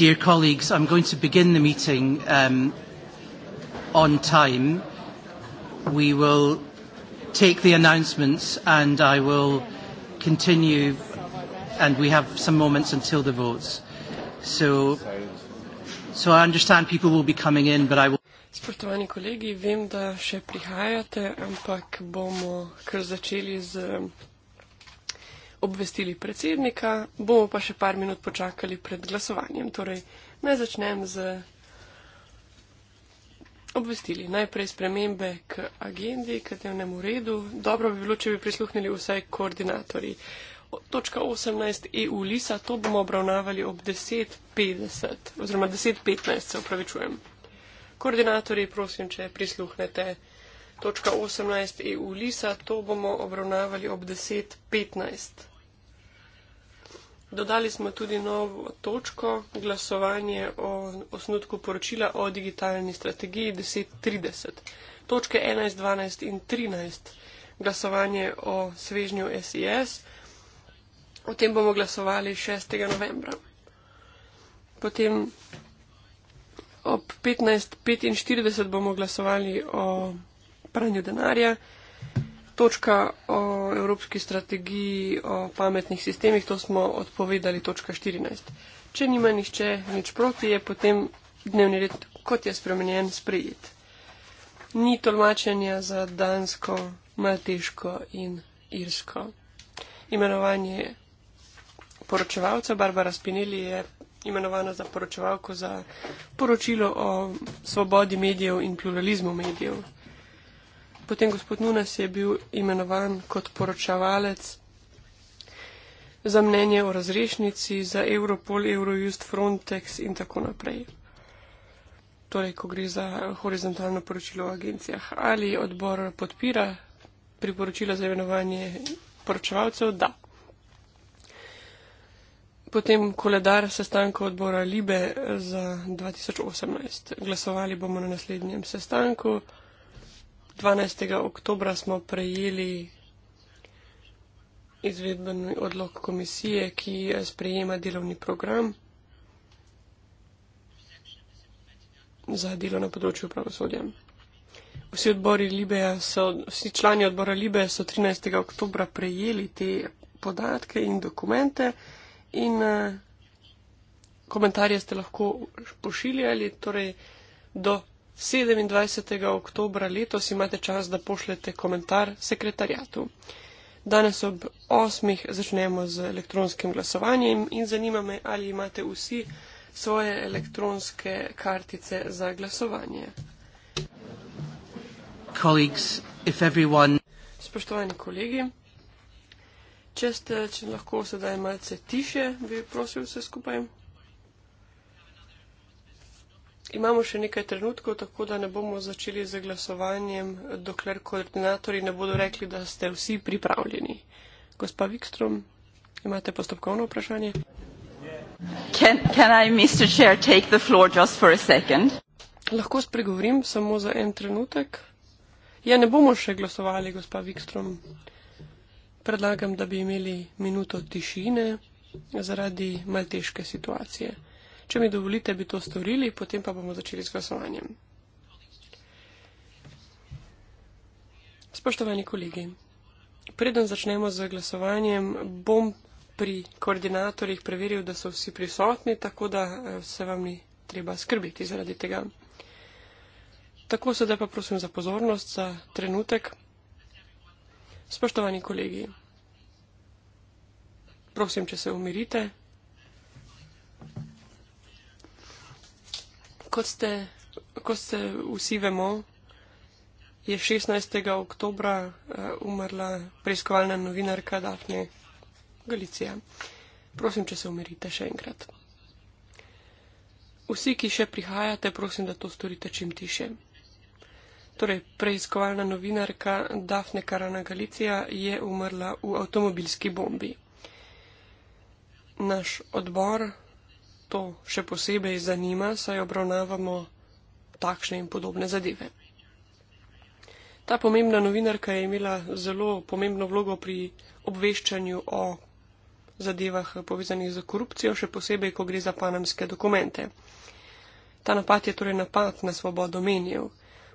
dear colleagues, I'm going to begin the meeting um, on time. We will take the announcements and I will continue and we have some moments until the votes. So, so I understand people will be coming in, but I will... Spoštovani kolegi, vem, da še prihajate, ampak bomo kar začeli z obvestili predsednika, bomo pa še par minut počakali pred glasovanjem. Torej, naj začnem z obvestili. Najprej spremembe k agendi, k dnevnemu redu. Dobro bi bilo, če bi prisluhnili vsaj koordinatorji. Točka 18 EU Lisa, to bomo obravnavali ob 10.50 oziroma 10.15, se upravičujem. Koordinatorji, prosim, če prisluhnete. Točka 18 EU Lisa, to bomo obravnavali ob 10.15. Dodali smo tudi novo točko glasovanje o osnutku poročila o digitalni strategiji 1030. Točke 11, 12 in 13. Glasovanje o svežnju SIS. O tem bomo glasovali 6. novembra. Potem ob 15.45 bomo glasovali o pranju denarja točka o evropski strategiji o pametnih sistemih, to smo odpovedali, točka 14. Če nima nišče nič proti, je potem dnevni red, kot je spremenjen, sprejet. Ni tolmačenja za Dansko, Malteško in Irsko. Imenovanje poročevalca Barbara Spinelli je imenovana za poročevalko za poročilo o svobodi medijev in pluralizmu medijev potem gospod Nunes je bil imenovan kot poročevalec za mnenje o razrešnici, za Europol, Eurojust, Frontex in tako naprej. Torej, ko gre za horizontalno poročilo o agencijah, ali odbor podpira priporočila za imenovanje poročevalcev, da. Potem koledar sestanka odbora Libe za 2018. Glasovali bomo na naslednjem sestanku. 12. oktobra smo prejeli izvedbeni odlog komisije, ki sprejema delovni program za delo na področju pravosodja. Vsi, so, vsi člani odbora Libe so 13. oktobra prejeli te podatke in dokumente in eh, komentarje ste lahko pošiljali torej, do 27. oktobra letos imate čas, da pošljete komentar sekretarjatu. Danes ob 8. začnemo z elektronskim glasovanjem in zanima me, ali imate vsi svoje elektronske kartice za glasovanje. Colleagues, everyone... Spoštovani kolegi, če ste, če lahko sedaj malce tiše, bi prosil vse skupaj. Imamo še nekaj trenutkov, tako da ne bomo začeli z glasovanjem, dokler koordinatori ne bodo rekli, da ste vsi pripravljeni. Gospa Vikstrom, imate postopkovno vprašanje? Can, can Chair, Lahko spregovorim samo za en trenutek? Ja, ne bomo še glasovali, gospa Vikstrom. Predlagam, da bi imeli minuto tišine zaradi malteške situacije. Če mi dovolite, bi to storili, potem pa bomo začeli z glasovanjem. Spoštovani kolegi, preden začnemo z glasovanjem, bom pri koordinatorjih preveril, da so vsi prisotni, tako da eh, se vam ni treba skrbiti zaradi tega. Tako sedaj pa prosim za pozornost, za trenutek. Spoštovani kolegi, prosim, če se umirite. Kot ste, kot ste vsi vemo, je 16. oktobra uh, umrla preiskovalna novinarka Dafne Galicija. Prosim, če se umirite še enkrat. Vsi, ki še prihajate, prosim, da to storite čim tiše. Torej, preiskovalna novinarka Dafne Karana Galicija je umrla v avtomobilski bombi. Naš odbor to še posebej zanima, saj obravnavamo takšne in podobne zadeve. Ta pomembna novinarka je imela zelo pomembno vlogo pri obveščanju o zadevah povezanih z korupcijo, še posebej, ko gre za panamske dokumente. Ta napad je torej napad na svobodo menijev.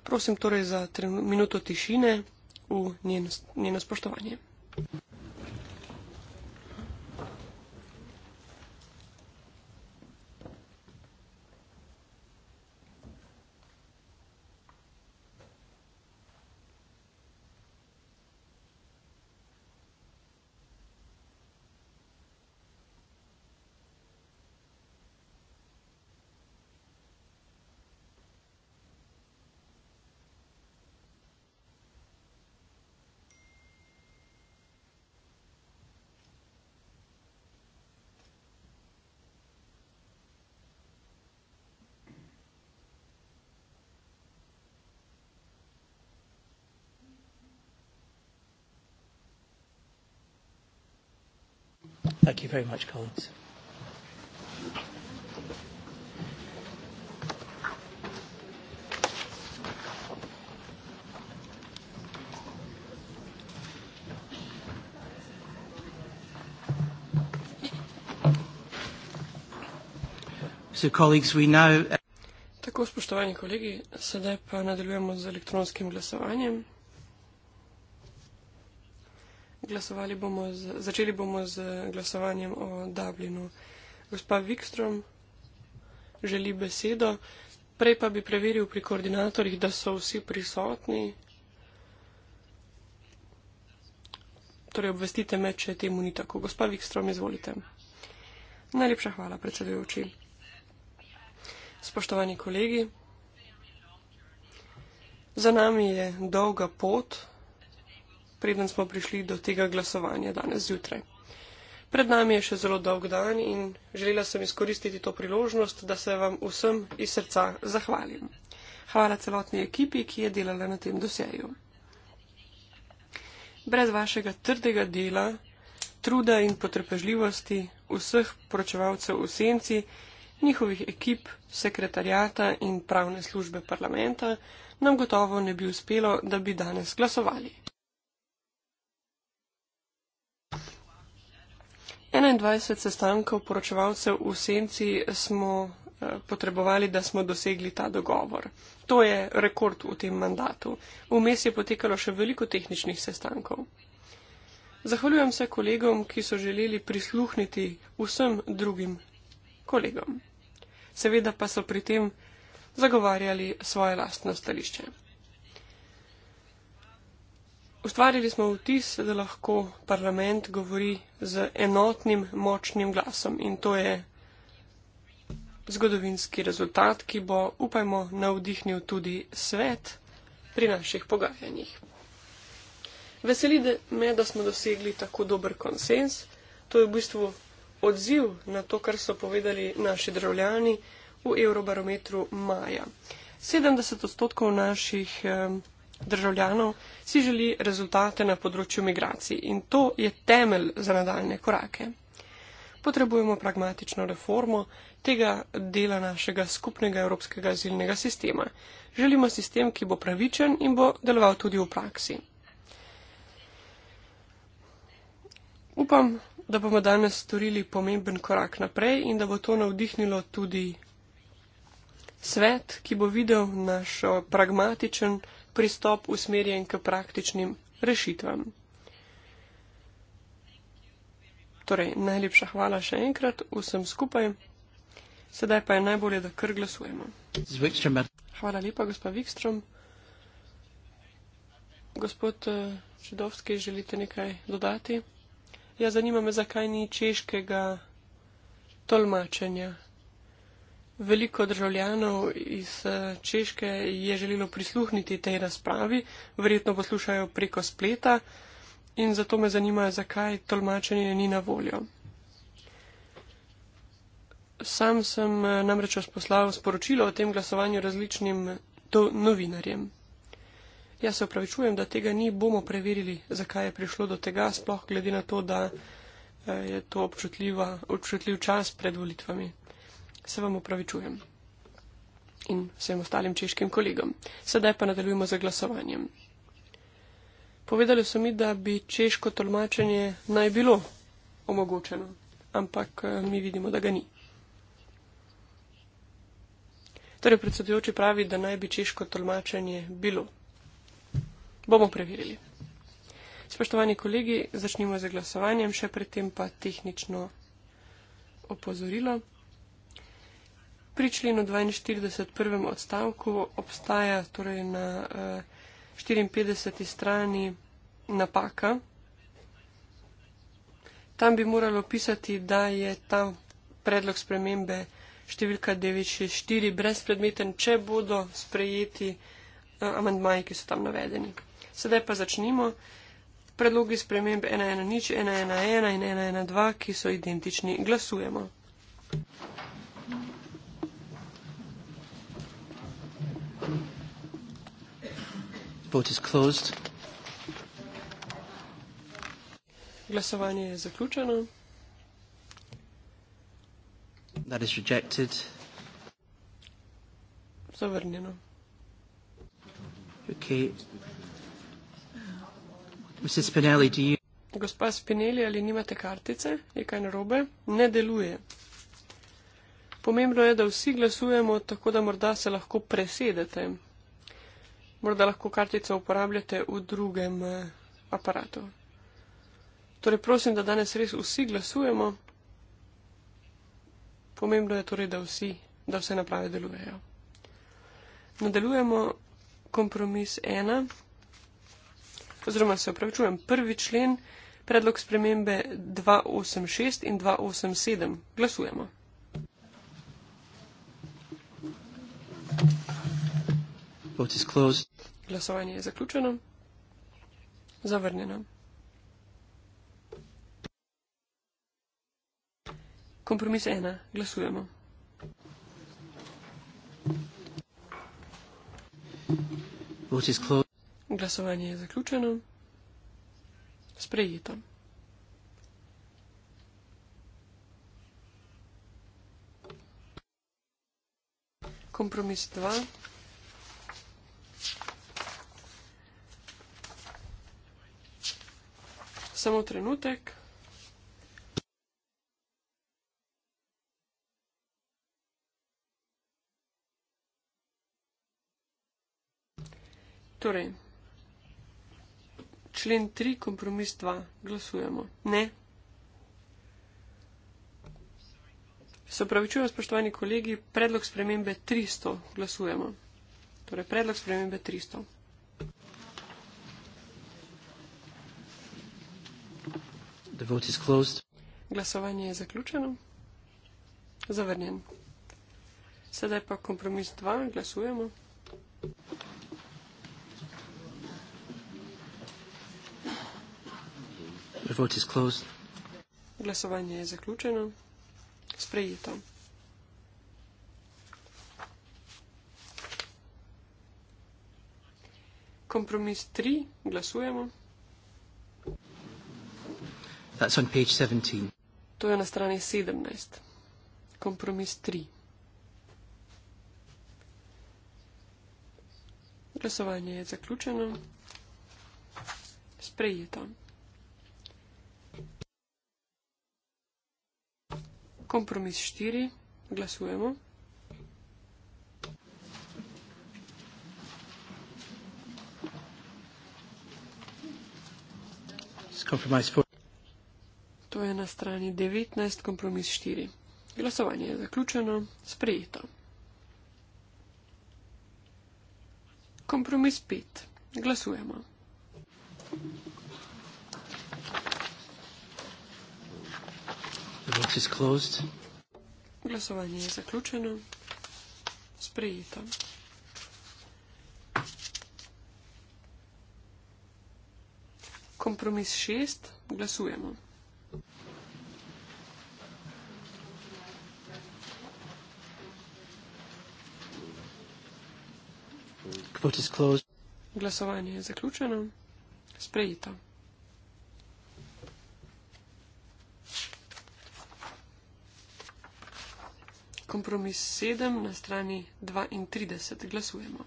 Prosim torej za minuto tišine v njeno spoštovanje. Thank you very much, Collins. So, colleagues, we now... Uh, Tako, spoštovani kolegi, sedaj pa nadaljujemo z elektronskim glasovanjem. Glasovali bomo, z, začeli bomo z glasovanjem o Dublinu. Gospa Vikstrom želi besedo. Prej pa bi preveril pri koordinatorjih, da so vsi prisotni. Torej, obvestite me, če temu ni tako. Gospa Vikstrom, izvolite. Najlepša hvala, predsedujoči. Spoštovani kolegi, za nami je dolga pot preden smo prišli do tega glasovanja danes zjutraj. Pred nami je še zelo dolg dan in želela sem izkoristiti to priložnost, da se vam vsem iz srca zahvalim. Hvala celotni ekipi, ki je delala na tem dosjeju. Brez vašega trdega dela, truda in potrpežljivosti vseh poročevalcev v senci, njihovih ekip, sekretarjata in pravne službe parlamenta, nam gotovo ne bi uspelo, da bi danes glasovali. 21 sestankov poročevalcev v senci smo eh, potrebovali, da smo dosegli ta dogovor. To je rekord v tem mandatu. Vmes je potekalo še veliko tehničnih sestankov. Zahvaljujem se kolegom, ki so želeli prisluhniti vsem drugim kolegom. Seveda pa so pri tem zagovarjali svoje lastno stališče. Ustvarili smo vtis, da lahko parlament govori z enotnim, močnim glasom in to je zgodovinski rezultat, ki bo, upajmo, navdihnil tudi svet pri naših pogajanjih. Veseli me, da smo dosegli tako dober konsens. To je v bistvu odziv na to, kar so povedali naši državljani v Eurobarometru maja. 70 odstotkov naših. Eh, državljanov si želi rezultate na področju migracij in to je temelj za nadaljne korake. Potrebujemo pragmatično reformo tega dela našega skupnega evropskega azilnega sistema. Želimo sistem, ki bo pravičen in bo deloval tudi v praksi. Upam, da bomo danes storili pomemben korak naprej in da bo to navdihnilo tudi svet, ki bo videl naš pragmatičen pristop usmerjen k praktičnim rešitvam. Torej, najlepša hvala še enkrat vsem skupaj. Sedaj pa je najbolje, da kar glasujemo. Hvala lepa, gospod Wikström. Gospod Čedovski, eh, želite nekaj dodati? Ja, zanima me, zakaj ni češkega tolmačenja Veliko državljanov iz eh, Češke je želelo prisluhniti tej razpravi, verjetno poslušajo preko spleta in zato me zanima, zakaj tolmačenje ni na voljo. Sam sem eh, namreč poslal sporočilo o tem glasovanju različnim novinarjem. Jaz se opravičujem, da tega ni, bomo preverili, zakaj je prišlo do tega, sploh glede na to, da eh, je to občutljiva, občutljiv čas pred volitvami se vam upravičujem. In vsem ostalim češkim kolegom. Sedaj pa nadaljujemo z glasovanjem. Povedali so mi, da bi češko tolmačenje naj bilo omogočeno, ampak eh, mi vidimo, da ga ni. Torej, predsedujoči pravi, da naj bi češko tolmačenje bilo. Bomo preverili. Spoštovani kolegi, začnimo z glasovanjem, še predtem pa tehnično opozorilo pri členu 42. prvem odstavku obstaja torej na uh, eh, 54. strani napaka. Tam bi moralo pisati, da je tam predlog spremembe številka 964 brezpredmeten, če bodo sprejeti uh, amandmaji, ki so tam navedeni. Sedaj pa začnimo. Predlogi sprememb 1.1.0, 1.1.1 in 1.1.2, ki so identični, glasujemo. Vote is closed. Glasovanje je zaključeno. That is rejected. Zavrnjeno. Okay. Mrs. Spinelli, do you... Gospa Spinelli, ali nimate kartice? Je kaj narobe? Ne deluje. Pomembno je, da vsi glasujemo, tako da morda se lahko presedete morda lahko kartico uporabljate v drugem eh, aparatu. Torej, prosim, da danes res vsi glasujemo. Pomembno je torej, da vsi, da vse naprave delujejo. Nadaljujemo kompromis 1, oziroma se opravičujem, prvi člen, predlog spremembe 286 in 287. Glasujemo. Vote is closed. Glasovanje je zaključeno. Zavrnjeno. Kompromis ena. Glasujemo. Vote is closed. Glasovanje je zaključeno. Sprejeto. Kompromis 2. samo trenutek. Torej, člen 3, kompromis 2, glasujemo. Ne. Se pravi, čujem, spoštovani kolegi, predlog spremembe 300, glasujemo. Torej, predlog spremembe 300. Glasovanje je zaključeno. Zavrnjen. Sedaj pa kompromis 2. Glasujemo. Glasovanje je zaključeno. Sprejeto. Kompromis 3. Glasujemo. That's on page 17. To je na strani 17. Kompromis 3. Glasovanje je zaključeno. Sprejeto. Kompromis 4. Glasujemo. Compromise for To je na strani 19, kompromis 4. Glasovanje je zaključeno, sprejeto. Kompromis 5. Glasujemo. Glasovanje je zaključeno, sprejeto. Kompromis 6. Glasujemo. vote is closed. Glasovanje je zaključeno. Sprejeto. Kompromis 7 na strani 32 glasujemo.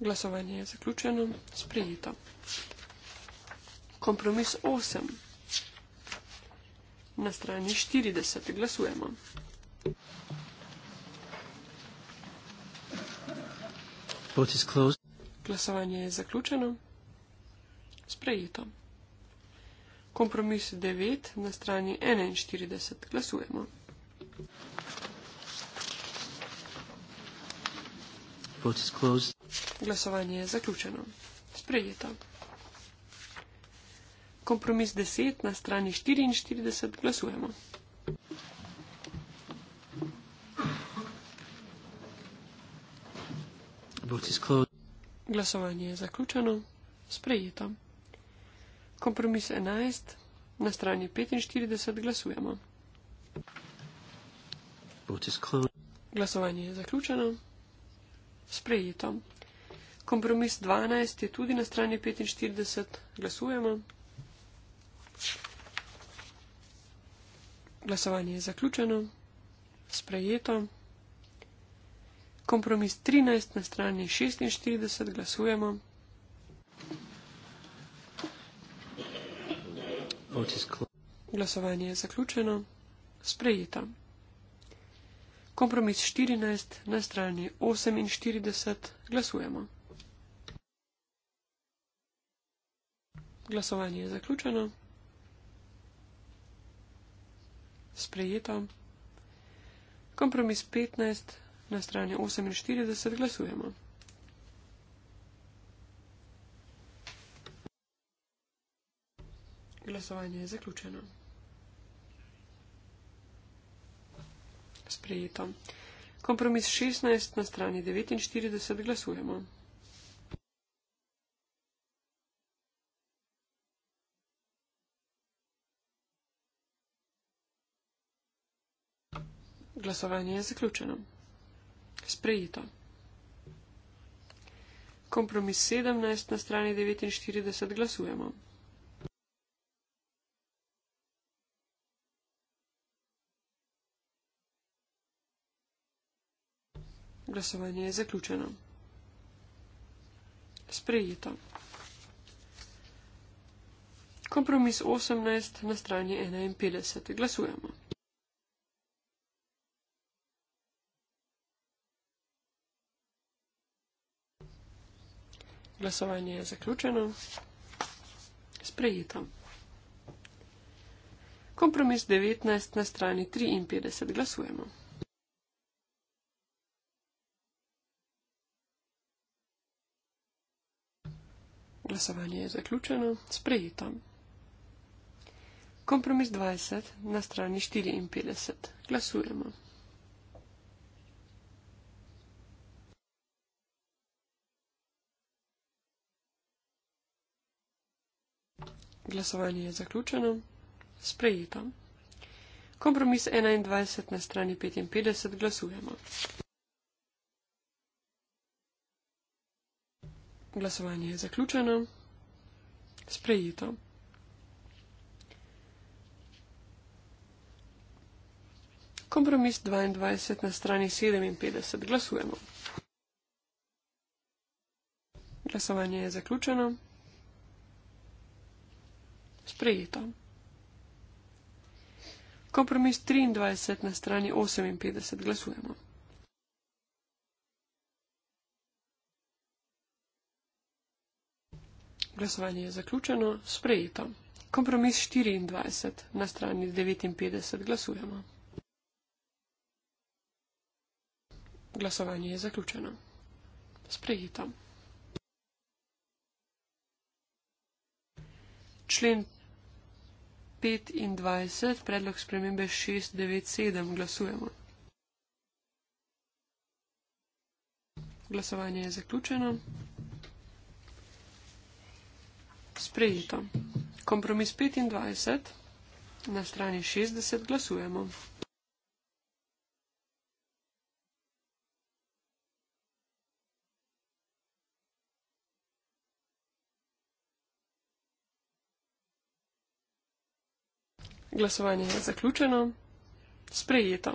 Glasovanje je zaključeno. Sprejeto. Kompromis 8. Na strani 40 glasujemo. Glasovanje je zaključeno. Sprejeto. Kompromis 9 na strani 41 glasujemo. Glasovanje je zaključeno. Sprejeto. Kompromis 10 na strani 44 glasujemo. Glasovanje je zaključeno, sprejeto. Kompromis 11 na strani 45 glasujemo. Glasovanje je zaključeno, sprejeto. Kompromis 12 je tudi na strani 45 glasujemo. Glasovanje je zaključeno, sprejeto. Kompromis 13 na strani 46 glasujemo. Glasovanje je zaključeno, sprejeto. Kompromis 14 na strani 48 glasujemo. Glasovanje je zaključeno. sprejeto. Kompromis 15 na strani 48 glasujemo. Glasovanje je zaključeno. Sprejeto. Kompromis 16 na strani 49 glasujemo. Glasovanje je zaključeno. Sprejeto. Kompromis 17 na strani 49 glasujemo. Glasovanje je zaključeno. Sprejeto. Kompromis 18 na strani 51 glasujemo. Glasovanje je zaključeno. Sprejeto. Kompromis 19 na strani 53 glasujemo. Glasovanje je zaključeno. Sprejeto. Kompromis 20 na strani 54 glasujemo. Glasovanje je zaključeno. Sprejeto. Kompromis 21 na strani 55 glasujemo. Glasovanje je zaključeno. Sprejeto. Kompromis 22 na strani 57 glasujemo. Glasovanje je zaključeno sprejeto. Kompromis 23 na strani 58 glasujemo. Glasovanje je zaključeno, sprejeto. Kompromis 24 na strani 59 glasujemo. Glasovanje je zaključeno, sprejeto. Člen 25, predlog spremembe 697. Glasujemo. Glasovanje je zaključeno. Sprejeto. Kompromis 25 na strani 60 glasujemo. Glasovanje je zaključeno, sprejeto.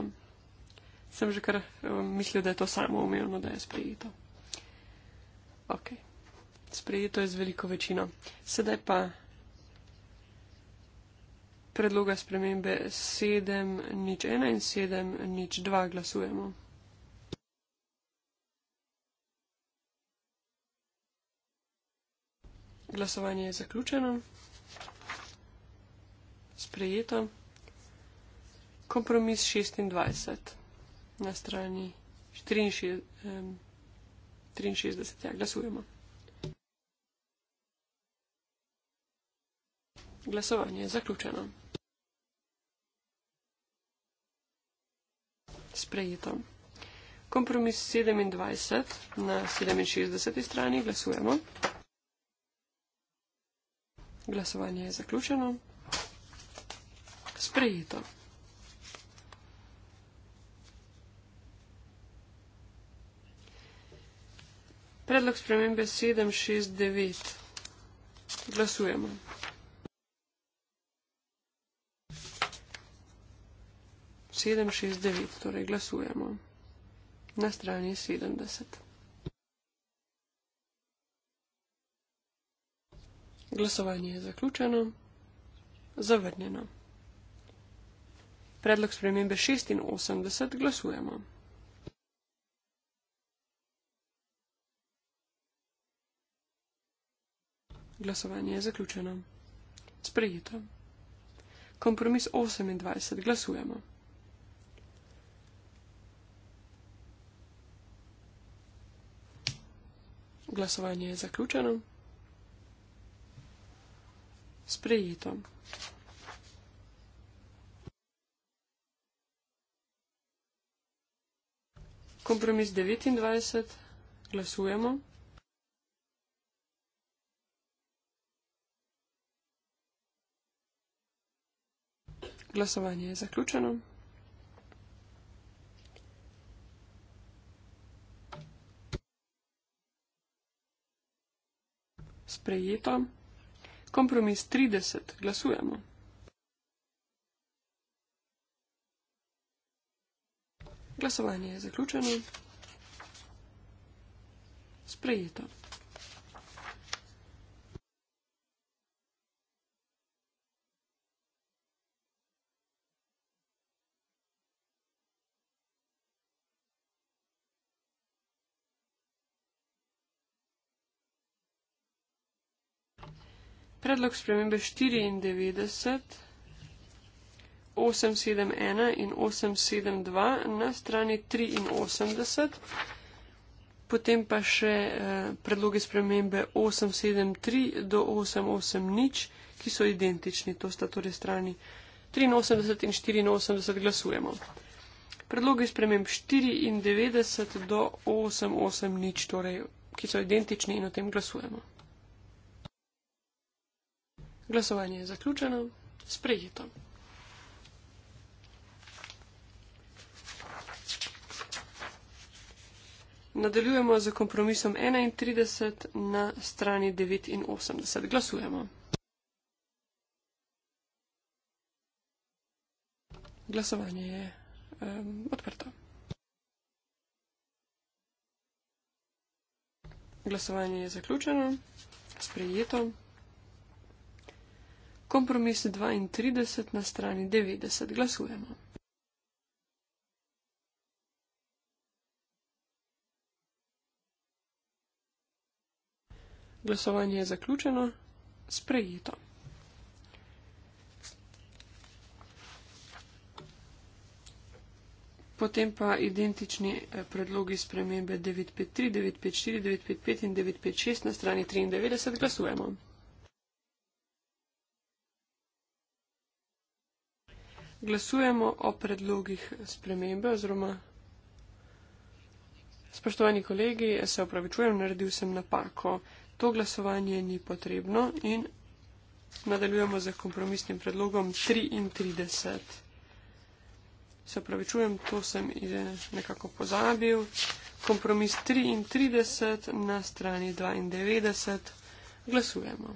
Sem že kar um, mislil, da je to samo umevno, da je sprejeto. Ok, sprejeto je z veliko večino. Sedaj pa predloga spremembe 7 nič 1 in 7 nič 2 glasujemo. Glasovanje je zaključeno sprejeto. Kompromis 26 na strani 63, 63 ja, glasujemo. Glasovanje je zaključeno. Sprejeto. Kompromis 27 na 67 strani glasujemo. Glasovanje je zaključeno sprejeto. Predlog spremembe 769. Glasujemo. Sedem, šest, devet, torej glasujemo na strani sedemdeset. Glasovanje je zaključeno, zavrnjeno. Predlog spremembe 86 glasujemo. Glasovanje je zaključeno. Sprejeto. Kompromis 28 glasujemo. Glasovanje je zaključeno. Sprejeto. Kompromis 29, glasujemo. Glasovanje je zaključeno. Sprejeto. Kompromis 30, glasujemo. Glasovanje je zaključeno. Sprejeto. Predlog spremembe 94. 871 in 872 na strani 83, potem pa še eh, predloge spremembe 873 do 880, ki so identični, to sta torej strani 83 in 84 glasujemo. Predloge sprememb 94 do 880, torej, ki so identični in o tem glasujemo. Glasovanje je zaključeno. Sprejeto. Nadaljujemo z kompromisom 31 na strani 89. Glasujemo. Glasovanje je um, odprto. Glasovanje je zaključeno, sprejeto. Kompromis 32 na strani 90. Glasujemo. Glasovanje je zaključeno. Sprejeto. Potem pa identični eh, predlogi spremembe 953, 954, 955 in 956 na strani 93 glasujemo. Glasujemo o predlogih spremembe oziroma. Spoštovani kolegi, se opravičujem, naredil sem napako to glasovanje ni potrebno in nadaljujemo z kompromisnim predlogom 33. Se pravi, čujem, to sem nekako pozabil. Kompromis 33 na strani 92. Glasujemo.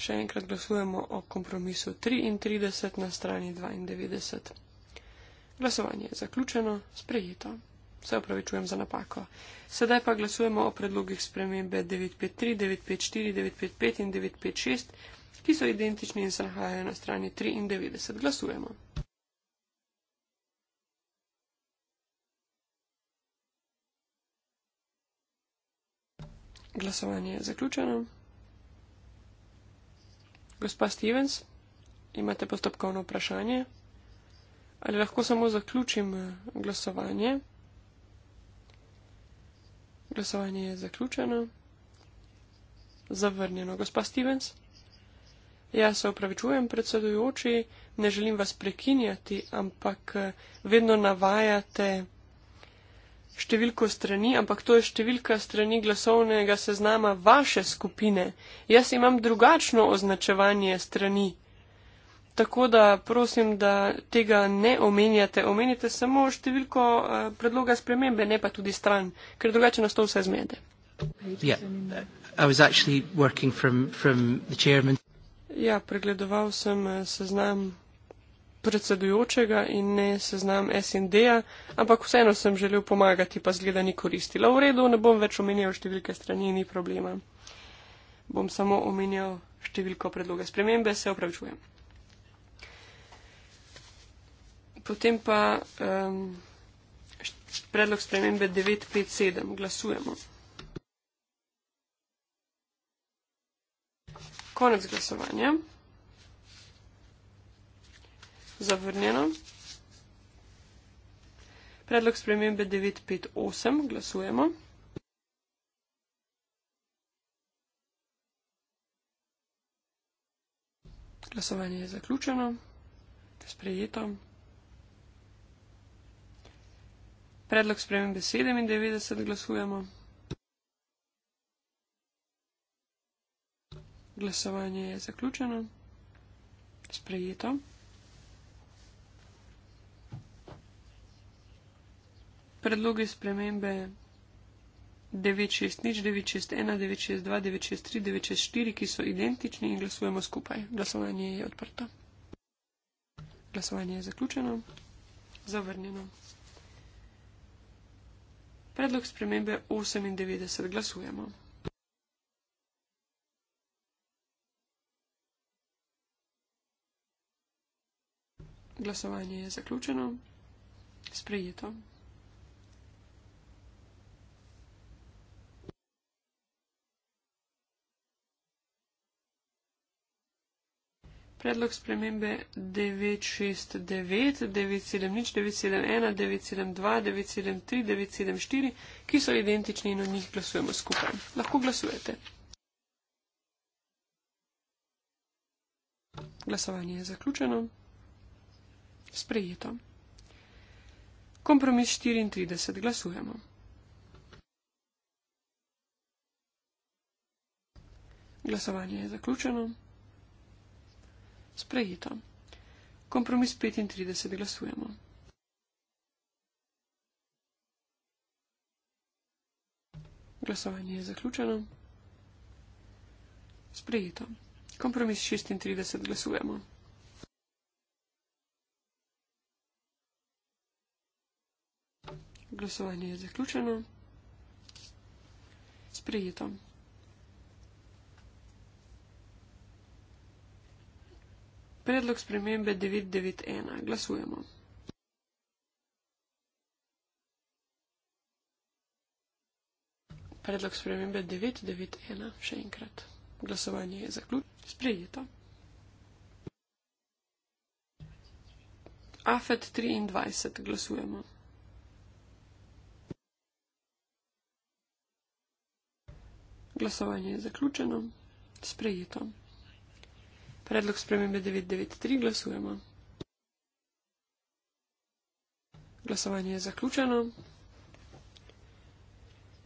Še enkrat glasujemo o kompromisu 33 na strani 92. Glasovanje je zaključeno, sprejeto. Se opravičujem za napako. Sedaj pa glasujemo o predlogih spremembe 953, 954, 955 in 956, ki so identični in se nahajajo na strani 93. Glasujemo. Glasovanje je zaključeno. Gospa Stevens, imate postopkovno vprašanje? Ali lahko samo zaključim eh, glasovanje? Glasovanje je zaključeno. Zavrnjeno. Gospa Stevens? Ja, se upravičujem, predsedujoči, ne želim vas prekinjati, ampak eh, vedno navajate številko strani, ampak to je številka strani glasovnega seznama vaše skupine. Jaz imam drugačno označevanje strani. Tako da prosim, da tega ne omenjate. Omenjate samo številko uh, predloga spremembe, ne pa tudi stran, ker drugače nas to vse zmede. Ja, pregledoval sem eh, seznam predsedujočega in ne seznam SND-a, ampak vseeno sem želel pomagati, pa zgleda ni koristila. V redu, ne bom več omenjal številke strani, ni problema. Bom samo omenjal številko predloga spremembe, se opravičujem. Potem pa um, predlog spremembe 957. Glasujemo. Konec glasovanja. Zavrnjeno. Predlog spremembe 958. Glasujemo. Glasovanje je zaključeno. Sprejeto. Predlog spremembe 97 glasujemo. Glasovanje je zaključeno. Sprejeto. Predlogi spremembe 960, 961, 962, 963, 964, ki so identični in glasujemo skupaj. Glasovanje je odprto. Glasovanje je zaključeno. Zavrnjeno. Predlog spremembe 98 glasujemo. Glasovanje je zaključeno. Sprejeto. Predlog spremembe 969, 970, 971, 972, 973, 974, ki so identični in o njih glasujemo skupaj. Lahko glasujete. Glasovanje je zaključeno. Sprejeto. Kompromis 34. Glasujemo. Glasovanje je zaključeno. Sprejeto. Kompromis 35 glasujemo. Glasovanje je zaključeno. Sprejeto. Kompromis 36 glasujemo. Glasovanje je zaključeno. Sprejeto. Predlog spremembe 991. Glasujemo. Predlog spremembe 991. Še enkrat. Glasovanje je zaključeno. Sprejeto. AFET 23. Glasujemo. Glasovanje je zaključeno. Sprejeto. Predlog spremembe 993 glasujemo. Glasovanje je zaključeno.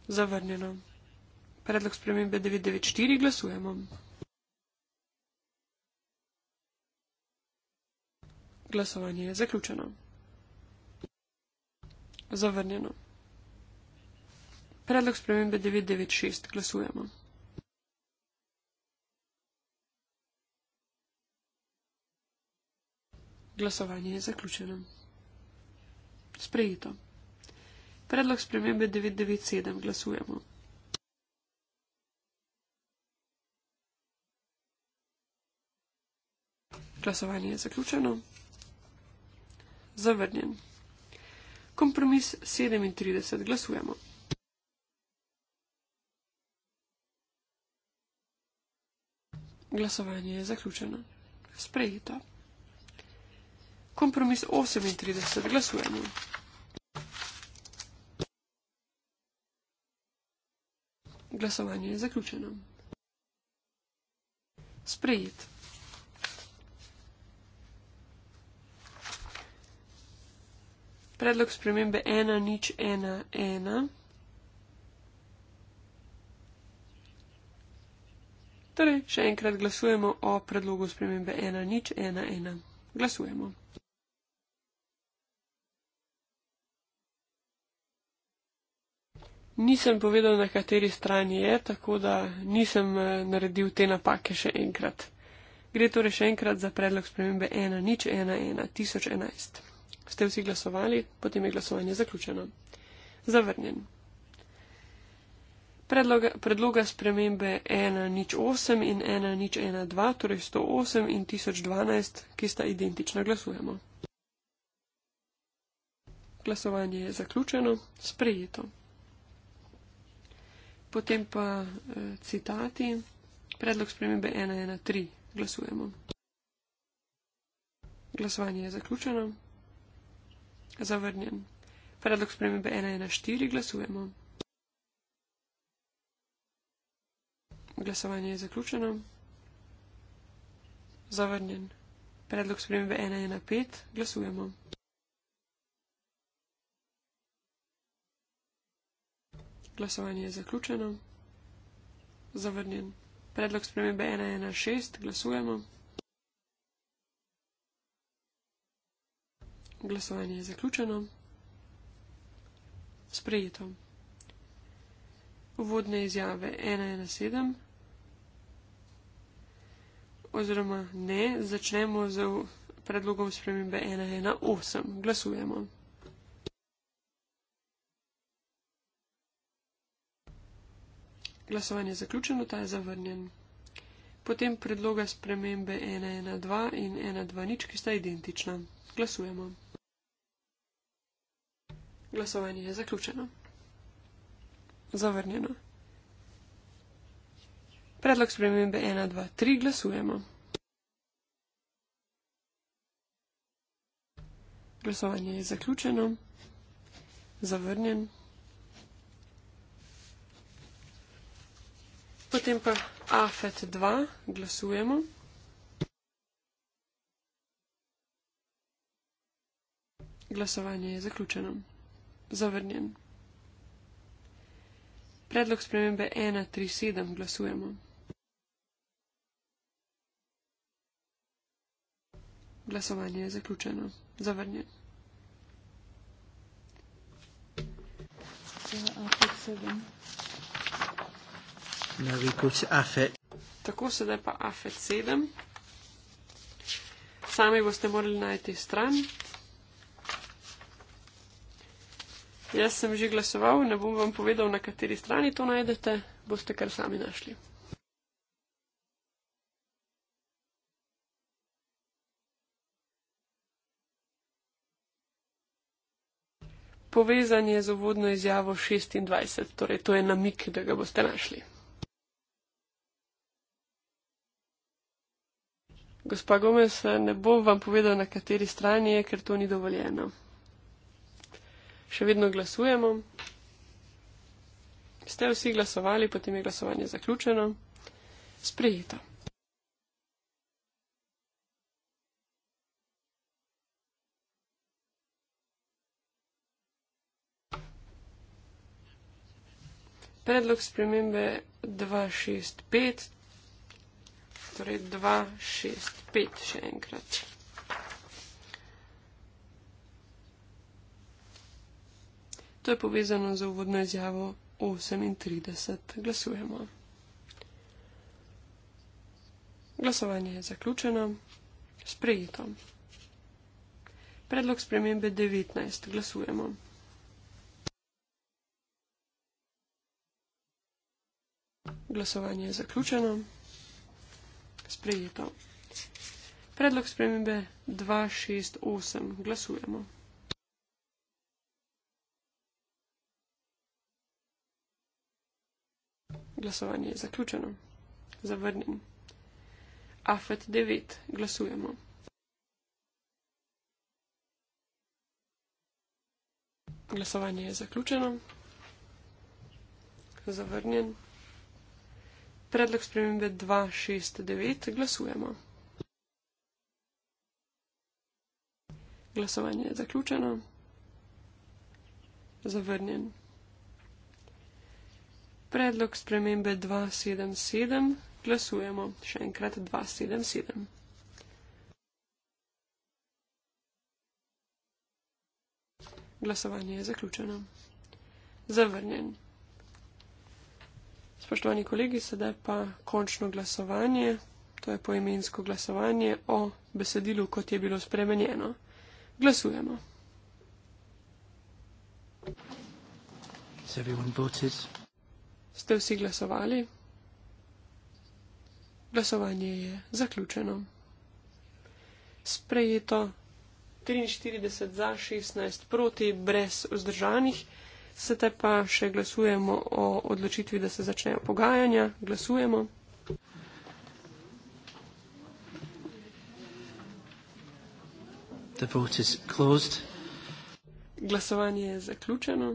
Zavrnjeno. Predlog spremembe 994 glasujemo. Glasovanje je zaključeno. Zavrnjeno. Predlog spremembe 996 glasujemo. Glasovanje je zaključeno. Sprejeto. Predlog spremembe 997 glasujemo. Glasovanje je zaključeno. Zavrnjen. Kompromis 37 glasujemo. Glasovanje je zaključeno. Sprejeto. Kompromis 38. Glasujemo. Glasovanje je zaključeno. Sprejet. Predlog spremembe 1, nič 1, 1. Torej, še enkrat glasujemo o predlogu spremembe 1, nič 1, 1. Glasujemo. Nisem povedal, na kateri strani je, tako da nisem eh, naredil te napake še enkrat. Gre torej še enkrat za predlog spremembe 1, nič 1, 1, 1011. Ste vsi glasovali, potem je glasovanje zaključeno. Zavrnjen. Predloga, predloga spremembe 1, nič 8 in 1, nič 1, 2, torej 108 in 1012, ki sta identična, glasujemo. Glasovanje je zaključeno, sprejeto potem pa eh, citati. Predlog spremembe 1.1.3. Glasujemo. Glasovanje je zaključeno. Zavrnjen. Predlog spremembe 1.1.4. Glasujemo. Glasovanje je zaključeno. Zavrnjen. Predlog spremembe 1.1.5. Glasujemo. Glasovanje je zaključeno. Zavrnjen. Predlog spremembe 116. Glasujemo. Glasovanje je zaključeno. Sprejeto. Uvodne izjave 117. Oziroma ne, začnemo z predlogom spremembe 118. Glasujemo. Glasovanje je zaključeno, ta je zavrnjen. Potem predloga spremembe 112 in 120, ki sta identična. Glasujemo. Glasovanje je zaključeno. Zavrnjeno. Predlog spremembe 123 glasujemo. Glasovanje je zaključeno. Zavrnjen. Potem pa AFET 2, glasujemo. Glasovanje je zaključeno. Zavrnjen. Predlog spremembe 1.3.7, glasujemo. Glasovanje je zaključeno. Zavrnjen. Yeah, ja, I'll take seven navikuc afet. Tako sedaj pa afet 7. Sami boste morali najti stran. Jaz sem že glasoval, ne bom vam povedal, na kateri strani to najdete, boste kar sami našli. Povezan je z uvodno izjavo 26, torej to je namik, da ga boste našli. Gospa Gomez, ne bo vam povedal, na kateri strani je, ker to ni dovoljeno. Še vedno glasujemo. Ste vsi glasovali, potem je glasovanje zaključeno. Sprejeto. Predlog spremembe 265 torej 2, 6, 5 še enkrat. To je povezano z uvodno izjavo 38. Glasujemo. Glasovanje je zaključeno. Sprejeto. Predlog spremembe 19. Glasujemo. Glasovanje je zaključeno sprejeta. Predlog spremembe 268. Glasujemo. Glasovanje je zaključeno. Zavrnjen. AFET 9. Glasujemo. Glasovanje je zaključeno. Zavrnjen. Predlog spremembe 269 glasujemo. Glasovanje je zaključeno. Zavrnjen. Predlog spremembe 277 glasujemo. Še enkrat 277. Glasovanje je zaključeno. Zavrnjen. Spoštovani kolegi, sedaj pa končno glasovanje, to je poimensko glasovanje o besedilu, kot je bilo spremenjeno. Glasujemo. Ste vsi glasovali? Glasovanje je zaključeno. Sprejeto 43 za 16 proti brez vzdržanih se te pa še glasujemo o odločitvi, da se začnejo pogajanja. Glasujemo. The vote is closed. Glasovanje je zaključeno.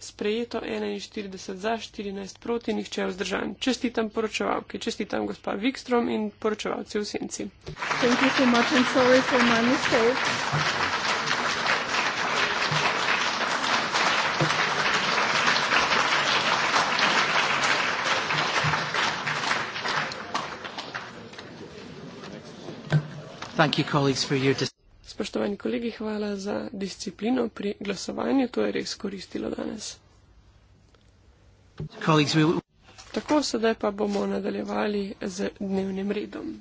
Sprejeto 41 za, 14 proti, nihče je vzdržan. Čestitam poročevalke, čestitam gospa Wikstrom in poročevalci v Senci. Thank you so much and sorry for my mistake. Spoštovani kolegi, hvala za disciplino pri glasovanju, to je res koristilo danes. Colleagues, we... Tako, sedaj pa bomo nadaljevali z dnevnim redom.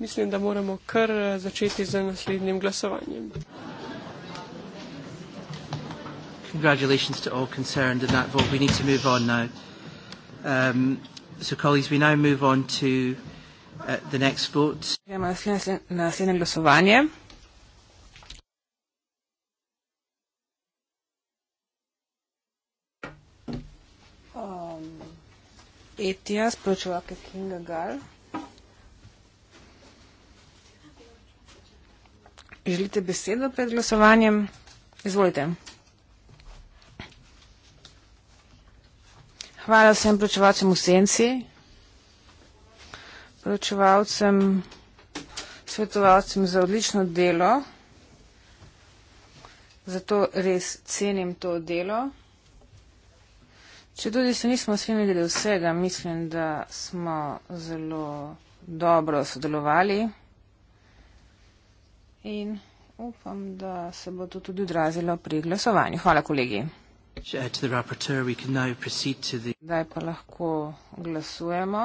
Mislim, da moramo kar začeti z naslednjim glasovanjem. Um, so, colleagues, we now move on to Uh, the next vote. Gremo na naslednje glasovanje. Um, Etija, sporočevalka Kinga Gal. Želite besedo pred glasovanjem? Izvolite. Hvala vsem pročevalcem v senci preučevalcem, svetovalcem za odlično delo. Zato res cenim to delo. Če tudi se nismo vsi videli vsega, mislim, da smo zelo dobro sodelovali in upam, da se bo to tudi odrazilo pri glasovanju. Hvala, kolegi. Zdaj pa lahko glasujemo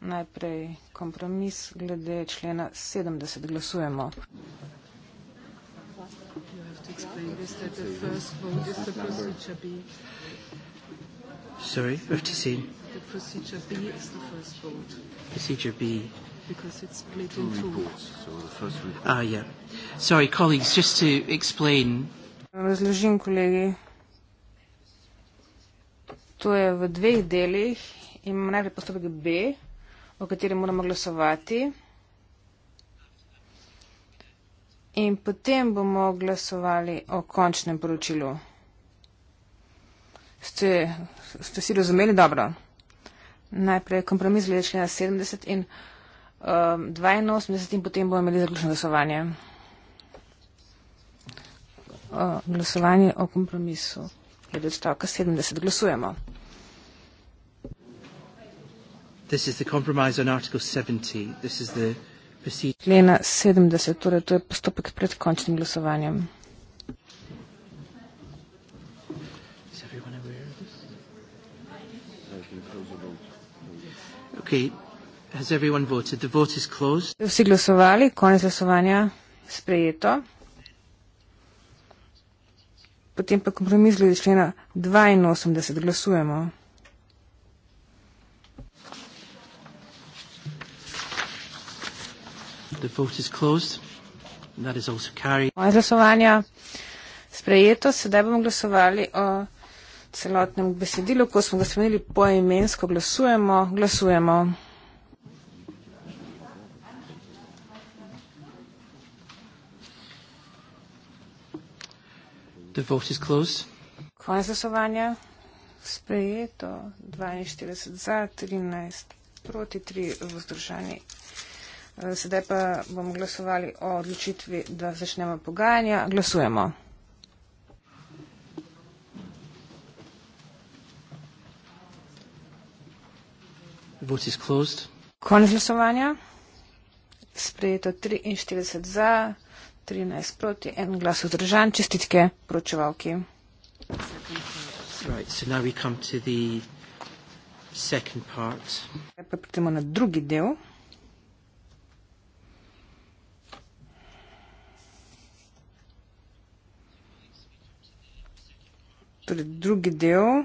najprej kompromis glede člena 70. Glasujemo. Sorry, 57. The procedure B is the first vote. Procedure B. Because it's split two in two. Reports, so the first report. Ah, yeah. Sorry, colleagues, just to explain. Razložim, kolegi. To je v dveh delih. Imamo najprej postopek B, o katerem moramo glasovati. In potem bomo glasovali o končnem poročilu. Ste, ste si razumeli dobro? Najprej kompromis glede člena 70 in um, 82 in potem bomo imeli zaključno glasovanje. O uh, glasovanje o kompromisu glede odstavka 70. Glasujemo. This is the compromise on Article 70. This is the procedure. 70, torej to je postopek pred končnim glasovanjem. Is everyone aware of this? Okay, has everyone voted? The vote is closed. Vsi glasovali, konec glasovanja sprejeto. Potem pa kompromis glede člena 82 glasujemo. Glasovanja sprejeto, sedaj bomo glasovali o celotnem besedilu, ko smo ga spremenili po imensko. Glasujemo, glasujemo. Konec glasovanja sprejeto, 42 za, 13 proti, 3 vzdržani. Eh, sedaj pa bomo glasovali o odločitvi, da začnemo pogajanja. Glasujemo. Konec glasovanja. Sprejeto 43 za, 13 proti, en glas vzdržan. Čestitke poročevalki. Right, so Pa pridemo na drugi del. torej drugi del.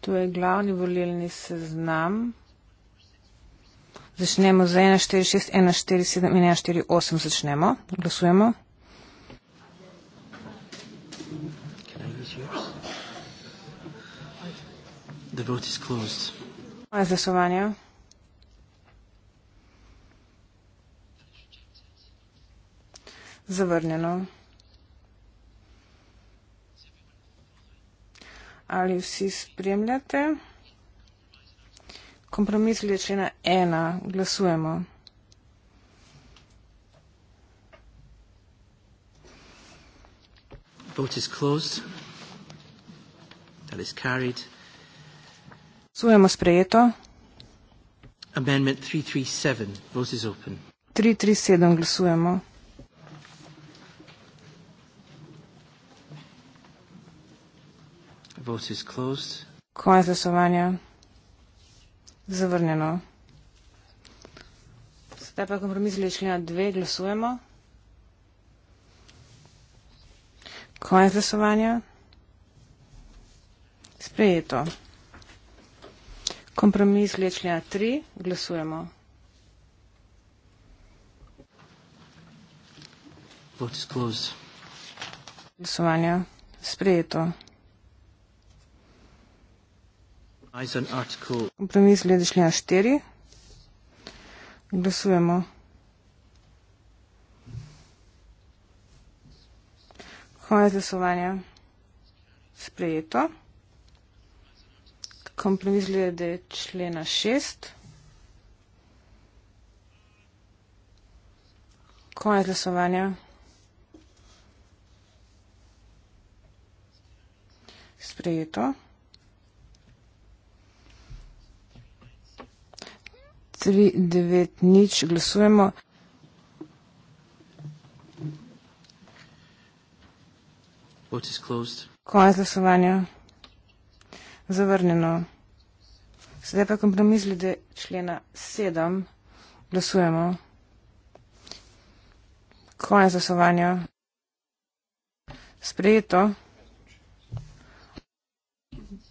To je glavni volilni seznam. Začnemo za 146, 147 in 148. Začnemo. Glasujemo. Moje glasovanje. Zavrnjeno. ali vsi spremljate. Kompromis glede člena ena. Glasujemo. Glasujemo sprejeto. 337 glasujemo. 337 glasujemo. Konec glasovanja. Zavrnjeno. Sedaj pa kompromis glede člena 2 glasujemo. Konec glasovanja. Sprejeto. Kompromis glede člena 3 glasujemo. Glasovanje. Sprejeto. Kompromis glede člena 4. Glasujemo. Konec glasovanja. Sprejeto. Kompromis glede člena 6. Konec glasovanja. Sprejeto. tri, devet, nič, glasujemo. Konec glasovanja. Zavrnjeno. Sedaj pa kompromis glede člena 7. Glasujemo. Konec glasovanja. Sprejeto.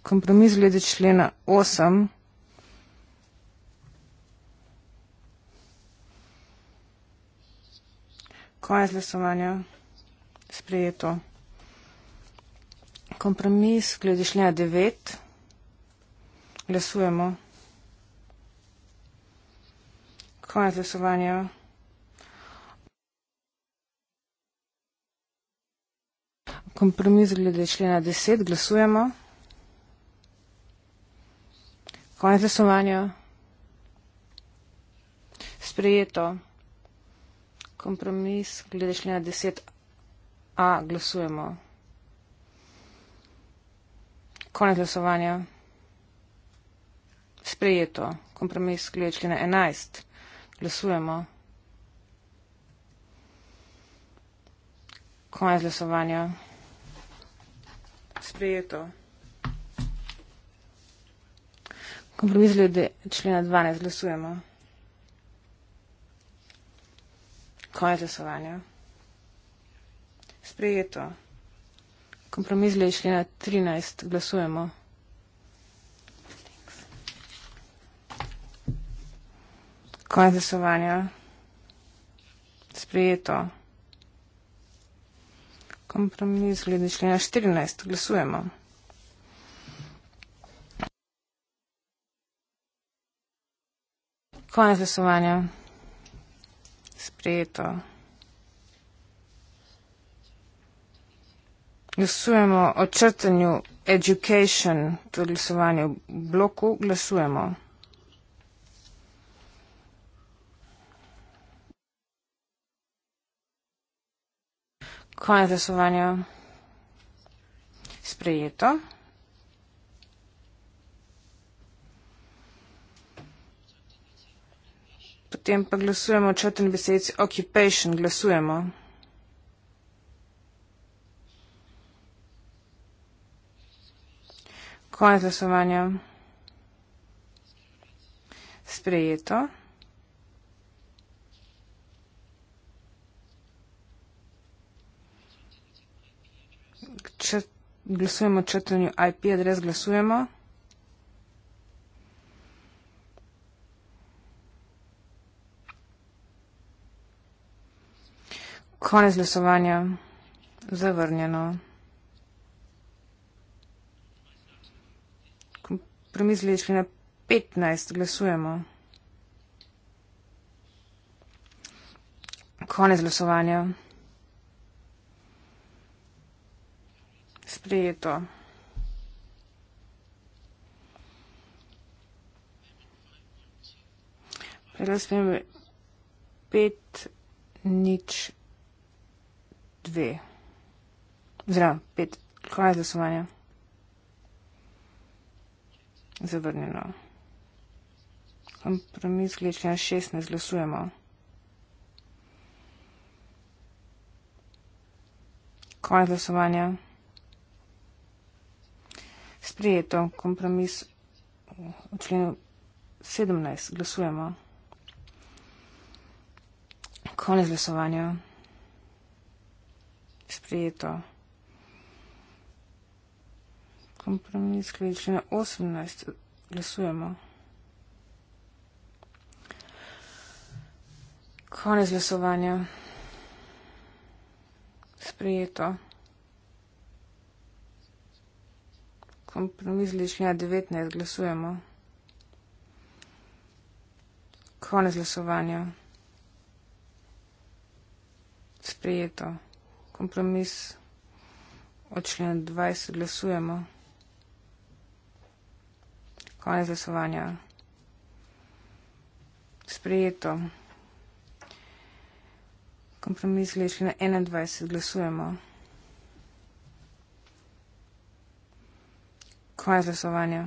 Kompromis glede člena 8. konec glasovanja sprejeto. Kompromis glede šljenja 9. Glasujemo. Konec glasovanja. Kompromis glede šljenja 10. Glasujemo. Konec glasovanja. Sprejeto kompromis, glede šljena 10a, glasujemo. Konec glasovanja. Sprejeto. Kompromis, glede šljena 11, glasujemo. Konec glasovanja. Sprejeto. Kompromis glede člena 12 glasujemo. Konec glasovanja. Sprejeto. Kompromis le išli na 13. Glasujemo. Konec glasovanja. Sprejeto. Kompromis glede člena 14. Glasujemo. Konec glasovanja sprejeto. Glasujemo o črtanju education, to je glasovanje v bloku, glasujemo. Konec glasovanja. Sprejeto. Potem pa glasujemo četrn besedici occupation, glasujemo. Konec glasovanja. Sprejeto. Če, glasujemo četrnju IP adres, glasujemo. Konec glasovanja. Zavrnjeno. Kompromisli je šli na 15. Glasujemo. Konec glasovanja. Sprejeto. Predlog spremembe 5 nič dve. Zdaj, pet. Kaj je glasovanje? Zavrnjeno. Kompromis glede 16 glasujemo. Kaj je glasovanje? Sprijeto. Kompromis v členu 17 glasujemo. Konec glasovanja sprejeto. Kompromis količina 18. Glasujemo. Konec glasovanja. Sprejeto. Kompromis lišnja 19. Glasujemo. Konec glasovanja. Sprejeto kompromis od člena 20 glasujemo. Konec glasovanja. Sprejeto. Kompromis glede člena 21 glasujemo. Konec glasovanja.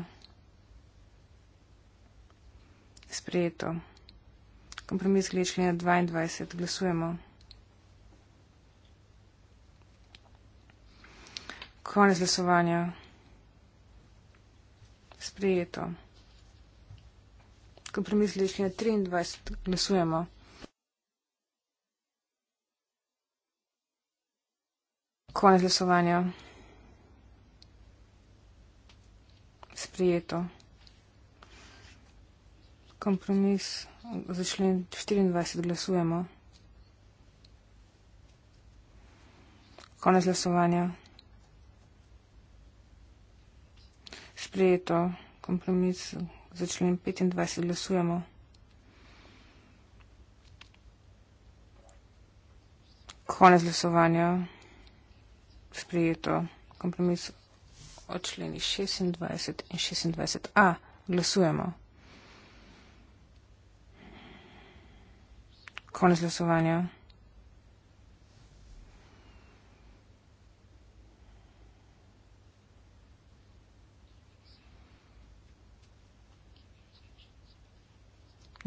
Sprejeto. Kompromis glede člena 22 glasujemo. Konec glasovanja. Sprijeto. Kompromis lešnje 23. Glasujemo. Konec glasovanja. Sprijeto. Kompromis za člen 24. Glasujemo. Konec glasovanja. sprejeto kompromis za člen 25 glasujemo. Konec glasovanja. Sprejeto kompromis o členi 26 in 26a. Glasujemo. Konec glasovanja.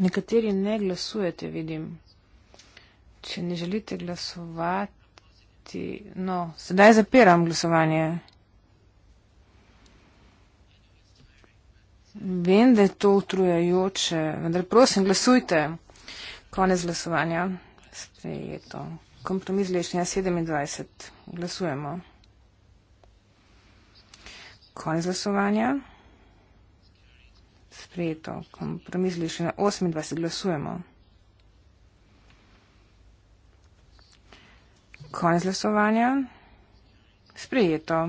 Nekateri ne glasujete, vidim. Če ne želite glasovati. No, sedaj zapiram glasovanje. Vem, da je to utrujajoče, vendar prosim, glasujte. Konec glasovanja. Sprejeto. Kompromis lešnja 27. Glasujemo. Konec glasovanja sprejeto. Kompromizli še na 28 glasujemo. Konec glasovanja. Sprejeto.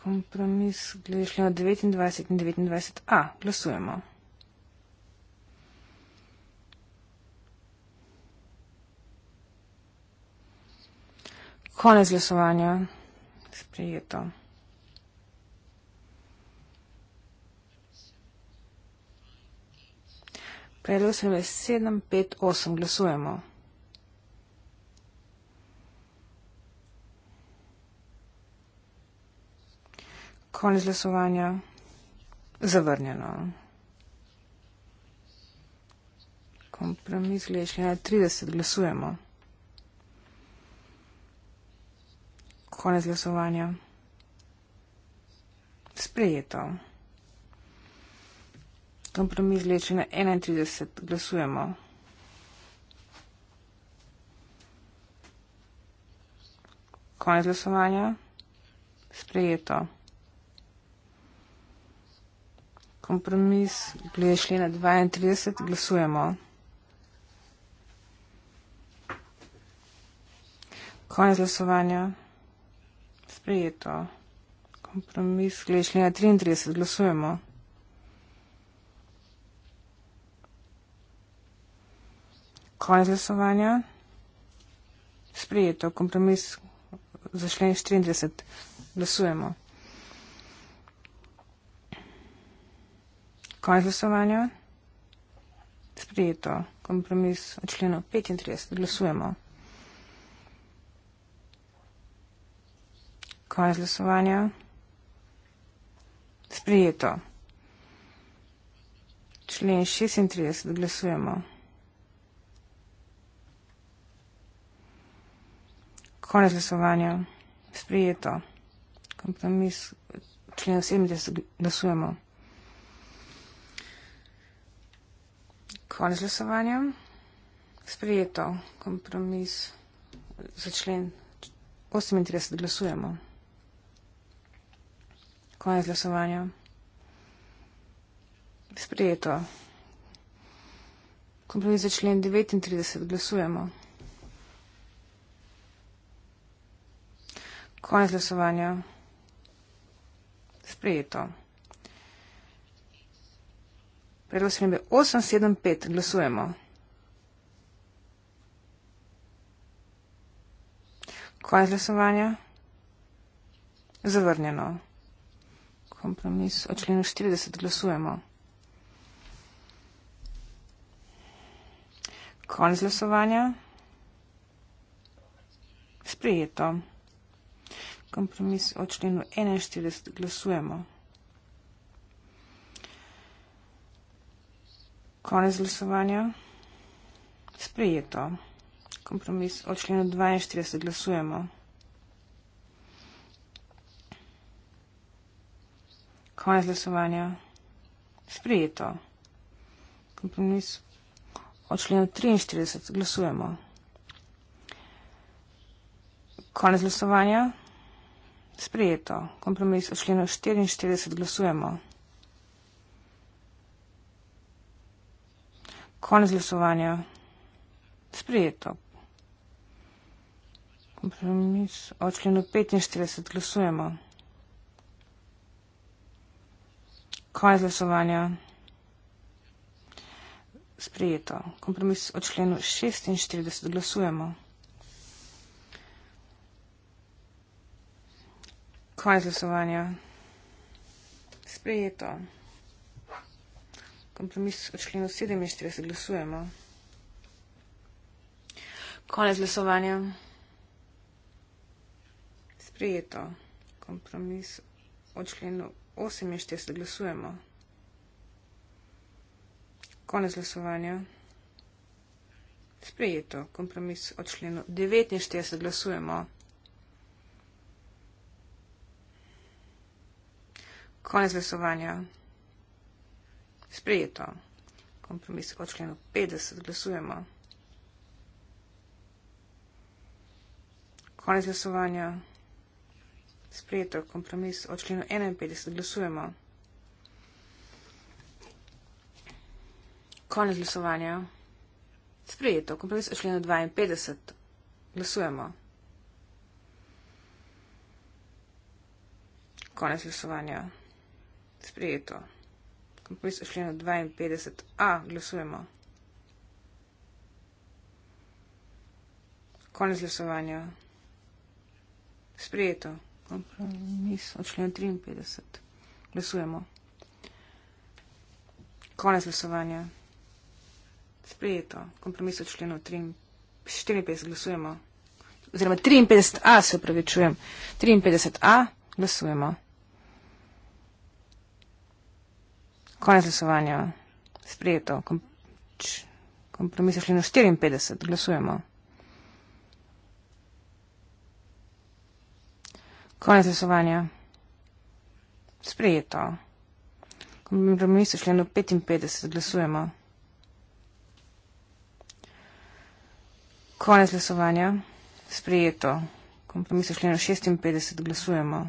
Kompromis glede šli na 29 in 29a. Glasujemo. Konec glasovanja. Sprejeto. Predlog sem je 7, 5, 8. Glasujemo. Konec glasovanja. Zavrnjeno. Kompromis glede na 30. Glasujemo. Konec glasovanja. Sprejeto. Kompromis leči na 31. Glasujemo. Konec glasovanja. Sprejeto. Kompromis leči na 32. Glasujemo. Konec glasovanja. Sprejeto. Kompromis leči na 33. Glasujemo. konec glasovanja. Sprijeto, kompromis za člen 34. Glasujemo. Konec glasovanja. Sprijeto, kompromis za člen 35. Glasujemo. Konec glasovanja. Sprijeto. Člen 36. Glasujemo. Konec glasovanja. Sprijeto. Kompromis. Člen 70. Glasujemo. Konec glasovanja. Sprijeto. Kompromis. Za člen 38. Glasujemo. Konec glasovanja. Sprijeto. Kompromis za člen 39. Glasujemo. Konec glasovanja. Sprejeto. Predlog sprejme 875. Glasujemo. Konec glasovanja. Zavrnjeno. Kompromis o členu 40. Glasujemo. Konec glasovanja. Sprejeto kompromis o členu 41 glasujemo. Konec glasovanja. Sprejeto. Kompromis o členu 42 glasujemo. Konec glasovanja. Sprejeto. Kompromis o členu 43 glasujemo. Konec glasovanja. Sprejeto. Kompromis o členu 44 glasujemo. Konec glasovanja. Sprejeto. Kompromis o členu 45 glasujemo. Konec glasovanja. Sprejeto. Kompromis o členu 46 glasujemo. Konec glasovanja. Sprejeto. Kompromis o členu 47 glasujemo. Konec glasovanja. Sprejeto. Kompromis o členu 48 glasujemo. Konec glasovanja. Sprejeto. Kompromis o členu 49 glasujemo. Konec glasovanja. Sprejeto. Kompromis o členu 50. Glasujemo. Konec glasovanja. Sprejeto. Kompromis o členu 51. Glasujemo. Konec glasovanja. Sprejeto. Kompromis o členu 52. Glasujemo. Konec glasovanja. Sprejeto. Kompromis v členu 52a. Glasujemo. Konec glasovanja. Sprejeto. Kompromis v členu 53. Glasujemo. Konec glasovanja. Sprejeto. Kompromis v členu 54. Glasujemo. Oziroma 53a, se upravičujem. 53a. Glasujemo. konec glasovanja sprejeto. Kompromis je šli na 54, glasujemo. Konec glasovanja sprejeto. Kompromis je šli na 55, glasujemo. Konec glasovanja sprejeto. Kompromis je šli na 56, glasujemo.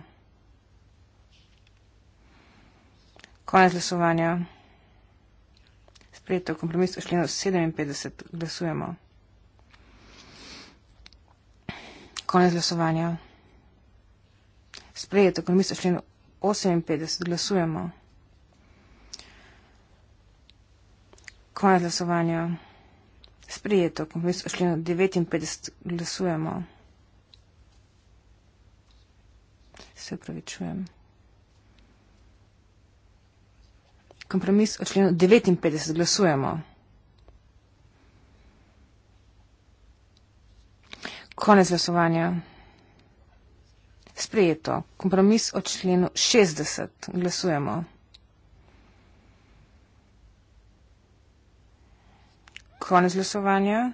Konec glasovanja. Sprejeto kompromis v členu 57. Glasujemo. Konec glasovanja. Sprejeto kompromis v členu 58. Glasujemo. Konec glasovanja. Sprejeto kompromis v členu 59. Glasujemo. Se upravičujem. kompromis o členu 59 glasujemo. Konec glasovanja. Sprejeto. Kompromis o členu 60 glasujemo. Konec glasovanja.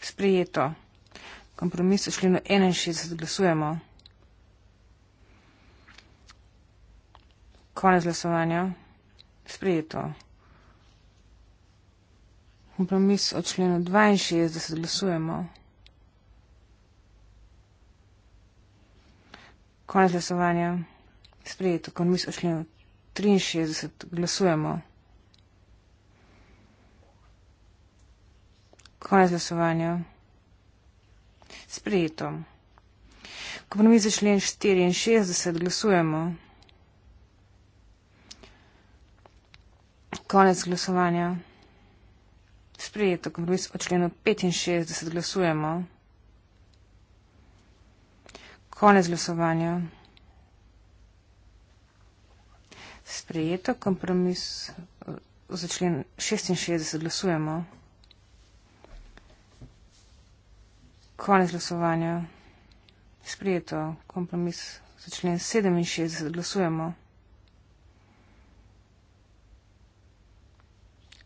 Sprejeto. Kompromis o členu 61 glasujemo. Konec glasovanja. Sprijeto. Kompromis o členu 62 glasujemo. Konec glasovanja. Sprijeto. Kompromis o členu 63 glasujemo. Konec glasovanja. Sprijeto. Kompromis o členu 64 glasujemo. Konec glasovanja. Sprejeto kompromis o členu 65 eh, glasujemo. Konec glasovanja. Sprejeto kompromis za člen 66 glasujemo. Konec glasovanja. Sprejeto kompromis za člen 67 glasujemo.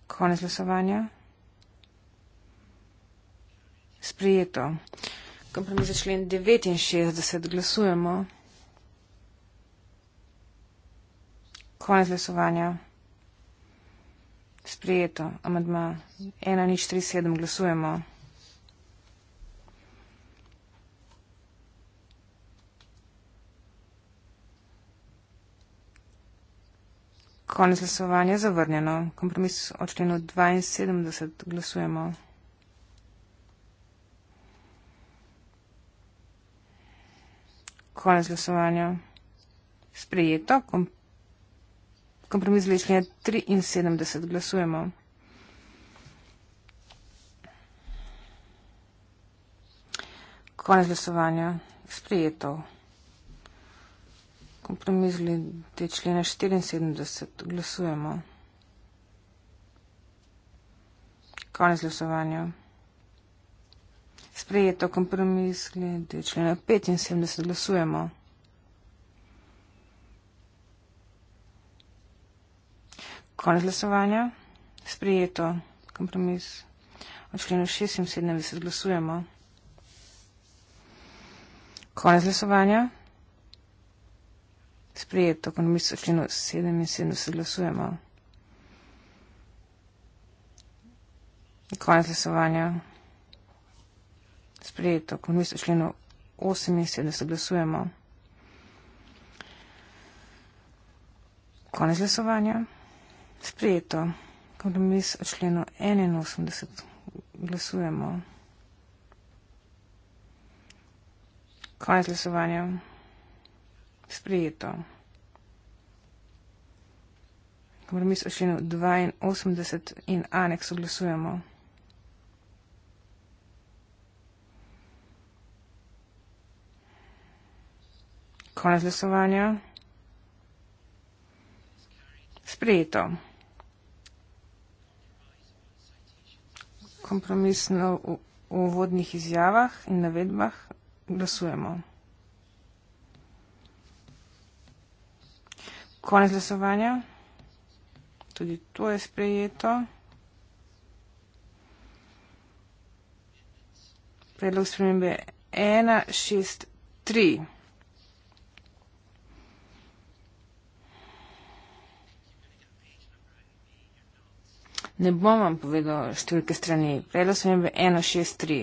Konec glasovanja. Sprijeto. Kompromis za člen 69. Glasujemo. Konec glasovanja. Sprijeto. Amadma 1.37. Glasujemo. Konec glasovanja zavrnjeno. Kompromis o členu 72 glasujemo. Konec glasovanja. Sprejeto. Kom kompromis o členu 73 glasujemo. Konec glasovanja. Sprejeto kompromizli te člene 74, glasujemo. Konec glasovanja. Sprejeto kompromis glede člena 75, glasujemo. Konec glasovanja. Sprejeto kompromis o členu 76, glasujemo. Konec glasovanja sprijeto, ko mi so členo 77 glasujemo. Konec glasovanja. Sprijeto, ko mi so členo 78 glasujemo. Konec glasovanja. Sprijeto, ko mi so členo 81 glasujemo. Konec glasovanja sprejeto. Kompromis o členu 82 in aneks oglasujemo. Konec glasovanja. Sprejeto. Kompromis na uvodnih izjavah in navedbah glasujemo. Konec glasovanja. Tudi to je sprejeto. Predlog spremembe 163. Ne bom vam povedal številke strani. Predlog sem jim 163.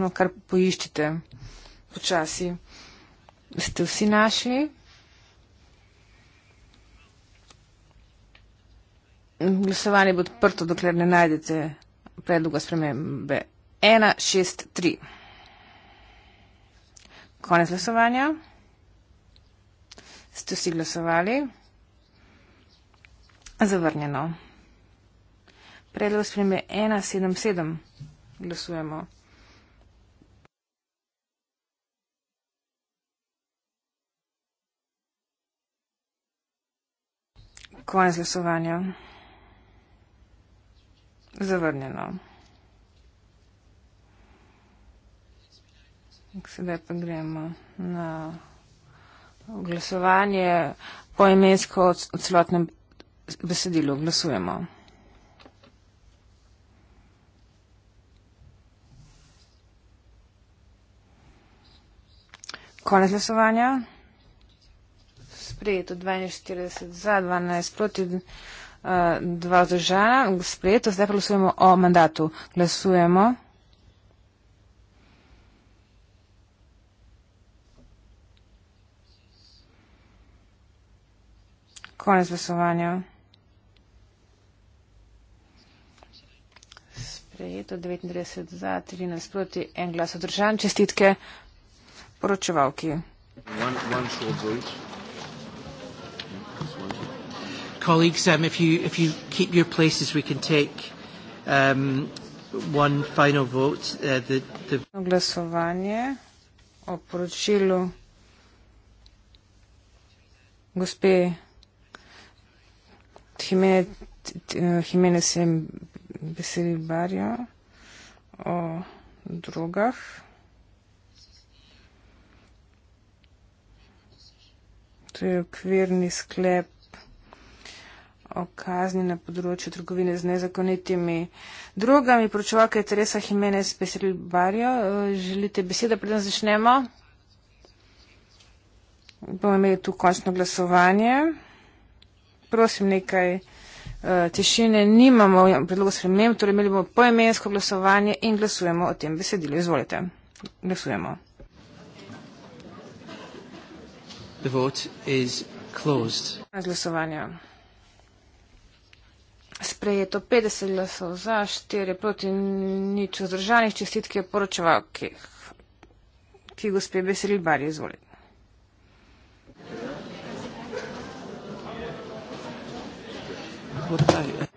No, kar poiščite počasi. Ste vsi našli? Glasovanje bo odprto, dokler ne najdete predloga spremembe. 1, 6, 3. Konec glasovanja. Ste vsi glasovali? Zavrnjeno. Predlog spremembe 1, 7, 7. Glasujemo. Konec glasovanja. Zavrnjeno. Sedaj pa gremo na glasovanje po imensko od celotnem besedilu. Glasujemo. Konec glasovanja sprejeto 42 za, 12 proti, 2 uh, eh, zdržana, sprejeto. Zdaj glasujemo o mandatu. Glasujemo. Konec glasovanja. Sprejeto 39 za, 13 proti, 1 glas održan. Čestitke poročevalki. One, one colleagues, um, if, you, if you keep your places, we can take um, one final vote. Uh, the, the Glasovanje o poročilu gospe Jimenez in Beseribarja o drogah. To je okvirni sklep o kazni na področju trgovine z nezakonitimi drogami. Pročevalka je Teresa Jimenez Pesil Barjo. Eh, želite besedo, preden začnemo? Bomo imeli tu končno glasovanje. Prosim, nekaj eh, tišine. Nimamo predlogo spremem, torej imeli bomo poimensko glasovanje in glasujemo o tem besedilu. Izvolite. Glasujemo. The vote is closed. Glasovanje sprejeto 50 glasov za, 4 proti nič vzdržanih čestitke poročevalke, ki gospe Beseli Bari izvoli. What are you?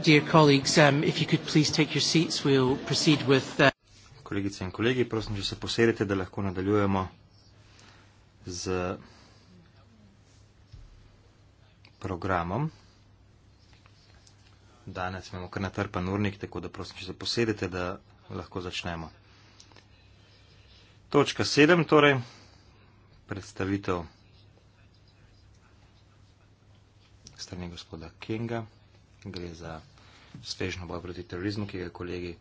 Dear colleagues, um, if you could please take your seats, we'll proceed with... Uh... Kolegice in kolegi, prosim, če se posedite, da lahko nadaljujemo z programom. Danes imamo kar natrpan urnik, tako da prosim, če se posedite, da lahko začnemo. Točka sedem, torej, predstavitev strani gospoda Kinga gre za svežno boj proti terorizmu, ki ga je kolegi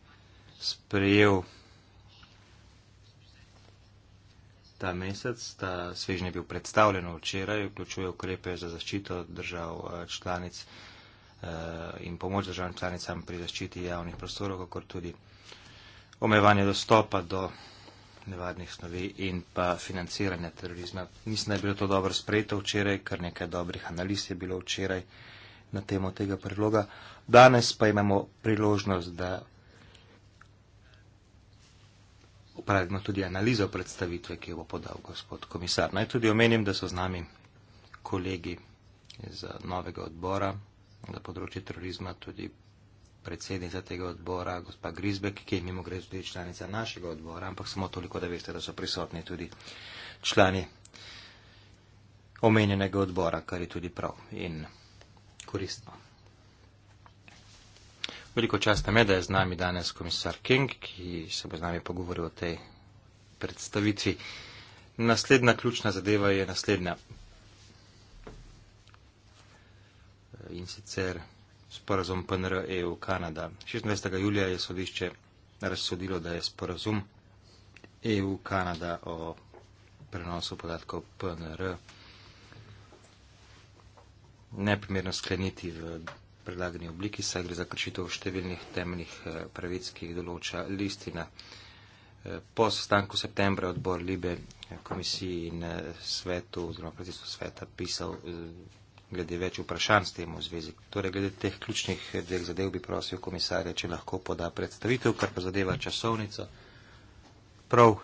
sprejel ta mesec. Ta svežnje je bil predstavljen včeraj, vključuje ukrepe za zaščito držav eh, članic eh, in pomoč državnim članicam pri zaščiti javnih prostorov, kako tudi omejevanje dostopa do nevadnih snovi in pa financiranja terorizma. Mislim, da je bilo to dobro sprejeto včeraj, kar nekaj dobrih analiz je bilo včeraj na temo tega predloga. Danes pa imamo priložnost, da upravimo tudi analizo predstavitve, ki jo bo podal gospod komisar. Naj tudi omenim, da so z nami kolegi iz novega odbora za področje terorizma, tudi predsednica tega odbora, gospa Grizbek, ki je mimo gre tudi članica našega odbora, ampak samo toliko, da veste, da so prisotni tudi člani omenjenega odbora, kar je tudi prav. In koristno. Veliko časta me, da je z nami danes komisar King, ki se bo z nami pogovoril o tej predstavitvi. Naslednja ključna zadeva je naslednja. In sicer sporazum PNR-EU Kanada. 16. julija je sodišče razsodilo, da je sporazum EU Kanada o prenosu podatkov PNR-EU neprimerno skleniti v predlagani obliki, saj gre za kršitev številnih temeljnih eh, pravic, ki jih določa listina. Eh, po sestanku septembra je odbor Libe eh, komisiji in svetu oziroma predsedstvu sveta pisal glede več vprašanj s tem v zvezi. Torej, glede teh ključnih dveh zadev bi prosil komisarja, če lahko poda predstavitev, kar pa zadeva časovnico. Prav.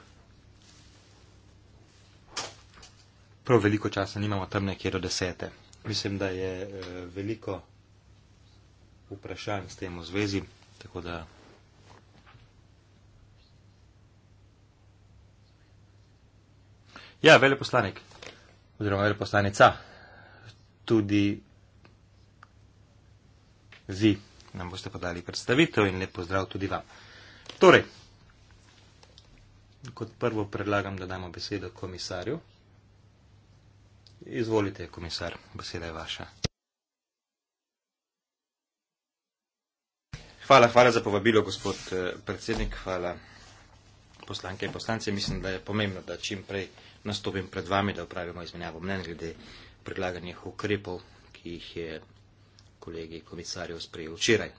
Prav veliko časa nimamo tam nekje do desete. Mislim, da je eh, veliko vprašanj s tem v zvezi, tako da. Ja, veleposlanik oziroma veleposlanica, tudi vi nam boste podali predstavitev in lep pozdrav tudi vam. Torej, kot prvo predlagam, da damo besedo komisarju. Izvolite, komisar, beseda je vaša. Hvala, hvala za povabilo, gospod eh, predsednik, hvala poslanke in poslanci. Mislim, da je pomembno, da čim prej nastopim pred vami, da upravimo izmenjavo mnen glede predlaganih ukrepov, ki jih je kolegi komisarjev sprejel včeraj.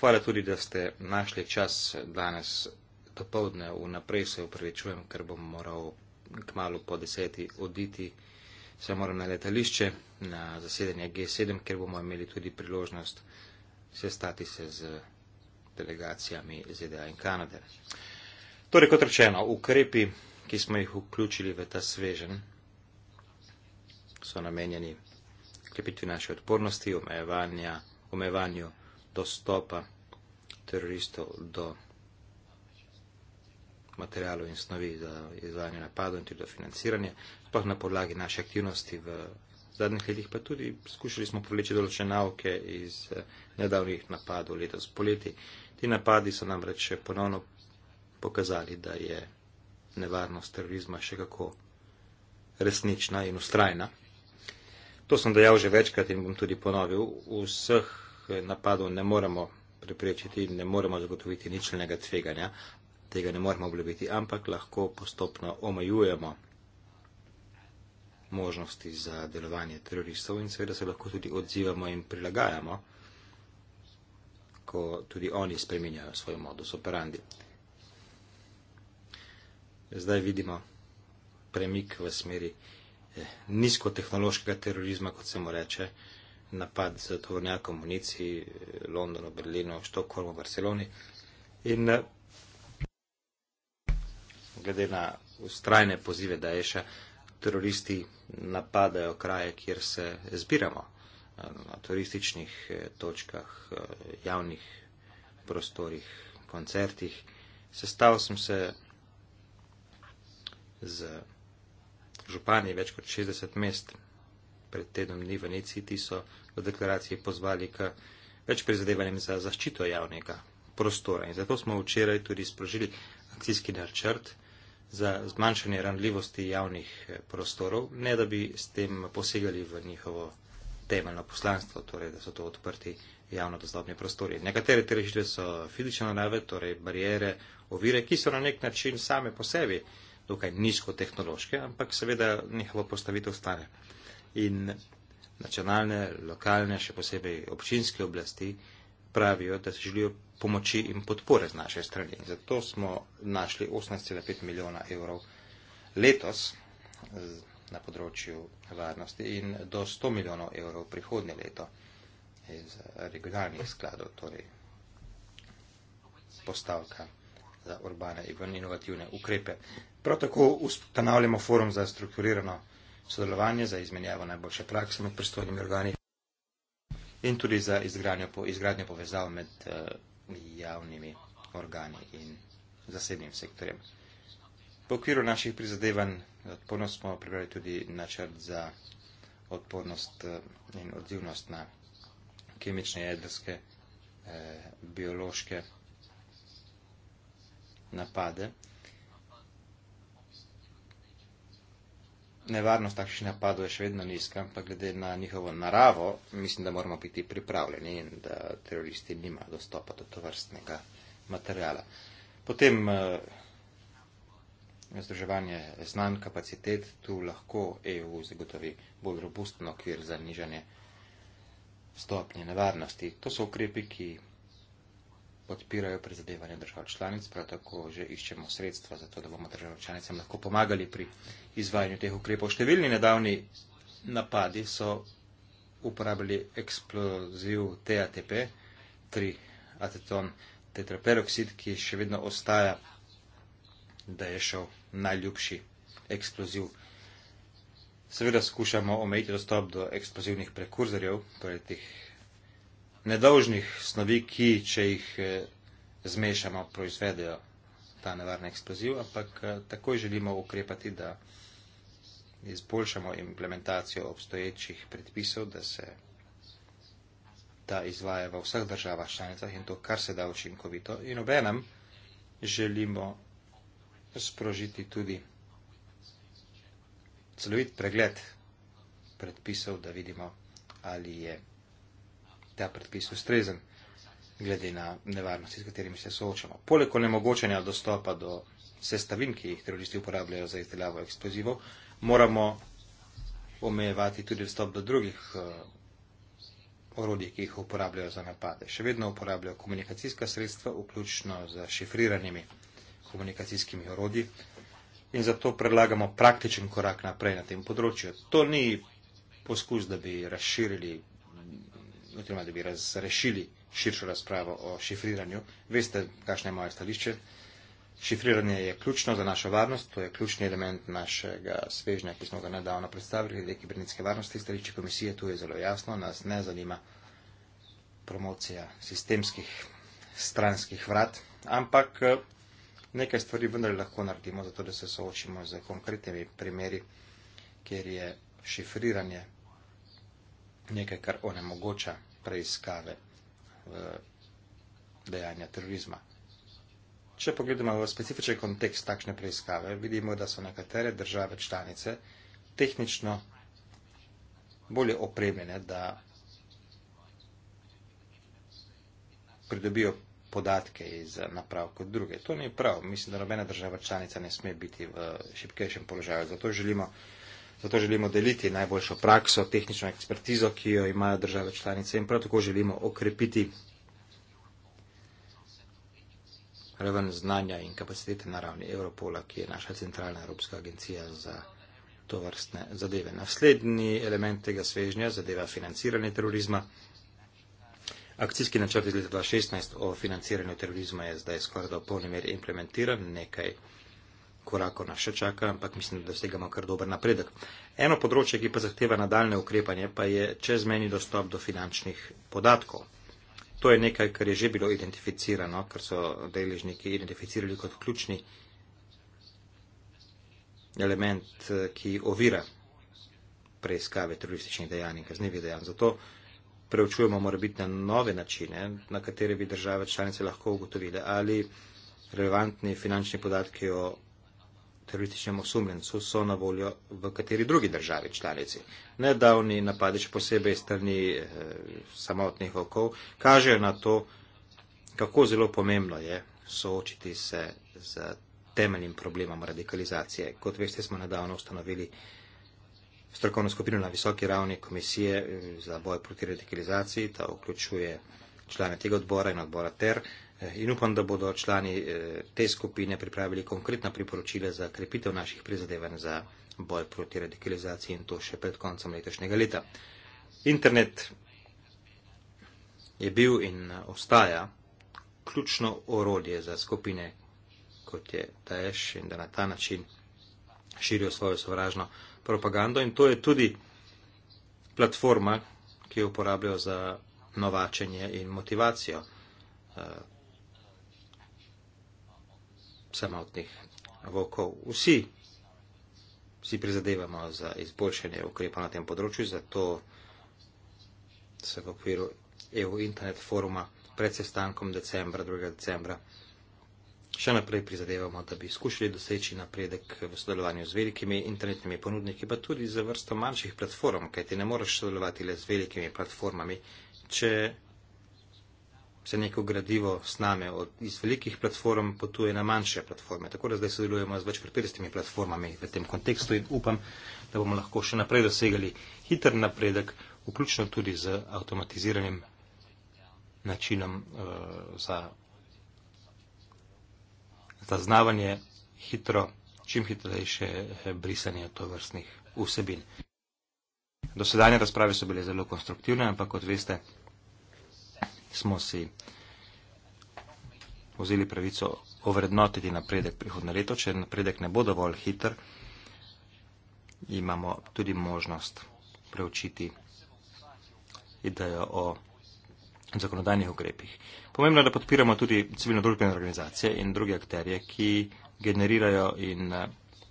Hvala tudi, da ste našli čas danes do povdne. Vnaprej se upravičujem, ker bom moral kmalo po deseti oditi, se moram na letališče, na zasedanje G7, ker bomo imeli tudi priložnost sestati se z delegacijami ZDA in Kanade. Torej, kot rečeno, ukrepi, ki smo jih vključili v ta svežen, so namenjeni krepitvi naše odpornosti, omejevanju dostopa teroristov do materijalov in snovi za izvajanje napadov in tudi za financiranje, sploh na podlagi naše aktivnosti v zadnjih letih, pa tudi skušali smo povleči določene nauke iz eh, nedavnih napadov letos poleti. Ti napadi so nam reč ponovno pokazali, da je nevarnost terorizma še kako resnična in ustrajna. To sem dejal že večkrat in bom tudi ponovil. Vseh napadov ne moremo preprečiti in ne moremo zagotoviti ničelnega tveganja, tega ne moremo obljubiti, ampak lahko postopno omejujemo možnosti za delovanje teroristov in seveda se lahko tudi odzivamo in prilagajamo, ko tudi oni spreminjajo svoj modus operandi. Zdaj vidimo premik v smeri eh, nizkotehnološkega terorizma, kot se mu reče, napad z tovornjakom v Nici, eh, Londonu, Berlinu, Štokholmu, Barceloni. In eh, glede na ustrajne pozive Daesha, teroristi napadajo kraje, kjer se zbiramo, na turističnih eh, točkah, eh, javnih prostorih, koncertih. Sestal sem se z župani več kot 60 mest pred tednom dni v Nici, ti so v deklaraciji pozvali k več prizadevanjem za zaščito javnega prostora. In zato smo včeraj tudi sprožili akcijski načrt, za zmanjšanje ranljivosti javnih eh, prostorov, ne da bi s tem posegali v njihovo temeljno poslanstvo, torej da so to odprti javno dostopni prostori. Nekatere te rešitve so fizične narave, torej barijere, ovire, ki so na nek način same po sebi dokaj nizko tehnološke, ampak seveda njihovo postavitev stane. In nacionalne, lokalne, še posebej občinske oblasti pravijo, da se želijo pomoči in podpore z naše strani. Zato smo našli 18,5 milijona evrov letos na področju varnosti in do 100 milijonov evrov prihodnje leto iz regionalnih skladov, torej postavka za urbane in inovativne ukrepe. Prav tako ustanavljamo forum za strukturirano sodelovanje, za izmenjavo najboljše prakse med pristojnimi organi in tudi za izgradnjo, po, izgradnjo povezav med uh, javnimi organi in zasebnim sektorjem. V okviru naših prizadevanj eh, odpornost smo pripravili tudi načrt za odpornost eh, in odzivnost na kemične, jedrske, eh, biološke napade. nevarnost takšnih napadov je še vedno nizka, ampak glede na njihovo naravo, mislim, da moramo biti pripravljeni in da teroristi nima dostopa do tovrstnega materijala. Potem eh, združevanje znanj kapacitet, tu lahko EU zagotovi bolj robustno okvir za nižanje stopnje nevarnosti. To so ukrepi, ki podpirajo prizadevanje držav članic, prav tako že iščemo sredstva za to, da bomo držav članicam lahko pomagali pri izvajanju teh ukrepov. Številni nedavni napadi so uporabili eksploziv TATP, 3 ateton tetraperoksid, ki še vedno ostaja, da je šel najljubši eksploziv. Seveda skušamo omejiti dostop do eksplozivnih prekurzorjev, torej teh nedolžnih snovi, ki, če jih eh, zmešamo, proizvedejo ta nevarna eksploziv, ampak eh, takoj želimo ukrepati, da izboljšamo implementacijo obstoječih predpisov, da se ta izvaja v vseh državah članicah in to, kar se da učinkovito. In obenem želimo sprožiti tudi celovit pregled predpisov, da vidimo, ali je ta predpis ustrezen, glede na nevarnosti, s katerimi se soočamo. Poleg onemogočanja dostopa do sestavin, ki jih teroristi uporabljajo za izdelavo eksplozivov, moramo omejevati tudi dostop do drugih uh, orodij, ki jih uporabljajo za napade. Še vedno uporabljajo komunikacijska sredstva, vključno z šifriranimi komunikacijskimi orodji. In zato predlagamo praktičen korak naprej na tem področju. To ni poskus, da bi razširili oziroma da bi razrešili širšo razpravo o šifriranju. Veste, kakšno je moje stališče. Šifriranje je ključno za našo varnost, to je ključni element našega svežnja, ki smo ga nedavno predstavili, glede kibernetske varnosti. Stališče komisije tu je zelo jasno, nas ne zanima promocija sistemskih stranskih vrat, ampak nekaj stvari vendar lahko naredimo, zato da se soočimo z konkretnimi primeri, kjer je šifriranje nekaj, kar onemogoča preiskave eh, dejanja terorizma. Če pogledamo v specifičen kontekst takšne preiskave, vidimo, da so nekatere države članice tehnično bolje opremljene, da pridobijo podatke iz naprav kot druge. To ni prav. Mislim, da nobena država članica ne sme biti v šipkejšem položaju. Zato želimo Zato želimo deliti najboljšo prakso, tehnično ekspertizo, ki jo imajo države članice in prav tako želimo okrepiti raven znanja in kapacitete na ravni Europola, ki je naša centralna Evropska agencija za to vrstne zadeve. Naslednji element tega svežnja zadeva financiranje terorizma. Akcijski načrt iz leta 2016 o financiranju terorizma je zdaj skoraj do polni meri implementiran. Nekaj korakov nas še čaka, ampak mislim, da dosegamo kar dober napredek. Eno področje, ki pa zahteva nadaljne ukrepanje, pa je čezmeni dostop do finančnih podatkov. To je nekaj, kar je že bilo identificirano, kar so deležniki identificirali kot ključni element, ki ovira preiskave terorističnih dejanj in kaznevih dejanj. Zato preučujemo morebitne nove načine, na katere bi države članice lahko ugotovile, ali relevantni finančni podatki o terorističnem osumljencu so na voljo v kateri drugi državi članici. Nedavni napadi, še posebej strani e, samotnih okov, kažejo na to, kako zelo pomembno je soočiti se z temeljnim problemom radikalizacije. Kot veste, smo nedavno ustanovili strokovno skupino na visoki ravni komisije eh, za boj proti radikalizaciji, ta vključuje člane tega odbora in odbora ter. E, Eh, in upam, da bodo člani eh, te skupine pripravili konkretna priporočila za krepitev naših prizadevanj za boj proti radikalizaciji in to še pred koncem letošnjega leta. Internet je bil in eh, ostaja ključno orodje za skupine, kot je Daesh in da na ta način širijo svojo sovražno propagando in to je tudi platforma, ki jo uporabljajo za novačenje in motivacijo samotnih vokov. Vsi si prizadevamo za izboljšanje ukrepa na tem področju, zato se v okviru EU internet foruma pred sestankom decembra, 2. decembra, še naprej prizadevamo, da bi skušali doseči napredek v sodelovanju z velikimi internetnimi ponudniki, pa tudi za vrsto manjših platform, kajti ne moreš sodelovati le z velikimi platformami, če se neko gradivo sname od, iz velikih platform potuje na manjše platforme. Tako da zdaj sodelujemo z več kot 50 platformami v tem kontekstu in upam, da bomo lahko še naprej dosegali hiter napredek, vključno tudi z avtomatiziranim načinom uh, za zaznavanje hitro, čim hitrejše eh, brisanje tovrstnih vsebin. Dosedanje razprave so bile zelo konstruktivne, ampak kot veste, smo si vzeli pravico ovrednotiti napredek prihodno leto. Če napredek ne bo dovolj hiter, imamo tudi možnost preučiti idejo o zakonodajnih ukrepih. Pomembno je, da podpiramo tudi civilno družbene organizacije in druge akterje, ki generirajo in eh,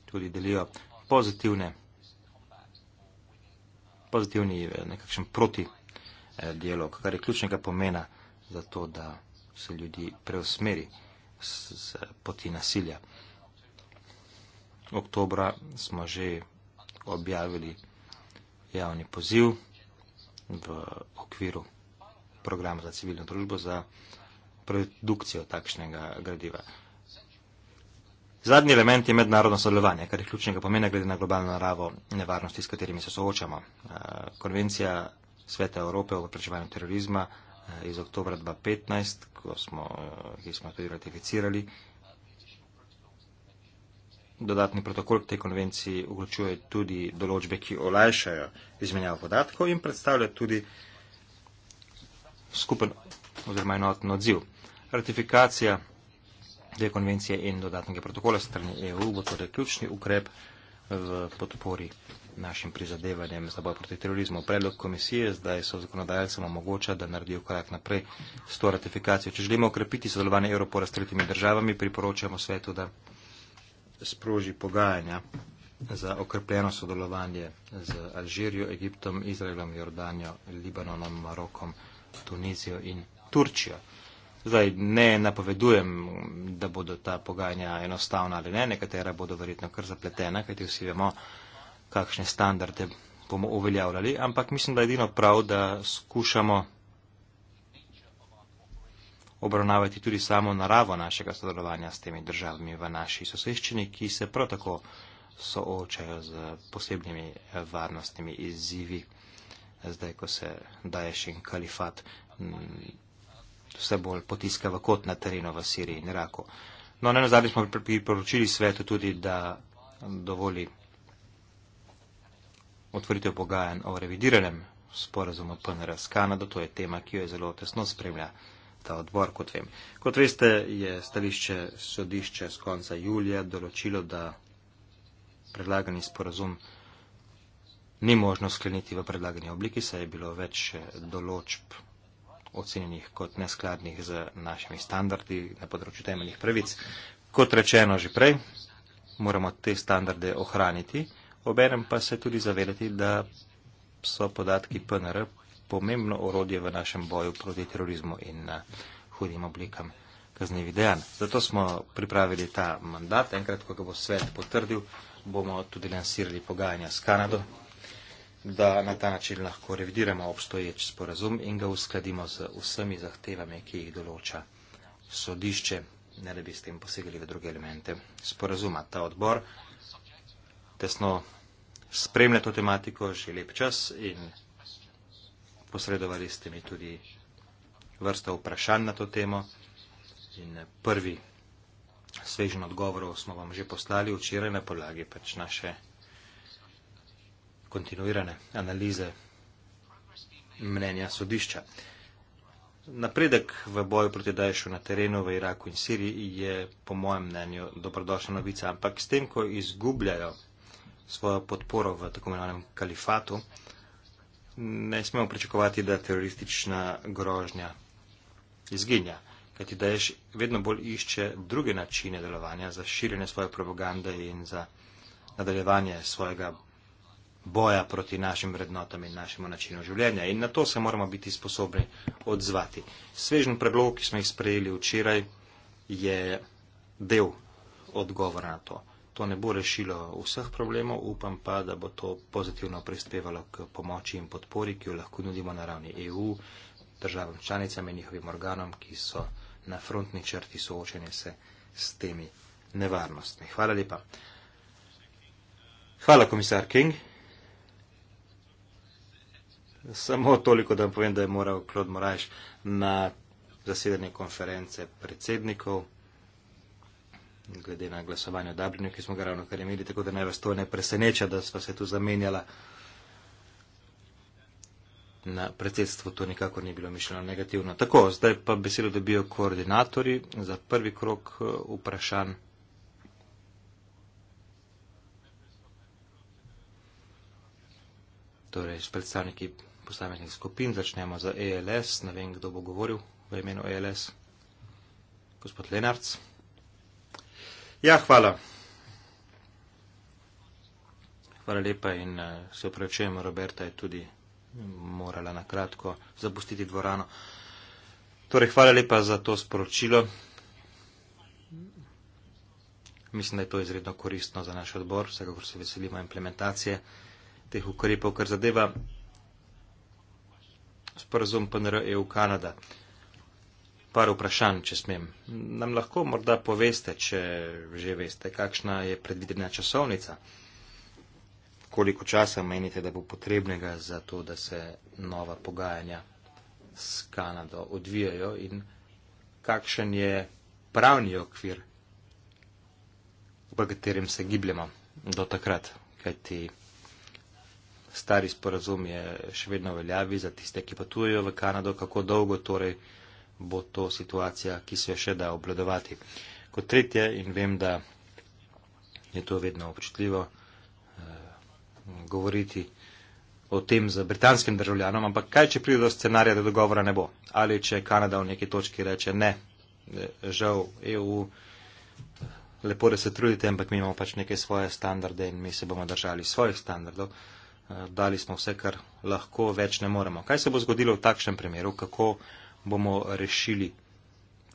tudi delijo pozitivne, pozitivni eh, nekakšen proti Eh, dialog, kar je ključnega pomena za to, da se ljudi preusmeri z poti nasilja. Oktobra smo že objavili javni poziv v okviru programa za civilno družbo za produkcijo takšnega gradiva. Zadnji element je mednarodno sodelovanje, kar je ključnega pomena glede na globalno naravo nevarnosti, s katerimi se soočamo. Eh, konvencija Sveta Evrope o preprečevanju terorizma eh, iz oktobra 2015, ko smo, eh, ki smo tudi ratificirali. Dodatni protokol k tej konvenciji vključuje tudi določbe, ki olajšajo izmenjavo podatkov in predstavlja tudi skupen oziroma enoten odziv. Ratifikacija te konvencije in dodatnega protokola strani EU bo torej ključni ukrep v podpori našim prizadevanjem za boj proti terorizmu. Predlog komisije zdaj so zakonodajalcem omogoča, da naredijo korak naprej s to ratifikacijo. Če želimo okrepiti sodelovanje Evropora s tretjimi državami, priporočamo svetu, da sproži pogajanja za okrepljeno sodelovanje z Alžirijo, Egiptom, Izraelom, Jordanijo, Libanonom, Marokom, Tunizijo in Turčijo. Zdaj ne napovedujem, da bodo ta pogajanja enostavna ali ne, nekatera bodo verjetno kar zapletena, kajti vsi vemo, kakšne standarde bomo uveljavljali, ampak mislim, da je edino prav, da skušamo obravnavati tudi samo naravo našega sodelovanja s temi državami v naši soseščini, ki se prav tako soočajo z posebnimi varnostnimi izzivi, zdaj, ko se daje še en kalifat vse bolj potiska v kot na terenu v Siriji in Iraku. No, ne nazadnje smo priporočili svetu tudi, da dovoli otvoritev pogajanj o revidiranem sporazumu od PNR s Kanado, to je tema, ki jo je zelo tesno spremlja ta odbor, kot vem. Kot veste, je stališče sodišče z konca julija določilo, da predlagani sporazum ni možno skleniti v predlagani obliki, saj je bilo več eh, določb ocenjenih kot neskladnih z našimi standardi na področju temeljnih pravic. Kot rečeno že prej, moramo te standarde ohraniti. Obenem pa se tudi zavedati, da so podatki PNR pomembno orodje v našem boju proti terorizmu in eh, hudim oblikam kaznevih dejanj. Zato smo pripravili ta mandat. Enkrat, ko ga bo svet potrdil, bomo tudi lansirali pogajanja s Kanado, da na ta način lahko revidiramo obstoječ sporazum in ga uskladimo z vsemi zahtevami, ki jih določa sodišče, ne da bi s tem posegali v druge elemente sporazuma. Ta odbor tesno spremlja to tematiko že lep čas in posredovali ste mi tudi vrsta vprašanj na to temo. In prvi svežen odgovor smo vam že poslali včeraj na podlagi pač naše kontinuirane analize mnenja sodišča. Napredek v boju proti Daješu na terenu v Iraku in Siriji je po mojem mnenju dobrodošla novica, ampak s tem, ko izgubljajo svojo podporo v tako imenovanem kalifatu, ne smemo pričakovati, da teroristična grožnja izginja. Kajti Daesh vedno bolj išče druge načine delovanja za širjenje svoje propagande in za nadaljevanje svojega boja proti našim vrednotam in našemu načinu življenja. In na to se moramo biti sposobni odzvati. Svežen predlog, ki smo jih sprejeli včeraj, je del odgovora na to to ne bo rešilo vseh problemov, upam pa, da bo to pozitivno prispevalo k pomoči in podpori, ki jo lahko nudimo na ravni EU, državam članicam in njihovim organom, ki so na frontni črti soočeni se s temi nevarnostmi. Hvala lepa. Hvala, komisar King. Samo toliko, da vam povem, da je moral Klod Morajš na zasedanje konference predsednikov glede na glasovanje v Dublinu, ki smo ga ravno kar imeli, tako da naj vas to ne preseneča, da sva se tu zamenjala. Na predsedstvu to nikako ni bilo mišljeno negativno. Tako, zdaj pa besedo dobijo koordinatori za prvi krok eh, vprašanj. Torej, s predstavniki posameznih skupin začnemo za ELS. Ne vem, kdo bo govoril v imenu ELS. Gospod Lenarc. Ja, hvala. Hvala lepa in eh, se opravičujem, Roberta je tudi morala na kratko zapustiti dvorano. Torej, hvala lepa za to sporočilo. Mislim, da je to izredno koristno za naš odbor, vsekakor se veselimo implementacije teh ukrepov, kar zadeva sporazum PNR-EU Kanada par vprašanj, če smem. Nam lahko morda poveste, če že veste, kakšna je predvidena časovnica? Koliko časa menite, da bo potrebnega za to, da se nova pogajanja s Kanado odvijajo in kakšen je pravni okvir, v katerem se gibljamo do takrat, kajti stari sporazum je še vedno veljavi za tiste, ki potujejo v Kanado, kako dolgo torej bo to situacija, ki se jo še da obladovati. Kot tretje, in vem, da je to vedno občutljivo eh, govoriti o tem z britanskim državljanom, ampak kaj, če pride do scenarija, da dogovora ne bo? Ali če Kanada v neki točki reče ne, eh, žal EU, eh, lepo, da se trudite, ampak mi imamo pač neke svoje standarde in mi se bomo držali svojih standardov. Eh, dali smo vse, kar lahko, več ne moremo. Kaj se bo zgodilo v takšnem primeru, kako bomo rešili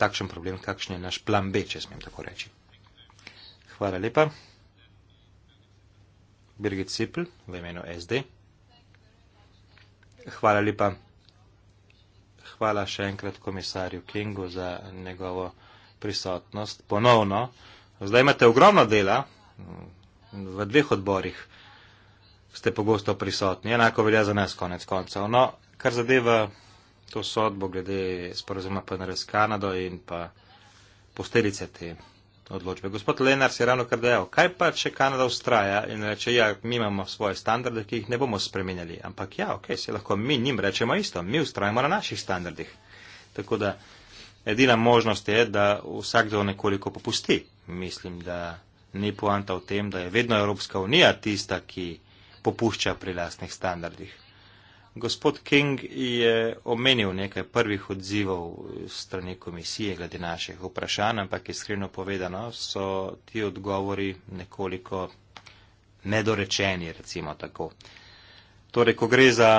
takšen problem, kakšen je naš plan B, če smem tako reči. Hvala lepa. Birgit Cipl, v imenu SD. Hvala lepa. Hvala še enkrat komisarju Kingu za njegovo prisotnost. Ponovno, zdaj imate ogromno dela, v dveh odborih ste pogosto prisotni, enako velja za nas konec koncev. No, kar zadeva to sodbo glede sporozuma PNR s Kanado in pa posteljice te odločbe. Gospod Lenar si ravno kar dejal, kaj pa, če Kanada ustraja in reče, ja, mi imamo svoje standarde, ki jih ne bomo spremenjali, ampak ja, ok, se lahko mi njim rečemo isto, mi ustrajamo na naših standardih. Tako da edina možnost je, da vsakdo nekoliko popusti. Mislim, da ni poanta v tem, da je vedno Evropska unija tista, ki popušča pri lastnih standardih. Gospod King je omenil nekaj prvih odzivov strani komisije glede naših vprašanj, ampak iskreno povedano so ti odgovori nekoliko nedorečeni, recimo tako. Torej, ko gre za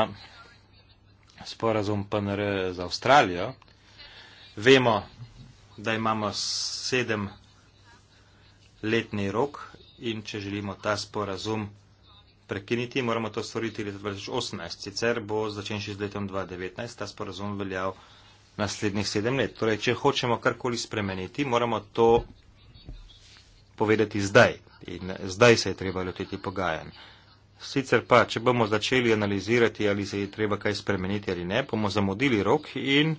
sporazum PNR za Avstralijo, vemo, da imamo sedem letni rok in če želimo ta sporazum prekiniti, moramo to storiti leta 2018, sicer bo začen še z letom 2019 ta sporazum veljal naslednjih sedem let. Torej, če hočemo karkoli spremeniti, moramo to povedati zdaj in zdaj se je treba lotiti pogajanj. Sicer pa, če bomo začeli analizirati, ali se je treba kaj spremeniti ali ne, bomo zamudili rok in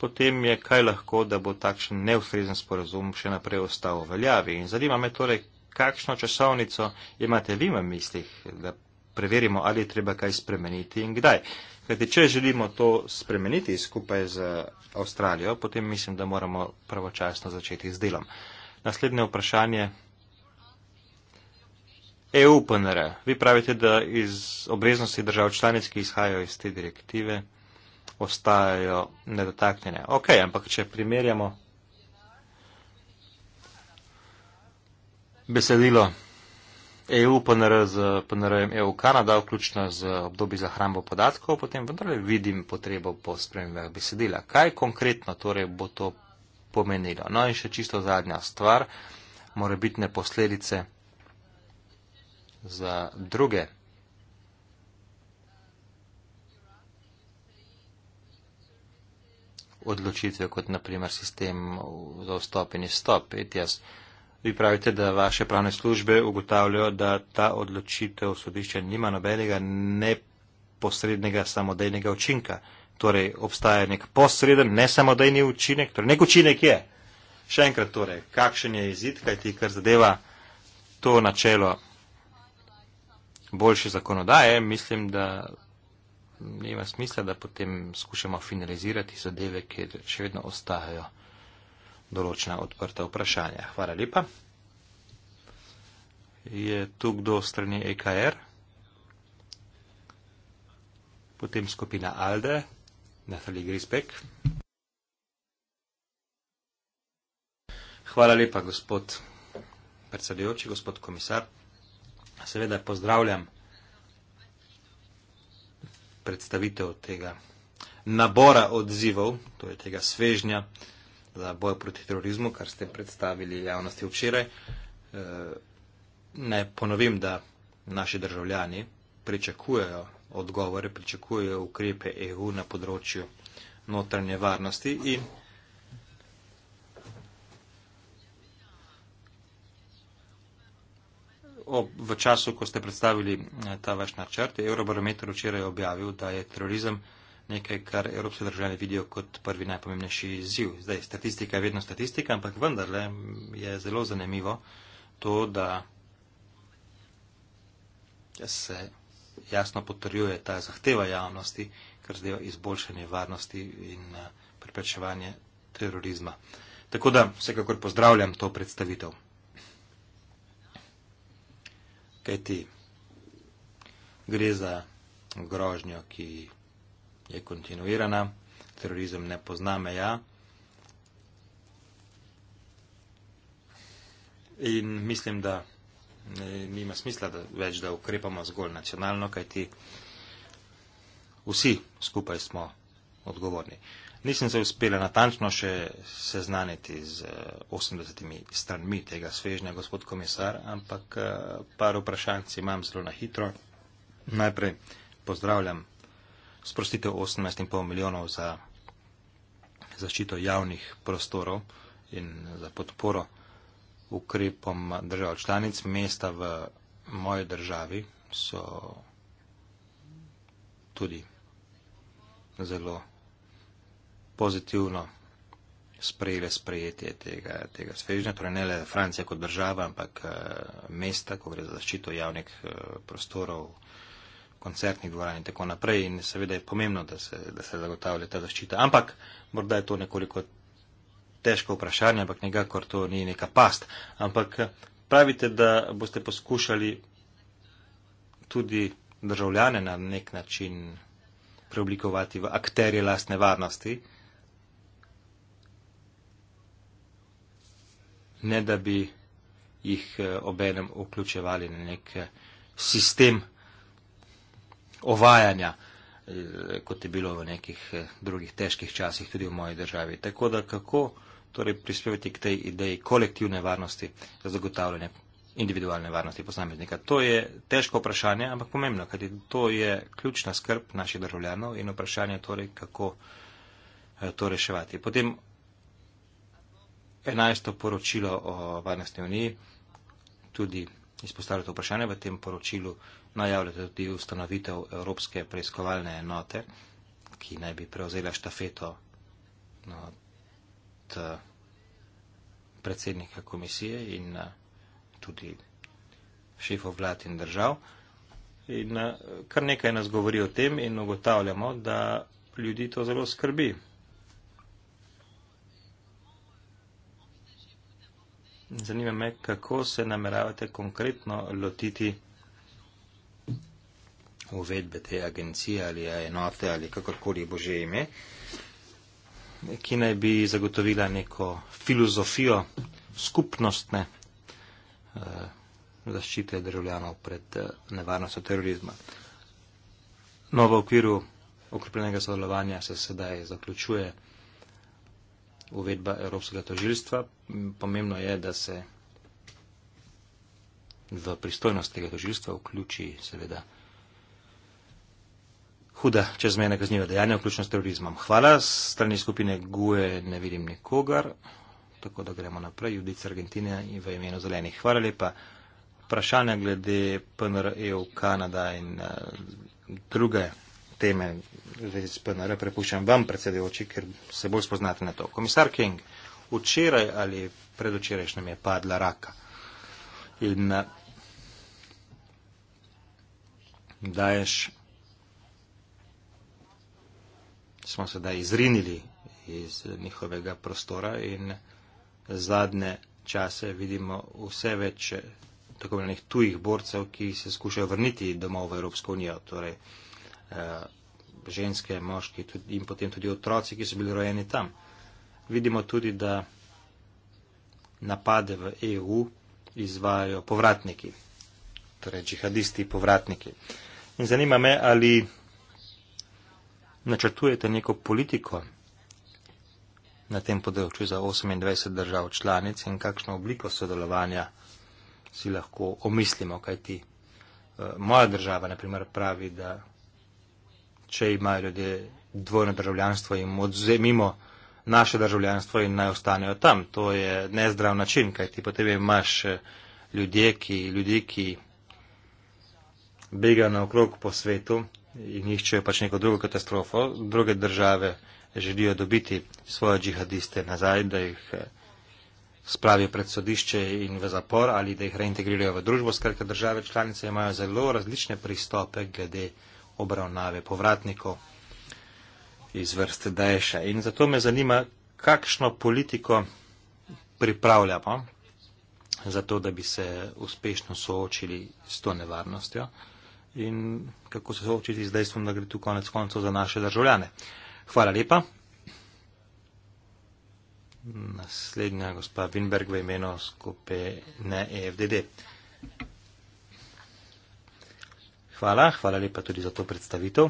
potem je kaj lahko, da bo takšen neustrezen sporazum še naprej ostal v veljavi. In zanima me torej, kakšno časovnico imate vi v mislih, da preverimo, ali je treba kaj spremeniti in kdaj. Kajti, če želimo to spremeniti skupaj z Avstralijo, potem mislim, da moramo pravočasno začeti z delom. Naslednje vprašanje. EU PNR. Vi pravite, da iz obveznosti držav članic, ki izhajajo iz te direktive, ostajajo nedotaknjene. Ok, ampak če primerjamo besedilo EU, PNR z PNR-jem EU Kanada, vključno z obdobji za hrambo podatkov, potem vendarle vidim potrebo po spremembah besedila. Kaj konkretno torej bo to pomenilo? No in še čisto zadnja stvar, morebitne posledice za druge. odločitve, kot naprimer sistem za vstop in izstop, ETS. Vi pravite, da vaše pravne službe ugotavljajo, da ta odločitev sodišča nima nobenega neposrednega samodejnega učinka. Torej, obstaja nek posreden, nesamodejni učinek, torej nek učinek je. Še enkrat torej, kakšen je izid, kaj ti kar zadeva to načelo boljše zakonodaje, mislim, da nima smisla, da potem skušamo finalizirati zadeve, ki še vedno ostajajo določena odprta vprašanja. Hvala lepa. Je tu kdo strani EKR? Potem skupina ALDE, Natali Grisbek. Hvala lepa, gospod predsedujoči, gospod komisar. Seveda pozdravljam predstavitev tega nabora odzivov, to je tega svežnja, za boj proti terorizmu, kar ste predstavili javnosti včeraj. Ne ponovim, da naši državljani pričakujejo odgovore, pričakujejo ukrepe EU na področju notranje varnosti in Ob, v času, ko ste predstavili e, ta vaš načrt, je Eurobarometer včeraj objavil, da je terorizem eh, nekaj, kar evropske države vidijo kot prvi najpomembnejši izziv. Zdaj, statistika je vedno statistika, ampak vendarle je zelo zanimivo to, da se jasno potrjuje ta zahteva javnosti, kar zdaj izboljšanje varnosti in eh, preprečevanje terorizma. Tako da vsekakor pozdravljam to predstavitev. Kaj ti? Gre za grožnjo, ki je kontinuirana, terorizem ne pozna meja. In mislim, da ne, nima smisla da več, da ukrepamo zgolj nacionalno, kajti vsi skupaj smo odgovorni. Nisem se uspela natančno še seznaniti z 80 eh, stranmi tega svežnja, gospod komisar, ampak eh, par vprašanj imam zelo na hitro. Najprej pozdravljam sprostitev 18,5 milijonov za zaščito javnih prostorov in za podporo ukrepom držav članic. Mesta v moji državi so tudi zelo pozitivno sprejele sprejetje tega, tega svežnja. Torej ne le Francija kot država, ampak eh, mesta, ko gre za zaščito javnih eh, prostorov koncertnih dvoran in tako naprej. In seveda je pomembno, da se, da se zagotavlja ta zaščita. Ampak morda je to nekoliko težko vprašanje, ampak nekako to ni neka past. Ampak eh, pravite, da boste poskušali tudi državljane na nek način preoblikovati v akterje lastne varnosti. Ne da bi jih eh, obenem vključevali na nek eh, sistem ovajanja, eh, kot je bilo v nekih eh, drugih težkih časih tudi v moji državi. Tako da kako torej prispevati k tej ideji kolektivne varnosti za zagotavljanje individualne varnosti posameznika. To je težko vprašanje, ampak pomembno, kajti to je ključna skrb naših državljanov in vprašanje torej, kako eh, to reševati. Potem enajsto poročilo o varnosti uniji, tudi izpostavljate vprašanje v tem poročilu, najavljate tudi ustanovitev Evropske preiskovalne enote, ki naj bi prevzela štafeto od eh, predsednika komisije in eh, tudi šefov vlad in držav. In eh, kar nekaj nas govori o tem in ugotavljamo, da ljudi to zelo skrbi. Zanima me, kako se nameravate konkretno lotiti uvedbe te agencije ali enote ali kakorkoli bo že ime, ki naj bi zagotovila neko filozofijo skupnostne eh, zaščite državljanov pred eh, nevarnostjo terorizma. No, v okviru okrepljenega sodelovanja se sedaj zaključuje uvedba Evropskega tožilstva. Pomembno je, da se v pristojnost tega tožilstva vključi seveda huda čezmejna kaznjiva dejanja, vključno s terorizmom. Hvala, strani skupine GUE ne vidim nikogar, tako da gremo naprej, Judica Argentina in v imenu zelenih. Hvala lepa. Vprašanja glede PNR EU, Kanada in uh, druge teme v zvezi s PNR prepuščam vam, predsedujoči, ker se bolj spoznate na to. Komisar King, včeraj ali predvčerajšnjem je padla raka in uh, daješ smo sedaj izrinili iz njihovega prostora in zadnje čase vidimo vse več tako imenih tujih borcev, ki se skušajo vrniti domov v Evropsko unijo, torej eh, ženske, moški in potem tudi otroci, ki so bili rojeni tam. Vidimo tudi, da napade v EU izvajajo povratniki, torej džihadisti povratniki. In zanima me, ali načrtujete neko politiko na tem področju za 28 držav članic in kakšno obliko sodelovanja si lahko omislimo, kajti eh, moja država naprimer pravi, da če imajo ljudje dvojno državljanstvo, jim odzemimo naše državljanstvo in naj ostanejo tam. To je nezdrav način, kajti potem imaš eh, ljudje, ki, ljudje, ki bega na okrog po svetu, in iščejo pač neko drugo katastrofo. Druge države želijo dobiti svoje džihadiste nazaj, da jih eh, spravijo pred sodišče in v zapor ali da jih reintegrirajo v družbo. Skratka, države članice imajo zelo različne pristope glede obravnave povratnikov iz vrste Daesha. In zato me zanima, kakšno politiko pripravljamo za to, da bi se uspešno soočili s to nevarnostjo in kako se soočiti z dejstvom, da gre tu konec koncev za naše državljane. Hvala lepa. Naslednja gospa Winberg v imenu skupaj ne EFDD. Hvala, hvala lepa tudi za to predstavitev.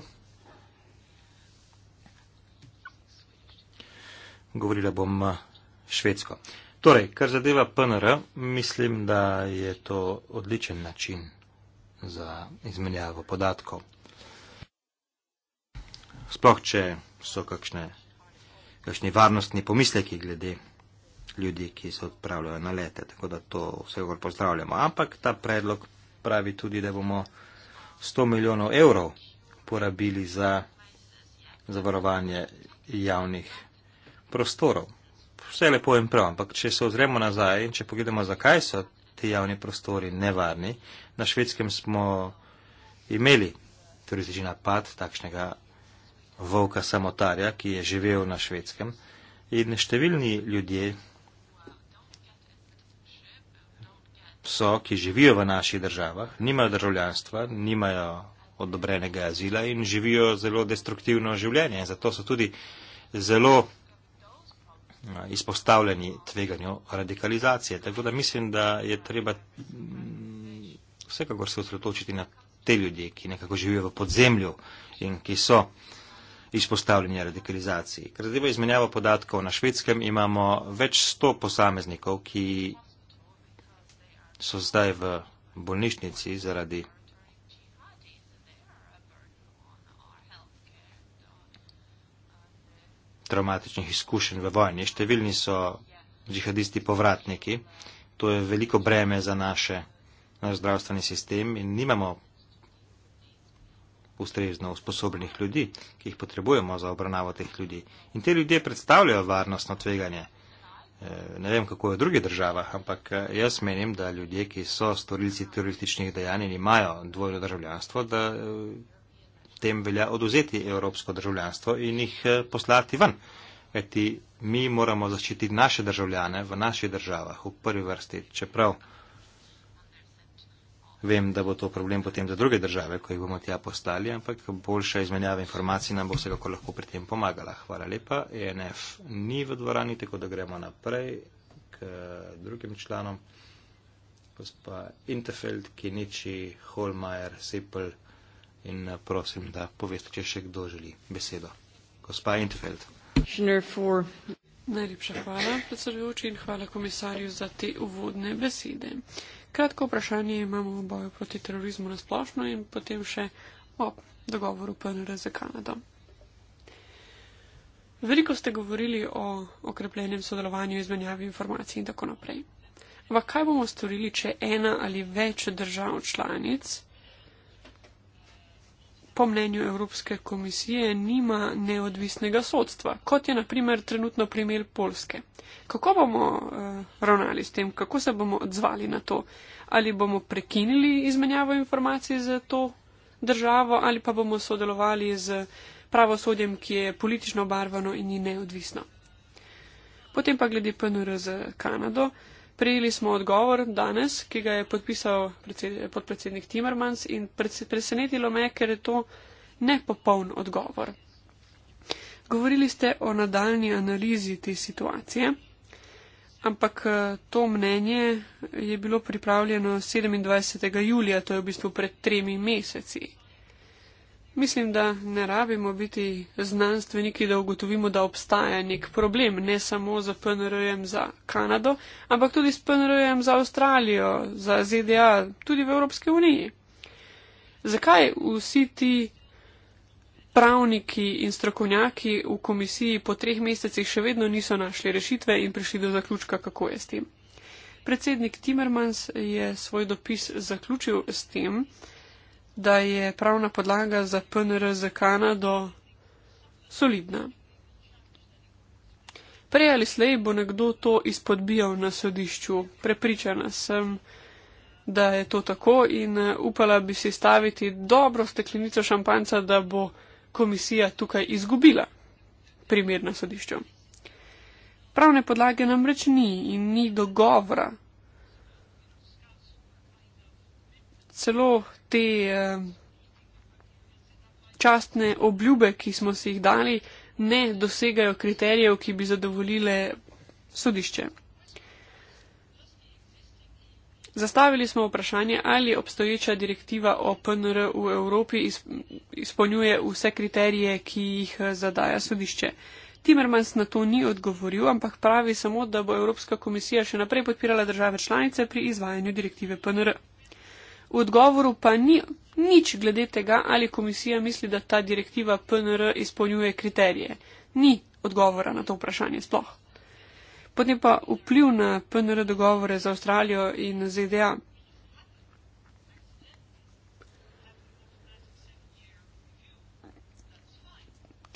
Govorila bom eh, švedsko. Torej, kar zadeva PNR, mislim, da je to odličen način za izmenjavo podatkov. Sploh, če so kakšne, kakšni varnostni pomisleki glede ljudi, ki se odpravljajo na lete, tako da to vsekakor pozdravljamo. Ampak ta predlog pravi tudi, da bomo 100 milijonov evrov porabili za zavarovanje javnih prostorov. Vse lepo in prav, ampak če se ozremo nazaj in če pogledamo, zakaj so ti javni prostori nevarni. Na švedskem smo imeli turistični napad takšnega volka samotarja, ki je živel na švedskem. In številni ljudje so, ki živijo v naših državah, nimajo državljanstva, nimajo odobrenega azila in živijo zelo destruktivno življenje. In zato so tudi zelo izpostavljeni tveganju radikalizacije. Tako da mislim, da je treba mm, vsekakor se osredotočiti na te ljudi, ki nekako živijo v podzemlju in ki so izpostavljeni radikalizaciji. Ker zdaj izmenjava podatkov na švedskem, imamo več sto posameznikov, ki so zdaj v bolnišnici zaradi traumatičnih izkušenj v vojni. Številni so džihadisti povratniki. To je veliko breme za naše, naš zdravstveni sistem in nimamo ustrezno usposobljenih ljudi, ki jih potrebujemo za obravnavo teh ljudi. In te ljudje predstavljajo varnostno tveganje. E, ne vem, kako je v drugih državah, ampak e, jaz menim, da ljudje, ki so storilci terorističnih dejanj in imajo dvojno državljanstvo, da e, tem velja oduzeti evropsko državljanstvo in jih eh, poslati ven. Eti, mi moramo zaščititi naše državljane v naših državah v prvi vrsti, čeprav vem, da bo to problem potem za druge države, ko jih bomo tja postali, ampak boljša izmenjava informacij nam bo vsekako lahko pri tem pomagala. Hvala lepa. ENF ni v dvorani, tako da gremo naprej k drugim članom. Gospa Interfeld, Kiniči, Holmajer, Sipel in eh, prosim, da poveste, če še kdo želi besedo. Gospa Intfeld. Najlepša hvala, predsedujoči, in hvala komisarju za te uvodne besede. Kratko vprašanje imamo v boju proti terorizmu na splošno in potem še o dogovoru PNR za Kanado. Veliko ste govorili o okrepljenem sodelovanju, izmenjavi informacij in tako naprej. Ampak kaj bomo storili, če ena ali več držav članic po mnenju Evropske komisije nima neodvisnega sodstva, kot je naprimer trenutno primer Polske. Kako bomo uh, ravnali s tem, kako se bomo odzvali na to? Ali bomo prekinili izmenjavo informacij za to državo ali pa bomo sodelovali z pravosodjem, ki je politično barvano in ni neodvisno? Potem pa glede PNR z Kanado. Uh, Prejeli smo odgovor danes, ki ga je podpisal podpredsednik Timmermans in presenetilo me, ker je to nepopoln odgovor. Govorili ste o nadaljni analizi te situacije, ampak to mnenje je bilo pripravljeno 27. julija, to je v bistvu pred tremi meseci. Mislim, da ne rabimo biti znanstveniki, da ugotovimo, da obstaja nek problem, ne samo za PNR-jem za Kanado, ampak tudi s PNR-jem za Avstralijo, za ZDA, tudi v Evropski uniji. Zakaj vsi ti pravniki in strokovnjaki v komisiji po treh mesecih še vedno niso našli rešitve in prišli do zaključka, kako je s tem? Predsednik Timmermans je svoj dopis zaključil s tem, da je pravna podlaga za PNR za Kanado solidna. Prej ali slej bo nekdo to izpodbijal na sodišču. Prepričana sem, da je to tako in eh, upala bi si staviti dobro steklenico šampanca, da bo komisija tukaj izgubila primer na sodišču. Pravne podlage namreč ni in ni dogovora celo te eh, častne obljube, ki smo si jih dali, ne dosegajo kriterijev, ki bi zadovoljile sodišče. Zastavili smo vprašanje, ali obstoječa direktiva o PNR v Evropi izpolnjuje vse kriterije, ki jih eh, zadaja sodišče. Timmermans na to ni odgovoril, ampak pravi samo, da bo Evropska komisija še naprej podpirala države članice pri izvajanju direktive PNR. V odgovoru pa ni nič glede tega, ali komisija misli, da ta direktiva PNR izpolnjuje kriterije. Ni odgovora na to vprašanje sploh. Potem pa vpliv na PNR dogovore za Avstralijo in ZDA.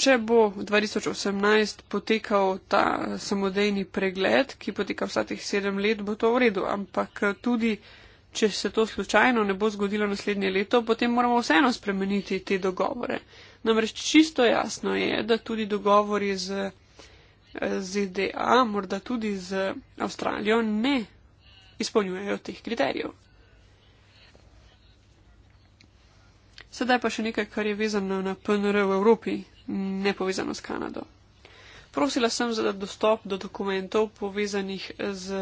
Če bo 2018 potekal ta samodejni pregled, ki poteka vsakih sedem let, bo to v redu, ampak tudi če se to slučajno ne bo zgodilo naslednje leto, potem moramo vseeno spremeniti te dogovore. Namreč čisto jasno je, da tudi dogovori z ZDA, morda tudi z Avstralijo, ne izpolnjujejo teh kriterijev. Sedaj pa še nekaj, kar je vezano na PNR v Evropi, ne povezano s Kanado. Prosila sem za dostop do dokumentov povezanih z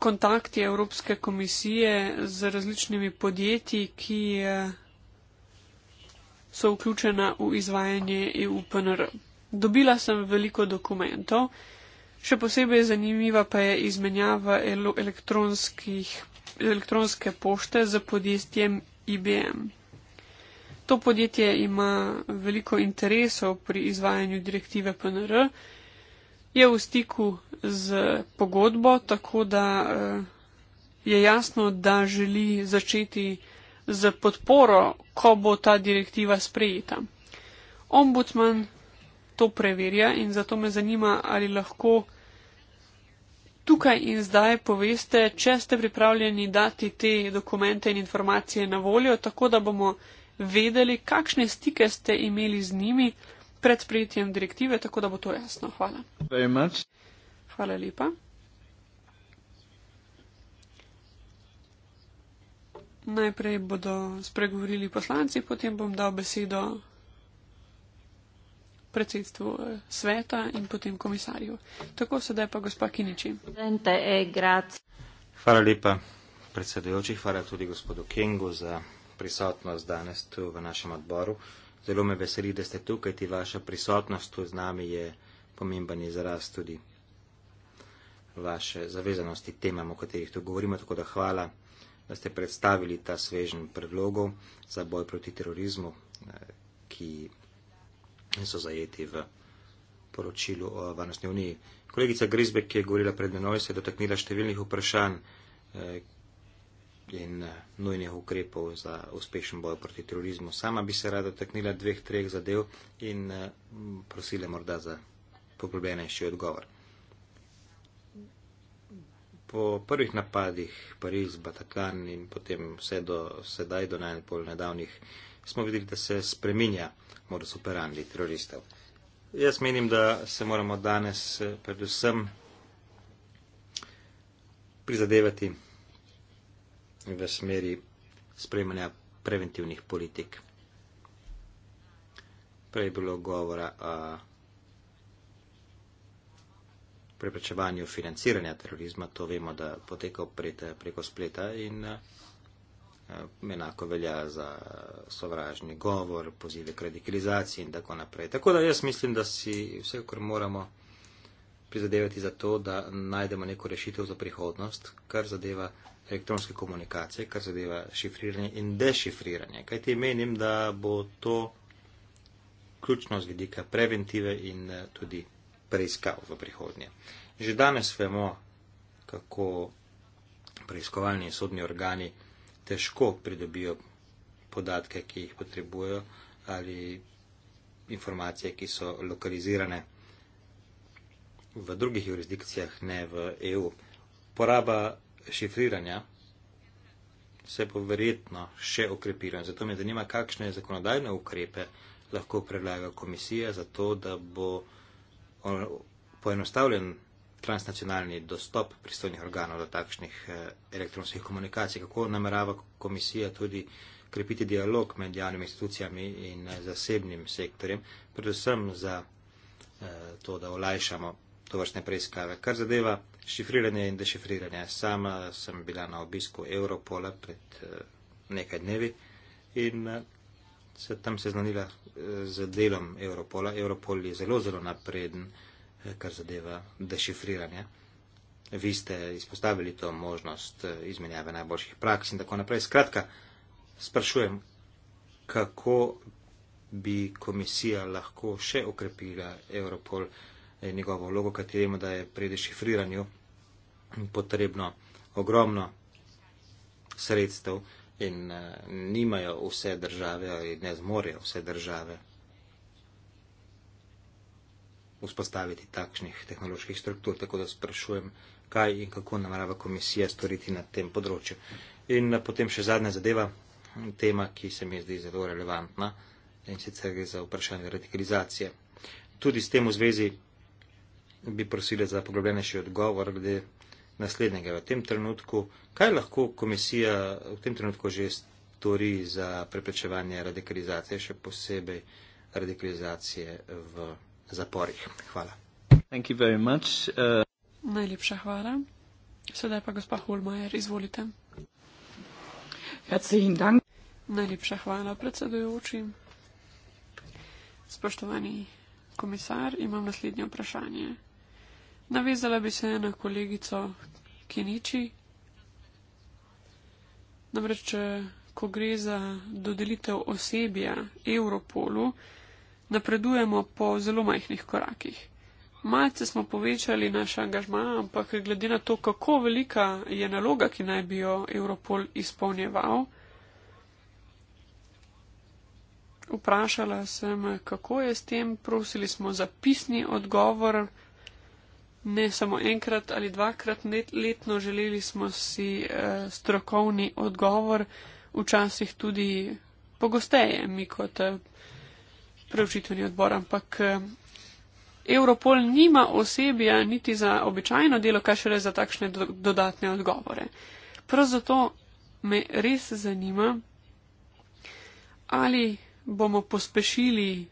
kontakti Evropske komisije z različnimi podjetji, ki eh, so vključena v izvajanje EUPNR. Dobila sem veliko dokumentov, še posebej zanimiva pa je izmenjava elektronske pošte z podjetjem IBM. To podjetje ima veliko interesov pri izvajanju direktive PNR je v stiku z pogodbo, tako da eh, je jasno, da želi začeti z podporo, ko bo ta direktiva sprejeta. Ombudsman to preverja in zato me zanima, ali lahko tukaj in zdaj poveste, če ste pripravljeni dati te dokumente in informacije na voljo, tako da bomo vedeli, kakšne stike ste imeli z njimi pred sprejetjem direktive, tako da bo to jasno. Hvala. Hvala lepa. Najprej bodo spregovorili poslanci, potem bom dal besedo predsedstvu eh, sveta in potem komisarju. Tako sedaj pa gospa Kiniči. Eh, hvala lepa predsedujoči, hvala tudi gospodu Kengu za prisotnost danes tu v našem odboru. Uh, Zelo me veseli, da ste tukaj, ti vaša prisotnost tu z nami je pomemben izraz tudi vaše zavezanosti temam, o katerih tu govorimo. Tako da hvala, da ste predstavili ta svežen predlogov za boj proti terorizmu, eh, ki so zajeti v poročilu o varnostni uniji. Kolegica Grizbek, ki je govorila pred menoj, se je dotaknila številnih vprašanj, eh, in eh, nujnih ukrepov za uspešen boj proti terorizmu. Sama bi se rada dotaknila dveh, treh zadev in eh, prosila morda za poglobljenejši odgovor. Po prvih napadih Pariz, Bataklan in potem vse do sedaj, do najbolj nedavnih, smo videli, da se spreminja modus operandi teroristov. Jaz menim, da se moramo danes eh, predvsem prizadevati v smeri sprejmanja preventivnih politik. Prej je bilo govora o preprečevanju financiranja terorizma, to vemo, da poteka preko spleta in eh, enako velja za sovražni govor, pozive k radikalizaciji in tako naprej. Tako da jaz mislim, da si vsekakor moramo prizadevati za to, da najdemo neko rešitev za prihodnost, kar zadeva elektronske komunikacije, kar zadeva šifriranje in dešifriranje. Kaj ti menim, da bo to ključno z vidika preventive in eh, tudi preiskav v prihodnje. Že danes vemo, kako preiskovalni in sodni organi težko pridobijo podatke, ki jih potrebujejo ali informacije, ki so lokalizirane v drugih jurisdikcijah, ne v EU. Poraba šifriranja se bo verjetno še okrepila. Zato me zanima, kakšne zakonodajne ukrepe lahko predlaga komisija za to, da bo poenostavljen transnacionalni dostop pristojnih organov do takšnih eh, elektronskih komunikacij. Kako namerava komisija tudi krepiti dialog med javnimi institucijami in eh, zasebnim sektorjem, predvsem za eh, to, da olajšamo to vrstne preiskave. Kar zadeva šifriranje in dešifriranje, sama sem bila na obisku Europola pred eh, nekaj dnevi in eh, se tam seznanila eh, z delom Europola. Europol je zelo, zelo napreden, kar zadeva dešifriranje. Vi ste izpostavili to možnost izmenjave najboljših praks in tako naprej. Skratka, sprašujem, kako bi komisija lahko še okrepila Europol je njegovo vlogo, kajti vemo, da je pri dešifriranju potrebno ogromno sredstev in eh, nimajo vse države ali ne zmorejo vse države vzpostaviti takšnih tehnoloških struktur, tako da sprašujem, kaj in kako namerava komisija storiti na tem področju. In eh, potem še zadnja zadeva, tema, ki se mi zdi zelo relevantna in sicer gre za vprašanje radikalizacije. Tudi s tem v zvezi bi prosili za poglobljenejši odgovor glede naslednjega. V tem trenutku, kaj lahko komisija v tem trenutku že stori za preprečevanje radikalizacije, še posebej radikalizacije v zaporih? Hvala. Uh... Najlepša hvala. Sedaj pa gospa Holmajer, izvolite. Najlepša hvala, predsedujoči. Spoštovani komisar, imam naslednje vprašanje. Navezala bi se na kolegico Keniči. Namreč, eh, ko gre za dodelitev osebja Europolu, napredujemo po zelo majhnih korakih. Malce smo povečali naš angažma, ampak glede na to, kako velika je naloga, ki naj bi jo Europol izpolnjeval, vprašala sem, kako je s tem, prosili smo za pisni odgovor ne samo enkrat ali dvakrat letno, želeli smo si eh, strokovni odgovor, včasih tudi pogosteje mi kot eh, preučitveni odbor, ampak eh, Europol nima osebja niti za običajno delo, kaj šele za takšne do dodatne odgovore. Prav zato me res zanima, ali bomo pospešili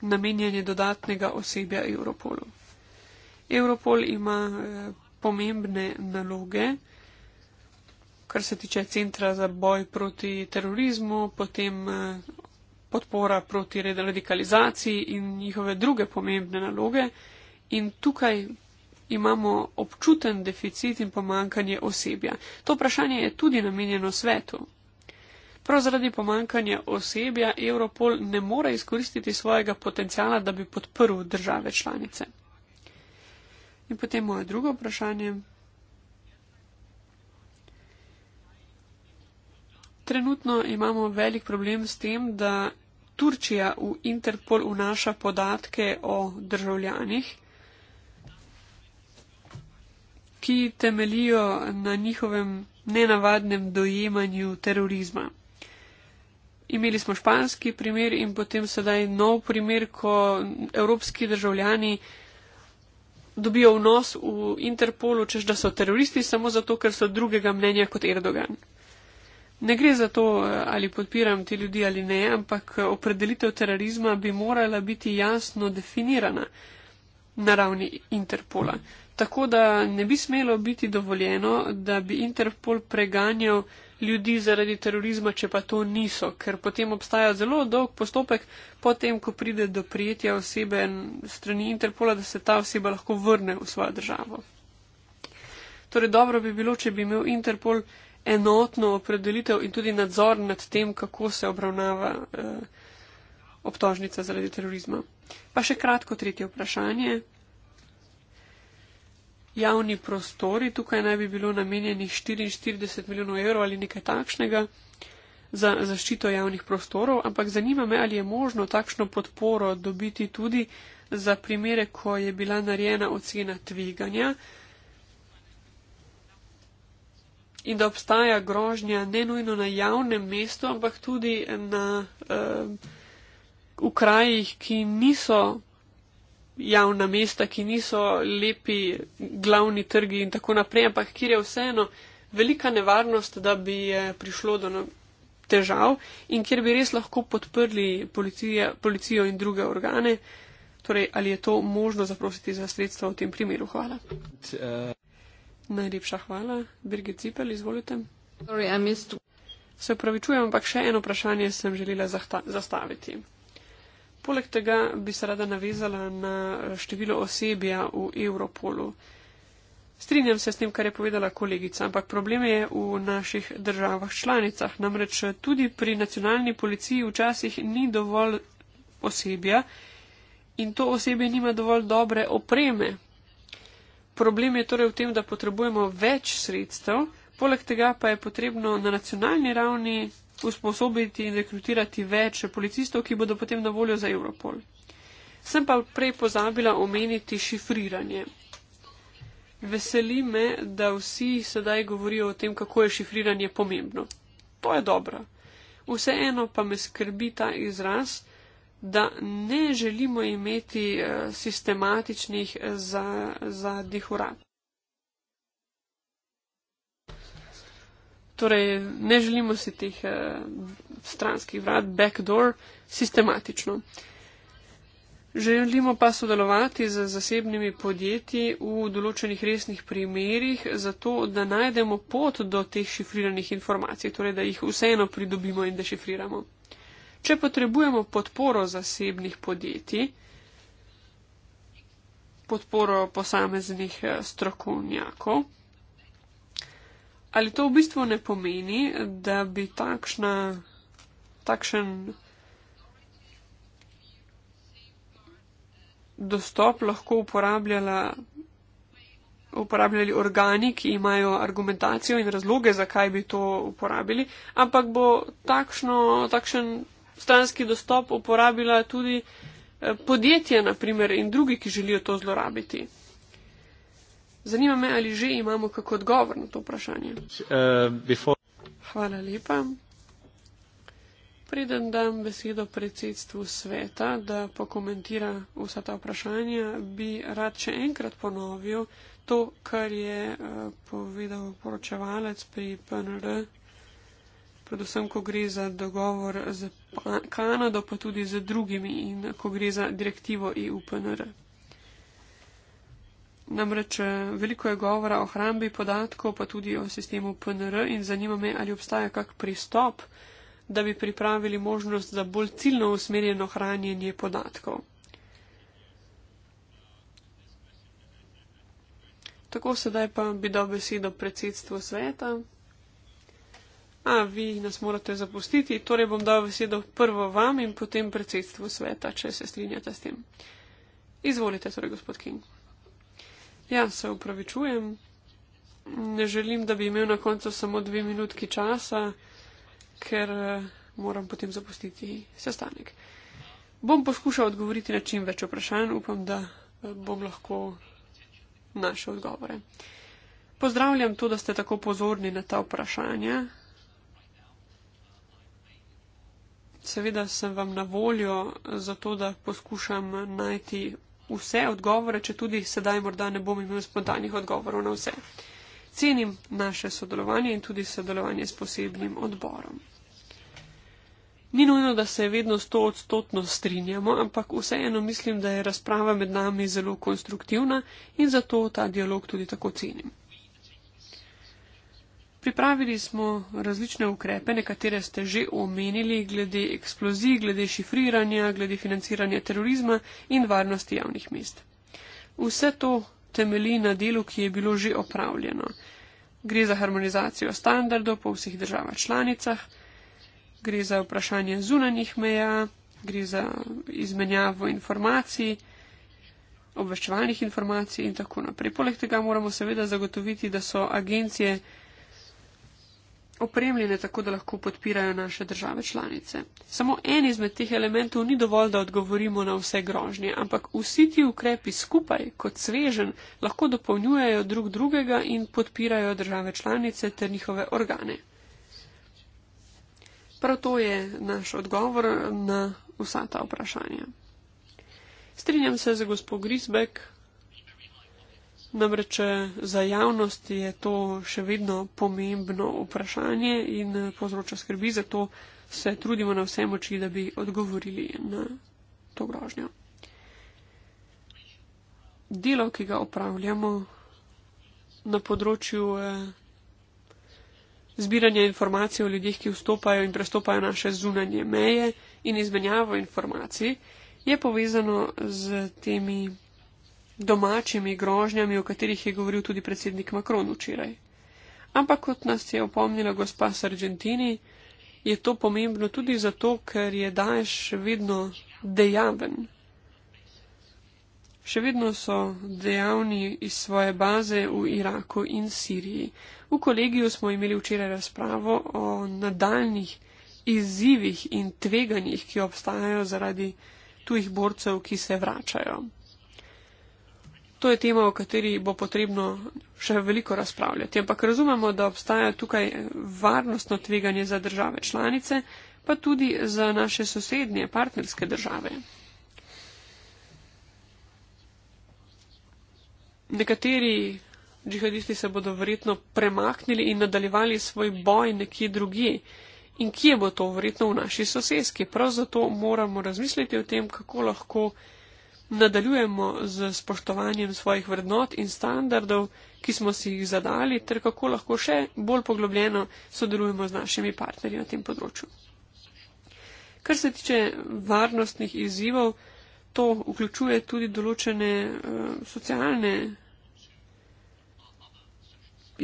namenjanje dodatnega osebja Europolu. Europol ima eh, pomembne naloge, kar se tiče centra za boj proti terorizmu, potem eh, podpora proti radikalizaciji in njihove druge pomembne naloge. In tukaj imamo občuten deficit in pomankanje osebja. To vprašanje je tudi namenjeno svetu. Prav zaradi pomankanja osebja Europol ne more izkoristiti svojega potencijala, da bi podprl države članice. In potem moje drugo vprašanje. Trenutno imamo velik problem s tem, da Turčija v Interpol vnaša podatke o državljanih, ki temelijo na njihovem nenavadnem dojemanju terorizma. Imeli smo španski primer in potem sedaj nov primer, ko evropski državljani dobijo vnos v Interpolu, čež da so teroristi samo zato, ker so drugega mnenja kot Erdogan. Ne gre za to, eh, ali podpiram te ljudi ali ne, ampak eh, opredelitev terorizma bi morala biti jasno definirana na ravni Interpola. Tako da ne bi smelo biti dovoljeno, da bi Interpol preganjal ljudi zaradi terorizma, če pa to niso, ker potem obstaja zelo dolg postopek, potem, ko pride do prijetja osebe strani Interpola, da se ta oseba lahko vrne v svojo državo. Torej, dobro bi bilo, če bi imel Interpol enotno opredelitev in tudi nadzor nad tem, kako se obravnava eh, obtožnica zaradi terorizma. Pa še kratko tretje vprašanje javni prostori, tukaj naj bi bilo namenjenih 44 milijonov evrov ali nekaj takšnega za zaščito javnih prostorov, ampak zanima me, ali je možno takšno podporo dobiti tudi za primere, ko je bila narejena ocena tveganja in da obstaja grožnja ne nujno na javnem mestu, ampak tudi na, eh, v krajih, ki niso javna mesta, ki niso lepi glavni trgi in tako naprej, ampak kjer je vseeno velika nevarnost, da bi eh, prišlo do no-, težav in kjer bi res lahko podprli policija, policijo in druge organe. Torej, ali je to možno zaprositi za sredstva v tem primeru? Hvala. Najlepša hvala. Birgit Zipel, izvolite. Sorry, Se upravičujem, ampak še eno vprašanje sem želela zasta zastaviti. Poleg tega bi se rada navezala na število osebja v Evropolu. Strinjam se s tem, kar je povedala kolegica, ampak problem je v naših državah članicah. Namreč tudi pri nacionalni policiji včasih ni dovolj osebja in to osebje nima dovolj dobre opreme. Problem je torej v tem, da potrebujemo več sredstev, poleg tega pa je potrebno na nacionalni ravni usposobiti in rekrutirati več policistov, ki bodo potem na voljo za Europol. Sem pa prej pozabila omeniti šifriranje. Veseli me, da vsi sedaj govorijo o tem, kako je šifriranje pomembno. To je dobro. Vseeno pa me skrbi ta izraz, da ne želimo imeti eh, sistematičnih eh, zadihurat. Torej, ne želimo si teh uh, stranskih vrat, backdoor, sistematično. Želimo pa sodelovati z zasebnimi podjetji v določenih resnih primerjih, zato da najdemo pot do teh šifriranih informacij, torej da jih vseeno pridobimo in dešifriramo. Če potrebujemo podporo zasebnih podjetij, podporo posameznih eh, strokovnjakov, Ali to v bistvu ne pomeni, da bi takšna, takšen dostop lahko uporabljala, uporabljali organi, ki imajo argumentacijo in razloge, zakaj bi to uporabili, ampak bo takšno, takšen stranski dostop uporabila tudi eh, podjetja, naprimer, in drugi, ki želijo to zlorabiti? Zanima me, ali že imamo kakšen odgovor na to vprašanje. Uh, Hvala lepa. Preden dam besedo predsedstvu sveta, da pokomentira vsa ta vprašanja, bi rad še enkrat ponovil to, kar je uh, povedal poročevalec pri PNR, predvsem, ko gre za dogovor z Kanado, pa tudi z drugimi in ko gre za direktivo EU PNR. Namreč eh, veliko je govora o hrambi podatkov, pa tudi o sistemu PNR in zanima me, ali obstaja kak pristop, da bi pripravili možnost za bolj ciljno usmerjeno hranjenje podatkov. Tako sedaj pa bi dal besedo predsedstvu sveta. A, vi nas morate zapustiti, torej bom dal besedo prvo vam in potem predsedstvu sveta, če se strinjate s tem. Izvolite torej, gospod King. Ja, se upravičujem. Ne želim, da bi imel na koncu samo dve minutki časa, ker eh, moram potem zapustiti sestanek. Bom poskušal odgovoriti na čim več vprašanj, upam, da eh, bom lahko našel odgovore. Pozdravljam to, da ste tako pozorni na ta vprašanja. Seveda sem vam na voljo zato, da poskušam najti vse odgovore, če tudi sedaj morda ne bom imel spontanih odgovorov na vse. Cenim naše sodelovanje in tudi sodelovanje s posebnim odborom. Ni nujno, da se vedno sto odstotno strinjamo, ampak vseeno mislim, da je razprava med nami zelo konstruktivna in zato ta dialog tudi tako cenim. Pripravili smo različne ukrepe, nekatere ste že omenili, glede eksplozij, glede šifriranja, glede financiranja terorizma in varnosti javnih mest. Vse to temelji na delu, ki je bilo že opravljeno. Gre za harmonizacijo standardov po vseh državah članicah, gre za vprašanje zunanjih meja, gre za izmenjavo informacij, obveščevalnih informacij in tako naprej. Poleg tega moramo seveda zagotoviti, da so agencije, opremljene tako, da lahko podpirajo naše države članice. Samo en izmed teh elementov ni dovolj, da odgovorimo na vse grožnje, ampak vsi ti ukrepi skupaj, kot svežen, lahko dopolnjujejo drug drugega in podpirajo države članice ter njihove organe. Prav to je naš odgovor na vsa ta vprašanja. Strinjam se za gospod Grisbek, Namreč eh, za javnost je to še vedno pomembno vprašanje in eh, povzroča skrbi, zato se trudimo na vse moči, da bi odgovorili na to grožnjo. Delo, ki ga opravljamo na področju eh, zbiranja informacij o ljudeh, ki vstopajo in prestopajo naše zunanje meje in izmenjavo informacij, je povezano z temi domačimi grožnjami, o katerih je govoril tudi predsednik Makron včeraj. Ampak kot nas je opomnila gospa Sargentini, je to pomembno tudi zato, ker je Daesh še vedno dejaven. Še vedno so dejavni iz svoje baze v Iraku in Siriji. V kolegiju smo imeli včeraj razpravo o nadaljnih izzivih in tveganjih, ki obstajajo zaradi tujih borcev, ki se vračajo to je tema, o kateri bo potrebno še veliko razpravljati. Ampak razumemo, da obstaja tukaj varnostno tveganje za države članice, pa tudi za naše sosednje partnerske države. Nekateri džihadisti se bodo verjetno premaknili in nadaljevali svoj boj nekje drugje. In kje bo to verjetno v naši soseski? Prav zato moramo razmisliti o tem, kako lahko nadaljujemo z spoštovanjem svojih vrednot in standardov, ki smo si jih zadali, ter kako lahko še bolj poglobljeno sodelujemo z našimi partnerji na tem področju. Kar se tiče varnostnih izzivov, to vključuje tudi določene uh, socialne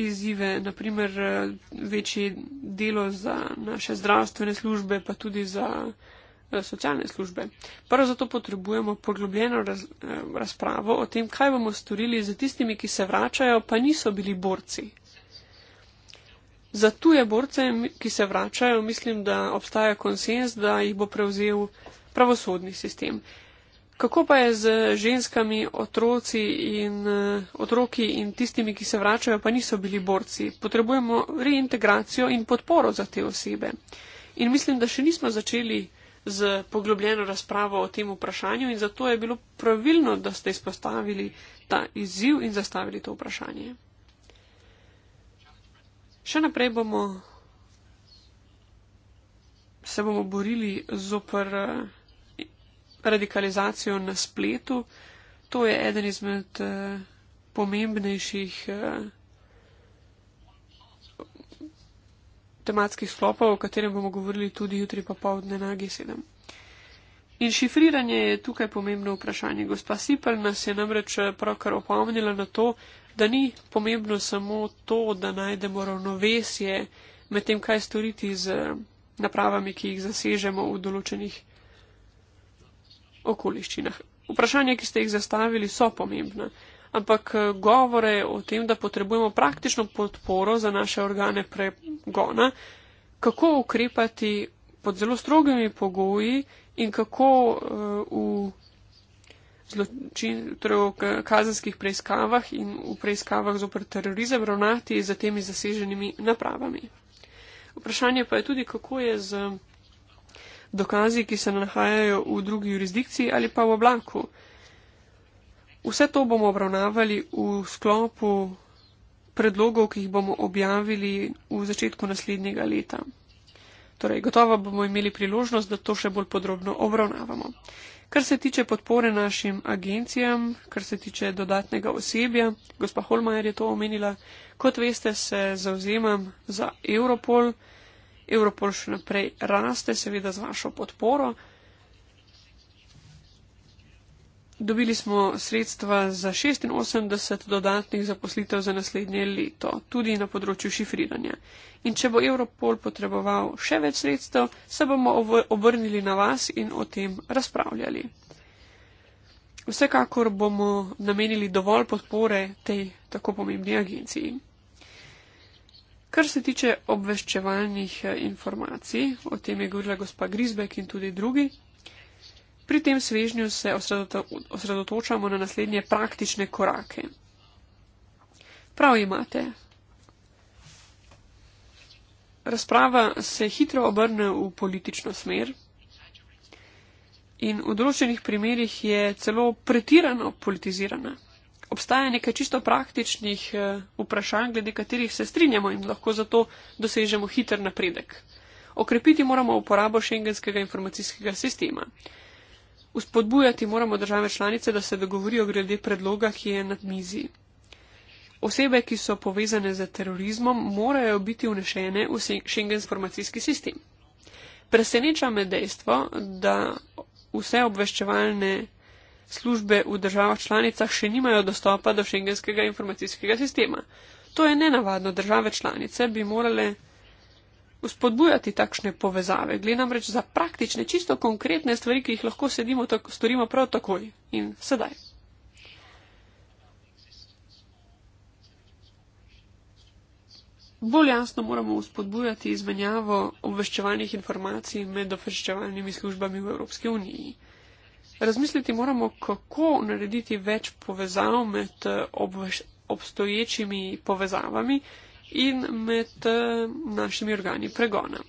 izzive, naprimer uh, eh, večje delo za naše zdravstvene službe, pa tudi za uh, Eh, socialne službe. Prvo zato potrebujemo poglobljeno raz, eh, razpravo o tem, kaj bomo storili za tistimi, ki se vračajo, pa niso bili borci. Za tuje borce, ki se vračajo, mislim, da obstaja konsens, da jih bo prevzel pravosodni sistem. Kako pa je z ženskami, otroci in eh, otroki in tistimi, ki se vračajo, pa niso bili borci? Potrebujemo reintegracijo in podporo za te osebe. In mislim, da še nismo začeli z poglobljeno razpravo o tem vprašanju in zato je bilo pravilno, da ste izpostavili ta izziv in zastavili to vprašanje. Še naprej bomo se bomo borili zoper eh, radikalizacijo na spletu. To je eden izmed eh, pomembnejših eh, tematskih sklopov, o katerem bomo govorili tudi jutri popovdne na G7. In šifriranje je tukaj pomembno vprašanje. Gospa Sipr nas je namreč eh, pravkar opomnila na to, da ni pomembno samo to, da najdemo ravnovesje med tem, kaj storiti z eh, napravami, ki jih zasežemo v določenih okoliščinah. Vprašanje, ki ste jih zastavili, so pomembna ampak eh, govore o tem, da potrebujemo praktično podporo za naše organe pregona, kako ukrepati pod zelo strogimi pogoji in kako eh, v, zločin, torej v kazenskih preiskavah in v preiskavah zoper terorizem ravnati z temi zaseženimi napravami. Vprašanje pa je tudi, kako je z dokazi, ki se nahajajo v drugi jurisdikciji ali pa v oblaku. Vse to bomo obravnavali v sklopu predlogov, ki jih bomo objavili v začetku naslednjega leta. Torej, gotovo bomo imeli priložnost, da to še bolj podrobno obravnavamo. Kar se tiče podpore našim agencijam, kar se tiče dodatnega osebja, gospa Holmajer je to omenila, kot veste, se zauzemam za Europol. Europol še naprej raste, seveda z vašo podporo. Dobili smo sredstva za 86 dodatnih zaposlitev za naslednje leto, tudi na področju šifriranja. In če bo Europol potreboval še več sredstev, se bomo obrnili na vas in o tem razpravljali. Vsekakor bomo namenili dovolj podpore tej tako pomembni agenciji. Kar se tiče obveščevalnih eh, informacij, o tem je govorila gospa Grizbek in tudi drugi. Pri tem svežnju se osredotočamo na naslednje praktične korake. Prav imate. Razprava se hitro obrne v politično smer in v določenih primerjih je celo pretirano politizirana. Obstaja nekaj čisto praktičnih eh, vprašanj, glede katerih se strinjamo in lahko zato dosežemo hiter napredek. Okrepiti moramo uporabo šengenskega informacijskega sistema. Vzpodbujati moramo države članice, da se dogovorijo glede predloga, ki je na mizi. Osebe, ki so povezane z terorizmom, morajo biti vnešene v šengen informacijski sistem. Preseneča me dejstvo, da vse obveščevalne službe v državah članicah še nimajo dostopa do šengenskega informacijskega sistema. To je nenavadno. Države članice bi morale spodbujati takšne povezave. Gre namreč za praktične, čisto konkretne stvari, ki jih lahko sedimo, tako, storimo prav takoj in sedaj. Bolj jasno moramo spodbujati izmenjavo obveščevalnih informacij med obveščevalnimi službami v Evropski uniji. Razmisliti moramo, kako narediti več povezav med obveš, obstoječimi povezavami, in med eh, našimi organi pregona.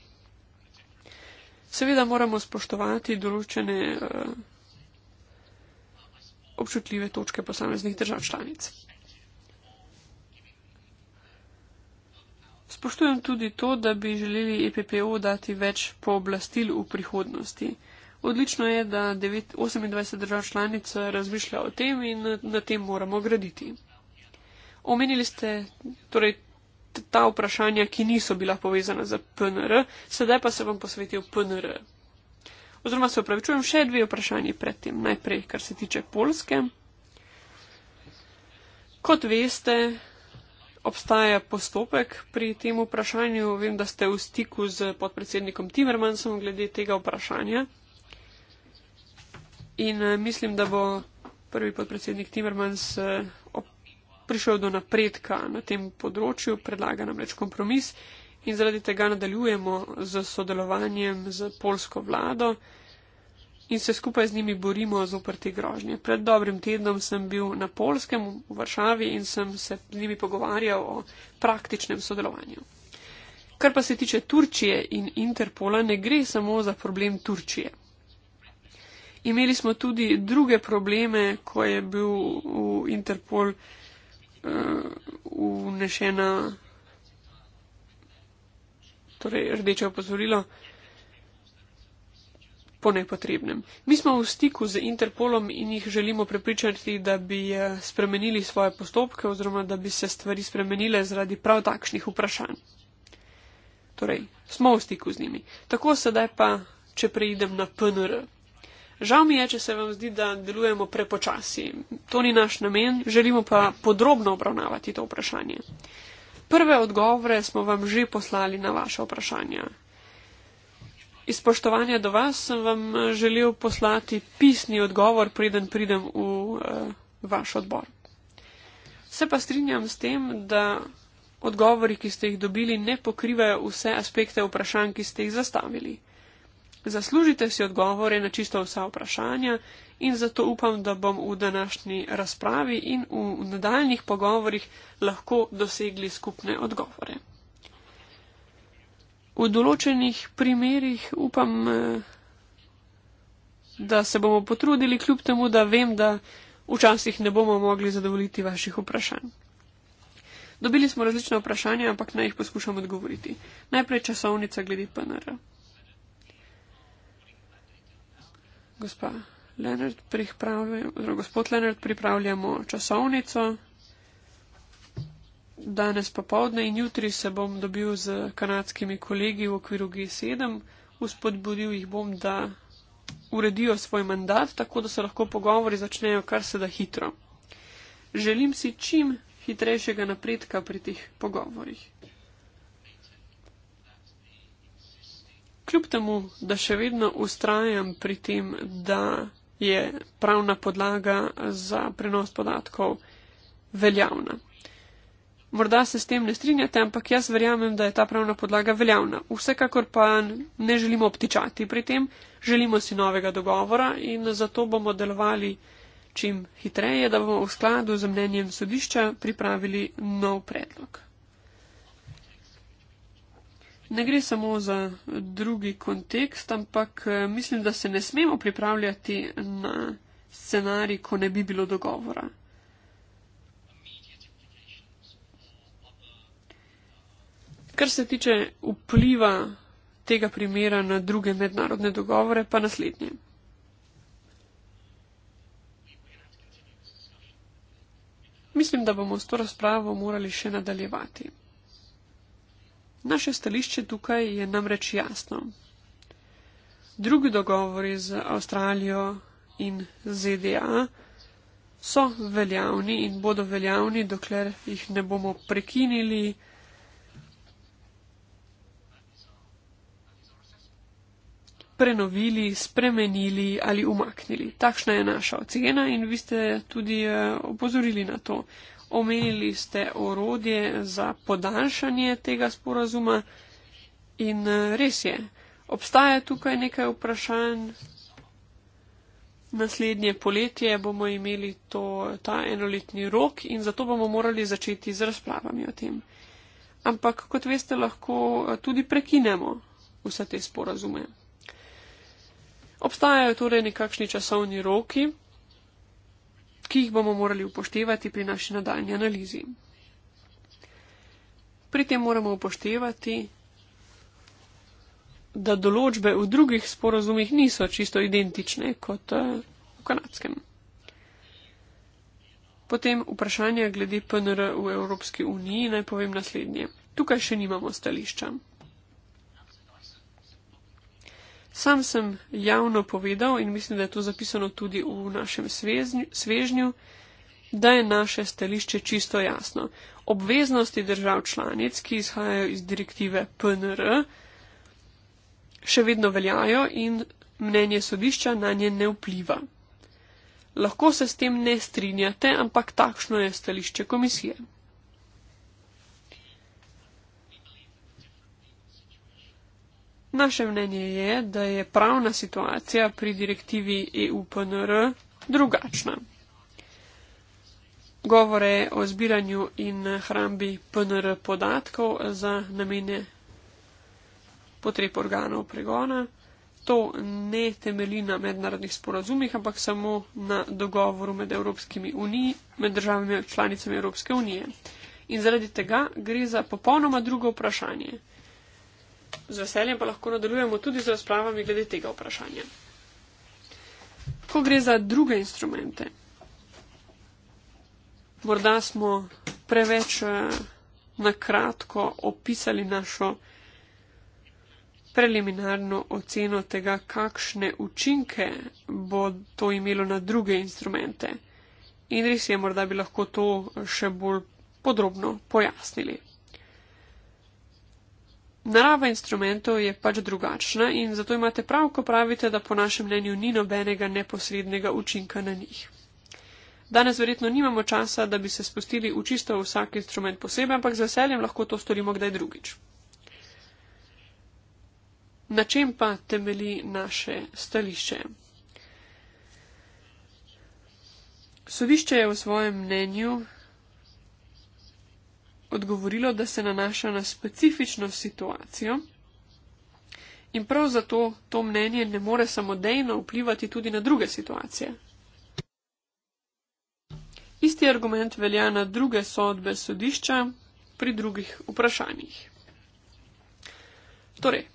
Seveda moramo spoštovati določene eh, občutljive točke posameznih držav članic. Spoštujem tudi to, da bi želeli EPPO dati več pooblastil v prihodnosti. Odlično je, da 28 držav članic razmišlja o tem in na tem moramo graditi. Omenili ste torej ta vprašanja, ki niso bila povezana z PNR, sedaj pa se bom posvetil PNR. Oziroma se upravičujem še dve vprašanji predtem. Najprej, kar se tiče Polske. Kot veste, obstaja postopek pri tem vprašanju. Vem, da ste v stiku z podpredsednikom Timmermansom glede tega vprašanja. In eh, mislim, da bo prvi podpredsednik Timmermans eh, prišel do napredka na tem področju, predlaga namreč kompromis in zaradi tega nadaljujemo z sodelovanjem z polsko vlado in se skupaj z njimi borimo zoper te grožnje. Pred dobrim tednom sem bil na polskem v Varšavi in sem se z njimi pogovarjal o praktičnem sodelovanju. Kar pa se tiče Turčije in Interpola, ne gre samo za problem Turčije. Imeli smo tudi druge probleme, ko je bil v Interpol Eh, vnešena torej rdeče opozorilo po nepotrebnem. Mi smo v stiku z Interpolom in jih želimo prepričati, da bi eh, spremenili svoje postopke oziroma da bi se stvari spremenile zaradi prav takšnih vprašanj. Torej, smo v stiku z njimi. Tako sedaj pa, če preidem na PNR. Žal mi je, če se vam zdi, da delujemo prepočasi. To ni naš namen, želimo pa podrobno obravnavati to vprašanje. Prve odgovore smo vam že poslali na vaše vprašanja. Iz spoštovanja do vas sem vam eh, želel poslati pisni odgovor, preden pridem v uh, vaš odbor. Se pa strinjam s tem, da odgovori, ki ste jih dobili, ne pokrivajo vse aspekte vprašanj, ki ste jih zastavili. Zaslužite si odgovore na čisto vsa vprašanja in zato upam, da bom v današnji razpravi in v nadaljnih pogovorjih lahko dosegli skupne odgovore. V določenih primerjih upam, eh, da se bomo potrudili, kljub temu, da vem, da včasih ne bomo mogli zadovoljiti vaših vprašanj. Dobili smo različna vprašanja, ampak naj jih poskušam odgovoriti. Najprej časovnica glede PNR. -a. gospa Leonard pripravljamo, gospod Leonard pripravljamo časovnico. Danes popovdne in jutri se bom dobil z kanadskimi kolegi v okviru G7. Uspodbudil jih bom, da uredijo svoj mandat, tako da se lahko pogovori začnejo kar se da hitro. Želim si čim hitrejšega napredka pri teh pogovorjih. kljub temu, da še vedno ustrajam pri tem, da je pravna podlaga za prenos podatkov veljavna. Morda se s tem ne strinjate, ampak jaz verjamem, da je ta pravna podlaga veljavna. Vsekakor pa ne želimo obtičati pri tem, želimo si novega dogovora in zato bomo delovali čim hitreje, da bomo v skladu z mnenjem sodišča pripravili nov predlog ne gre samo za drugi kontekst, ampak eh, mislim, da se ne smemo pripravljati na scenarij, ko ne bi bilo dogovora. Kar se tiče vpliva tega primera na druge mednarodne dogovore, pa naslednje. Mislim, da bomo s to razpravo morali še nadaljevati. Naše stališče tukaj je namreč jasno. Drugi dogovori z Avstralijo in ZDA so veljavni in bodo veljavni, dokler jih ne bomo prekinili. prenovili, spremenili ali umaknili. Takšna je naša ocena in vi ste tudi eh, opozorili na to omenili ste orodje za podaljšanje tega sporazuma in eh, res je, obstaja tukaj nekaj vprašanj. Naslednje poletje bomo imeli to, ta enoletni rok in zato bomo morali začeti z razpravami o tem. Ampak, kot veste, lahko eh, tudi prekinemo vse te sporazume. Obstajajo torej nekakšni časovni roki, ki jih bomo morali upoštevati pri naši nadaljni analizi. Pri tem moramo upoštevati, da določbe v drugih sporozumih niso čisto identične kot eh, v kanadskem. Potem vprašanje glede PNR v Evropski uniji naj povem naslednje. Tukaj še nimamo stališča. Sam sem javno povedal in mislim, da je to zapisano tudi v našem svežnju, da je naše stališče čisto jasno. Obveznosti držav članic, ki izhajajo iz direktive PNR, še vedno veljajo in mnenje sodišča na nje ne vpliva. Lahko se s tem ne strinjate, ampak takšno je stališče komisije. Naše mnenje je, da je pravna situacija pri direktivi EUPNR drugačna. Govore o zbiranju in hrambi PNR podatkov za namene potreb organov pregona. To ne temeli na mednarodnih sporazumih, ampak samo na dogovoru med, uniji, med državami članicami Evropske unije. In zaradi tega gre za popolnoma drugo vprašanje z veseljem pa lahko nadaljujemo tudi z razpravami glede tega vprašanja. Ko gre za druge instrumente, morda smo preveč eh, na kratko opisali našo preliminarno oceno tega, kakšne učinke bo to imelo na druge instrumente. In res je, morda bi lahko to še bolj podrobno pojasnili. Narava instrumentov je pač drugačna in zato imate prav, ko pravite, da po našem mnenju ni nobenega neposrednega učinka na njih. Danes verjetno nimamo časa, da bi se spustili v čisto vsak instrument posebej, ampak z veseljem lahko to storimo kdaj drugič. Na čem pa temeli naše stališče? Sodišče je v svojem mnenju odgovorilo, da se nanaša na specifično situacijo in prav zato to mnenje ne more samodejno vplivati tudi na druge situacije. Isti argument velja na druge sodbe sodišča pri drugih vprašanjih. Torej,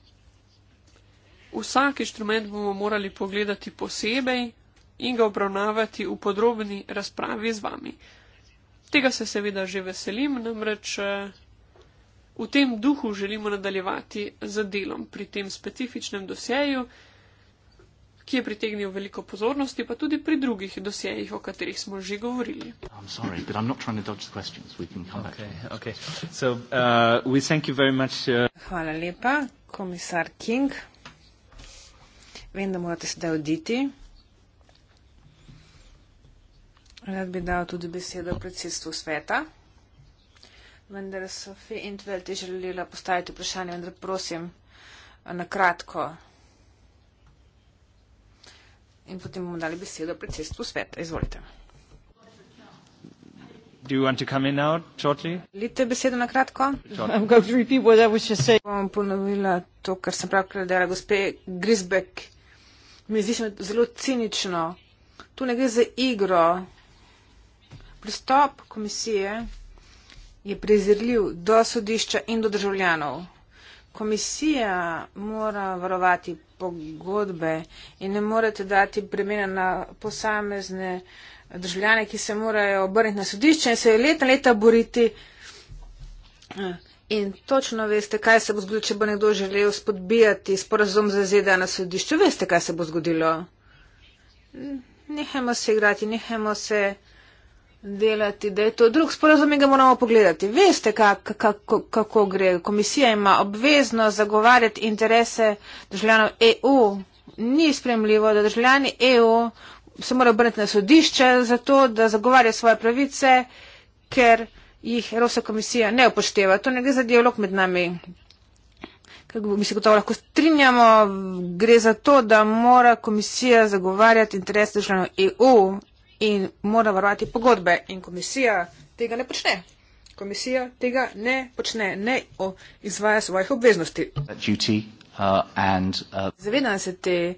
vsak inštrument bomo morali pogledati posebej in ga obravnavati v podrobni razpravi z vami tega se seveda že veselim, namreč eh, v tem duhu želimo nadaljevati z delom pri tem specifičnem dosjeju, ki je pritegnil veliko pozornosti, pa tudi pri drugih dosjejih, o katerih smo že govorili. Uh, uh, Hvala lepa, komisar King. Vem, da morate sedaj oditi. Rad bi dal tudi besedo predsedstvu sveta. Vendar so Fe in Tvel ti želela postaviti vprašanje, vendar prosim na kratko. In potem bomo dali besedo predsedstvu sveta. Izvolite. Do you want to come in now, shortly? Lite besedo na kratko. I'm going to repeat what I was just saying. Bom ponovila to, kar sem pravkar dela gospe Grisbeck. Mi zdi se zelo cinično. Tu ne gre za igro. Pristop komisije je prezirljiv do sodišča in do državljanov. Komisija mora varovati pogodbe in ne morete dati bremena na posamezne državljane, ki se morajo obrniti na sodišče in se leta leta boriti. In točno veste, kaj se bo zgodilo, če bo nekdo želel spodbijati sporazum za ZDA na sodišču. Veste, kaj se bo zgodilo. Nehajmo se igrati, nehajmo se delati, da je to drug sporozum in ga moramo pogledati. Veste, kak, kako, kako gre. Komisija ima obvezno zagovarjati interese državljanov EU. Ni spremljivo, da državljani EU se morajo obrniti na sodišče za to, da zagovarjajo svoje pravice, ker jih Evropska komisija ne upošteva. To ne gre za dialog med nami. Mi se gotovo lahko strinjamo, gre za to, da mora komisija zagovarjati interes državljanov EU in mora varovati pogodbe. In komisija tega ne počne. Komisija tega ne počne, ne izvaja svojih obveznosti. Duty, uh, and, uh... Zavedam se te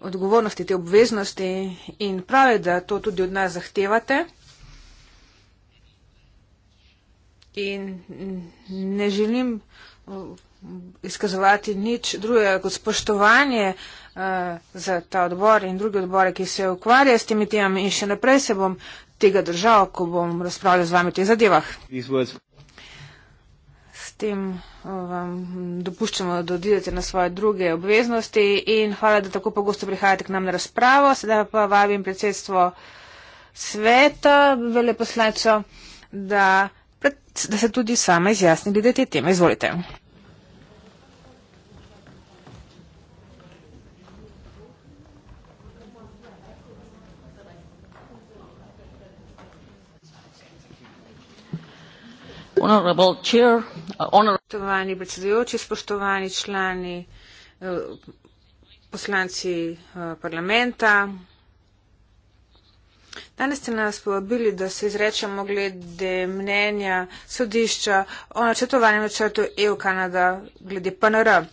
odgovornosti, te obveznosti in prav je, da to tudi od nas zahtevate. In ne želim uh, izkazovati nič drugega kot spoštovanje uh, uh, za ta odbor in druge odbore, ki se ukvarja s temi temami in še naprej se bom tega držal, ko bom razpravljal z vami o teh zadevah. S tem eh, vam dopuščamo, da odidete na svoje druge obveznosti in hvala, da tako pogosto prihajate k nam na razpravo. Sedaj pa vabim predsedstvo sveta, veleposlanico, da, da se tudi sama izjasni glede te teme. Izvolite. Uh, spoštovani predsedujoči, spoštovani člani, eh, poslanci eh, parlamenta. Danes ste nas povabili, da se izrečemo glede mnenja sodišča o načrtovanju načrtu EU Kanada glede PNR.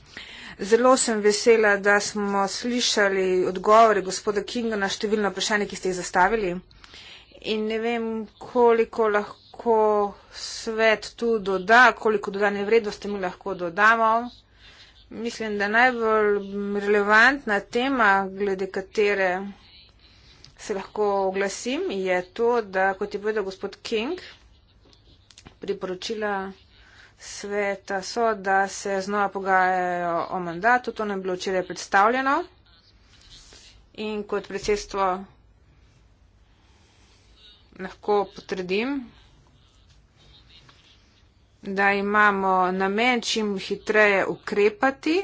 Zelo sem vesela, da smo slišali odgovore gospoda Kinga na številne vprašanje, ki ste jih zastavili. In ne vem, koliko lahko svet tu doda, koliko dodane vrednosti mi lahko dodamo. Mislim, da najbolj relevantna tema, glede katere se lahko oglasim, je to, da kot je povedal gospod King, priporočila sveta so, da se znova pogajajo o mandatu. To nam je bilo včeraj predstavljeno. In kot predsedstvo lahko potrdim, da imamo namen čim hitreje ukrepati.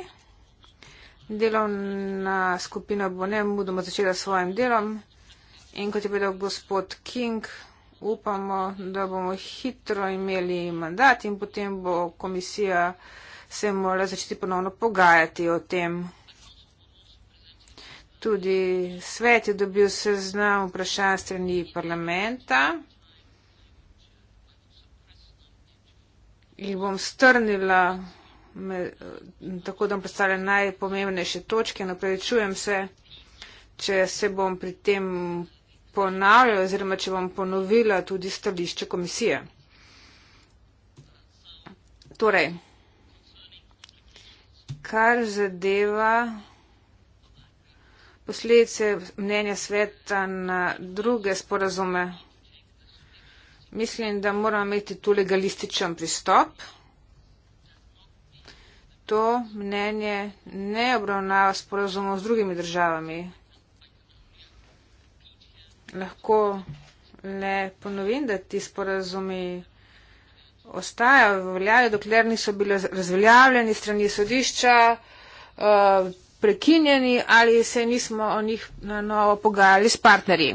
Delovna skupina bo ne mudoma začela s svojim delom in kot je povedal gospod King, upamo, da bomo hitro imeli mandat in potem bo komisija se morala začeti ponovno pogajati o tem. Tudi svet je dobil seznam vprašanj strani parlamenta. jih bom strnila, me, tako da vam predstavljam najpomembnejše točke. Napravičujem se, če se bom pri tem ponavljala oziroma če bom ponovila tudi stališče komisije. Torej, kar zadeva posledice mnenja sveta na druge sporazume Mislim, da moramo imeti tu legalističen pristop. To mnenje ne obravnava sporozumov z drugimi državami. Lahko le ponovim, da ti sporozumi ostajajo v veljavi, dokler niso bili razveljavljeni strani sodišča, eh, prekinjeni ali se nismo o njih na novo pogajali s partnerji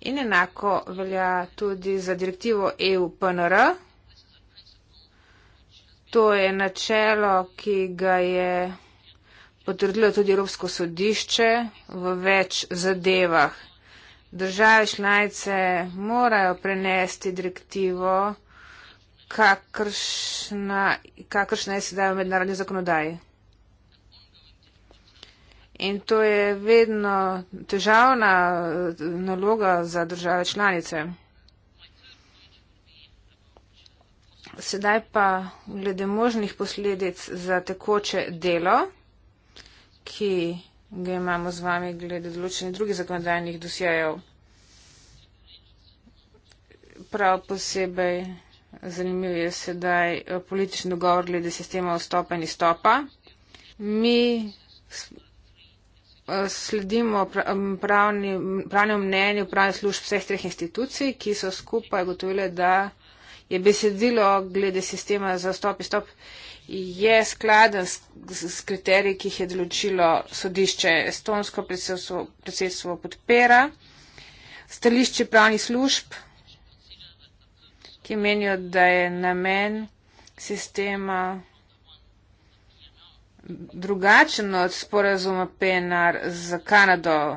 in enako velja tudi za direktivo EU-PNR. To je načelo, ki ga je potrdilo tudi Evropsko sodišče v več zadevah. Države članice morajo prenesti direktivo, kakršna, kakršna je sedaj v mednarodni zakonodaji. In to je vedno težavna eh, naloga za države članice. Sedaj pa glede možnih posledic za tekoče delo, ki ga imamo z vami glede določenih drugih zakonodajnih dosjejev. Prav posebej zanimiv je sedaj eh, politični dogovor glede sistema vstopa in izstopa. Mi Eh, sledimo pravnemu mnenju pravnih služb vseh treh institucij, ki so skupaj gotovile, da je besedilo glede sistema za stop in stop je skladen s, s, s kriteriji, ki jih je določilo sodišče. Estonsko predsedstvo, predsedstvo podpira stališče pravnih služb, ki menijo, da je namen sistema drugačen od sporazuma PNR z Kanado.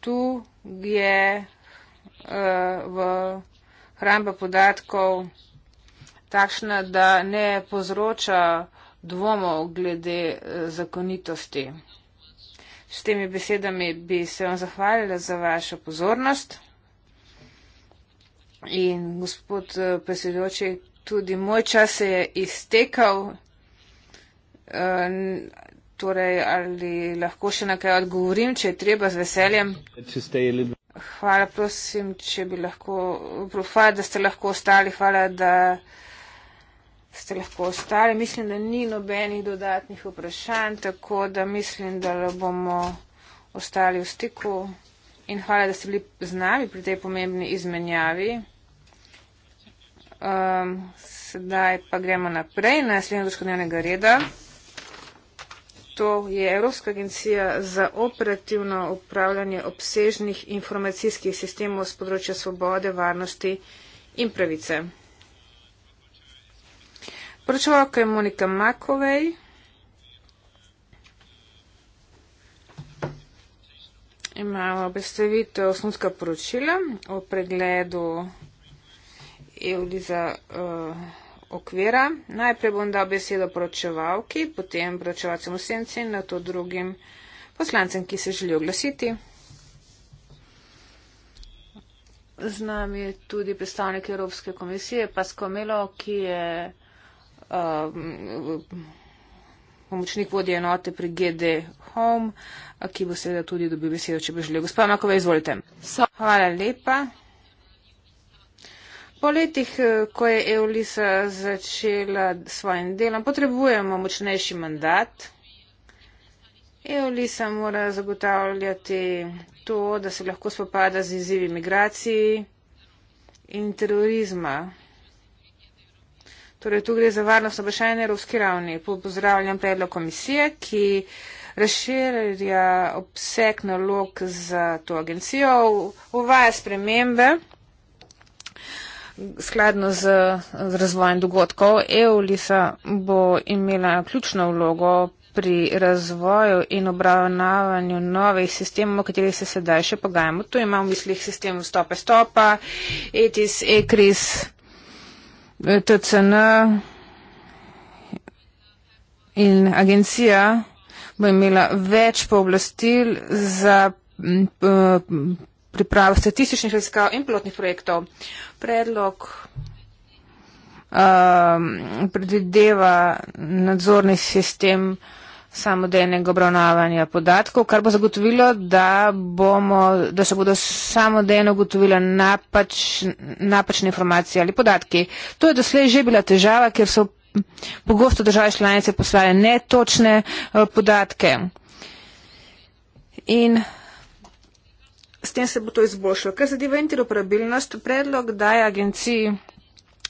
Tu je eh, v hramba podatkov takšna, da ne povzroča dvomov glede eh, zakonitosti. S temi besedami bi se vam zahvalila za vašo pozornost. In gospod eh, predsedujoči, tudi moj čas se je iztekal. Ehm, torej, ali lahko še na kaj odgovorim, če je treba, z veseljem. Hvala, prosim, če bi lahko, hvala, da ste lahko ostali, hvala, da ste lahko ostali. Mislim, da ni nobenih dodatnih vprašanj, tako da mislim, da bomo ostali v stiku. In hvala, da ste bili z nami pri tej pomembni izmenjavi. Um, sedaj pa gremo naprej na naslednjo točko dnevnega reda to je Evropska agencija za operativno upravljanje obsežnih informacijskih sistemov z področja svobode, varnosti in pravice. Poročevalka je Monika Makovej. Imamo predstavitev osnovnega poročila o pregledu EU-a za. Uh, okvira. Najprej bom dal besedo poročevalki, potem poročevalcem osemci in na to drugim poslancem, ki se želijo oglasiti. Z nami je tudi predstavnik Evropske komisije, Pasko Melo, ki je uh, pomočnik vodje enote pri GD Home, ki bo seveda tudi dobil besedo, če bo želel. Gospod Makove, izvolite. Hvala lepa. Po letih, eh, ko je Eulisa začela s svojim delom, potrebujemo močnejši mandat. Eulisa mora zagotavljati to, da se lahko spopada z izzivi migraciji in terorizma. Torej, tu gre za varnost obešajne evropske ravni. Pozdravljam predlog komisije, ki razširja obseg nalog za to agencijo, uvaja spremembe skladno z, z razvojem dogodkov. EULISA bo imela ključno vlogo pri razvoju in obravnavanju novih sistemov, o katerih se sedaj še pogajamo. Tu imamo v mislih sistem stope stopa, ETIS, ECRIS, TCN in agencija bo imela več pooblastil za pripravo statističnih raziskav in pilotnih projektov predlog um, predvideva nadzorni sistem samodejnega obravnavanja podatkov, kar bo zagotovilo, da, bomo, da se bodo samodejno ugotovile napač, napačne informacije ali podatki. To je doslej že bila težava, ker so pogosto države članice poslale netočne uh, podatke. In s tem se bo to izboljšalo. Kar zadeva interoperabilnost, predlog daje agenciji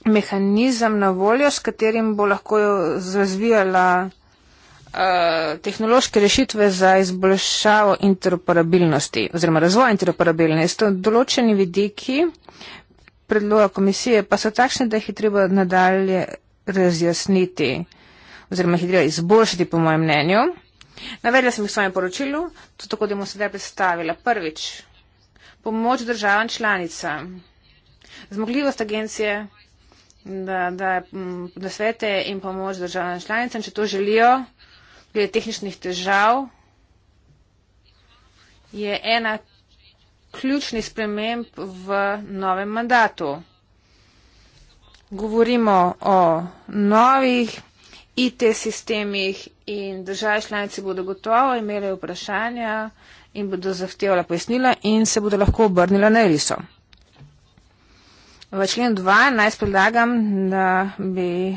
mehanizem na voljo, s katerim bo lahko razvijala uh, tehnološke rešitve za izboljšavo interoperabilnosti oziroma razvoj interoperabilnosti. Določeni vidiki predloga komisije pa so takšni, da jih je treba nadalje razjasniti oziroma jih je treba izboljšati, po mojem mnenju. Navedla sem jih v svojem poročilu, to tako, da bom sedaj predstavila. Prvič pomoč državam članicam. Zmogljivost agencije, da daje nasvete in pomoč državam članicam, če to želijo, glede tehničnih težav, je ena ključni sprememb v novem mandatu. Govorimo o novih IT sistemih in države članice bodo gotovo imele vprašanja, in bodo zahtevala pojasnila in se bodo lahko obrnila na Eliso. V členu 2 naj spredlagam, da bi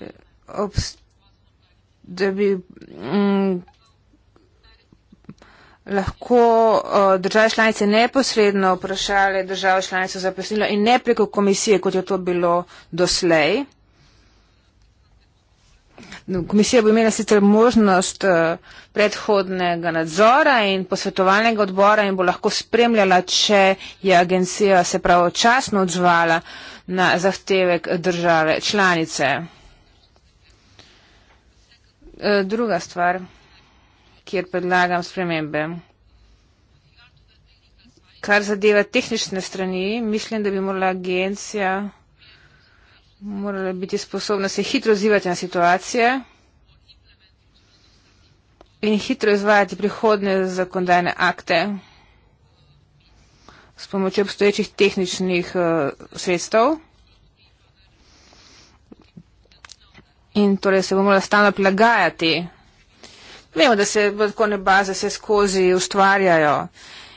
eh, obstavljala da bi mm, lahko o, eh, države članice neposredno vprašale države članice za pojasnila in ne preko komisije, kot je to bilo doslej. No, komisija bo imela sicer možnost eh, predhodnega nadzora in posvetovalnega odbora in bo lahko spremljala, če je agencija se pravočasno odzvala na zahtevek države članice. Eh, druga stvar, kjer predlagam spremembe. Kar zadeva tehnične strani, mislim, da bi morala agencija morale biti sposobne se hitro odzivati na situacije in hitro izvajati prihodne zakondajne akte s pomočjo obstoječih tehničnih uh, sredstev. In torej se bomo morali stalno prilagajati. Vemo, da se podkone baze vse skozi ustvarjajo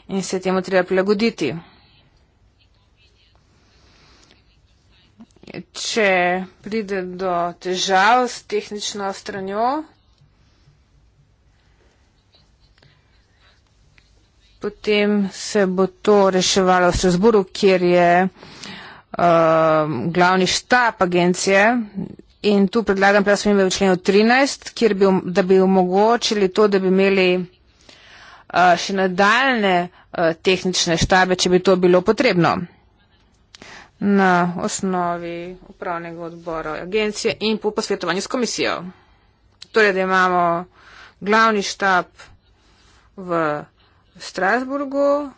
in se temu treba prilagoditi. če pride do težav s tehnično stranjo, potem se bo to reševalo v Strasburu, kjer je uh, glavni štab agencije. In tu predlagam prasmenjivo v členu 13, kjer bi, um-, da bi omogočili to, da bi imeli uh, še nadaljne uh, tehnične štabe, če bi to bilo potrebno na osnovi upravnega odbora agencije in po posvetovanju s komisijo. Torej, da imamo glavni štab v Strasburgu,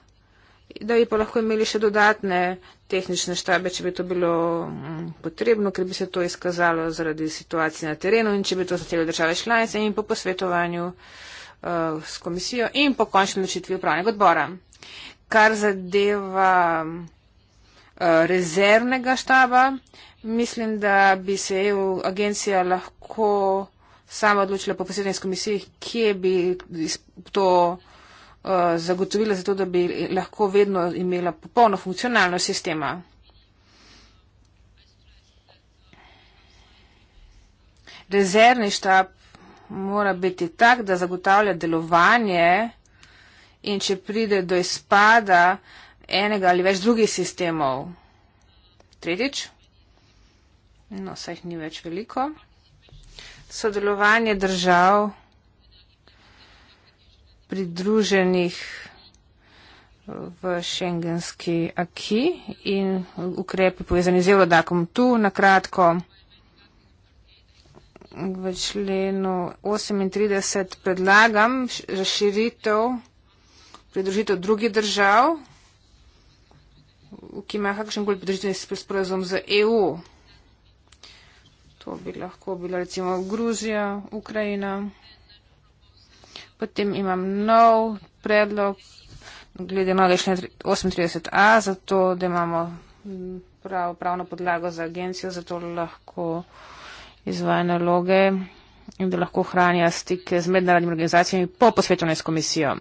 da bi pa lahko imeli še dodatne tehnične štabe, če bi to bilo mm, potrebno, ker bi se to izkazalo zaradi situacije na terenu in če bi to zahtevali države članice in po posvetovanju uh, s komisijo in po končni ločitvi upravnega odbora. Kar zadeva Eh, rezervnega štaba. Mislim, da bi se EU agencija lahko sama odločila po posebnih komisijah, kje bi to eh, zagotovila, zato da bi lahko vedno imela popolno funkcionalno sistema. Rezervni štab mora biti tak, da zagotavlja delovanje in če pride do izpada, uh, enega ali več drugih sistemov. Tretjič, no, saj jih ni več veliko, sodelovanje držav pridruženih v šengenski aki in ukrepi povezani z evrodakom. Tu na kratko v členu 38 predlagam razširitev, pridružitev drugih držav ki ima kakšen koli podrežitev s sporozum z EU. To bi lahko bila recimo Gruzija, Ukrajina. Potem imam nov predlog glede nove šne 38a, zato da imamo prav, pravno podlago za agencijo, zato lahko izvaja naloge in da lahko hranja stike z mednarodnimi organizacijami po posvetovanju s komisijo.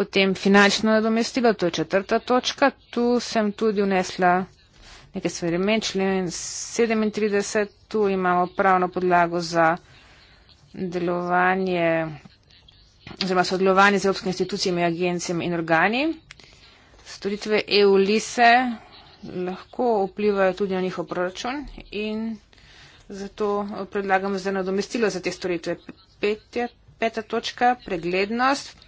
Potem finančno nadomestilo, to je četrta točka. Tu sem tudi vnesla nekaj stvari. Meč člen 37, tu imamo pravno podlago za delovanje oziroma sodelovanje z evropskimi institucijami, agencijami in organi. Storitve EU lise lahko vplivajo tudi na njihov proračun in zato predlagam za nadomestilo za te storitve. Petja, peta točka, preglednost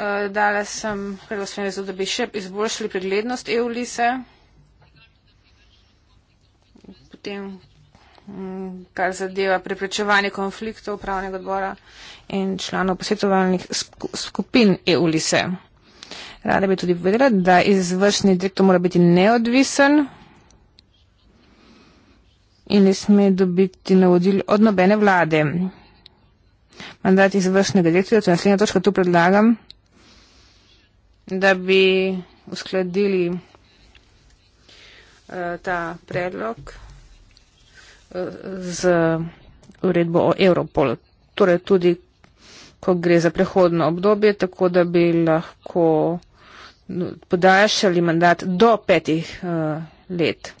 uh, dala sem preglasovanje za, da bi še izboljšali preglednost EU-lise. Potem, mm, kar zadeva preprečevanje konfliktov upravnega odbora in članov posvetovalnih skupin EU-lise. Rada bi tudi vedela, da izvršni direktor mora biti neodvisen in ne sme dobiti navodil od nobene vlade. Mandat izvršnega direktorja, to je naslednja točka, tu predlagam, da bi uskladili eh, ta predlog eh, z uredbo o Europolu. Torej tudi, ko gre za prehodno obdobje, tako da bi lahko no, podaljšali mandat do petih eh, let.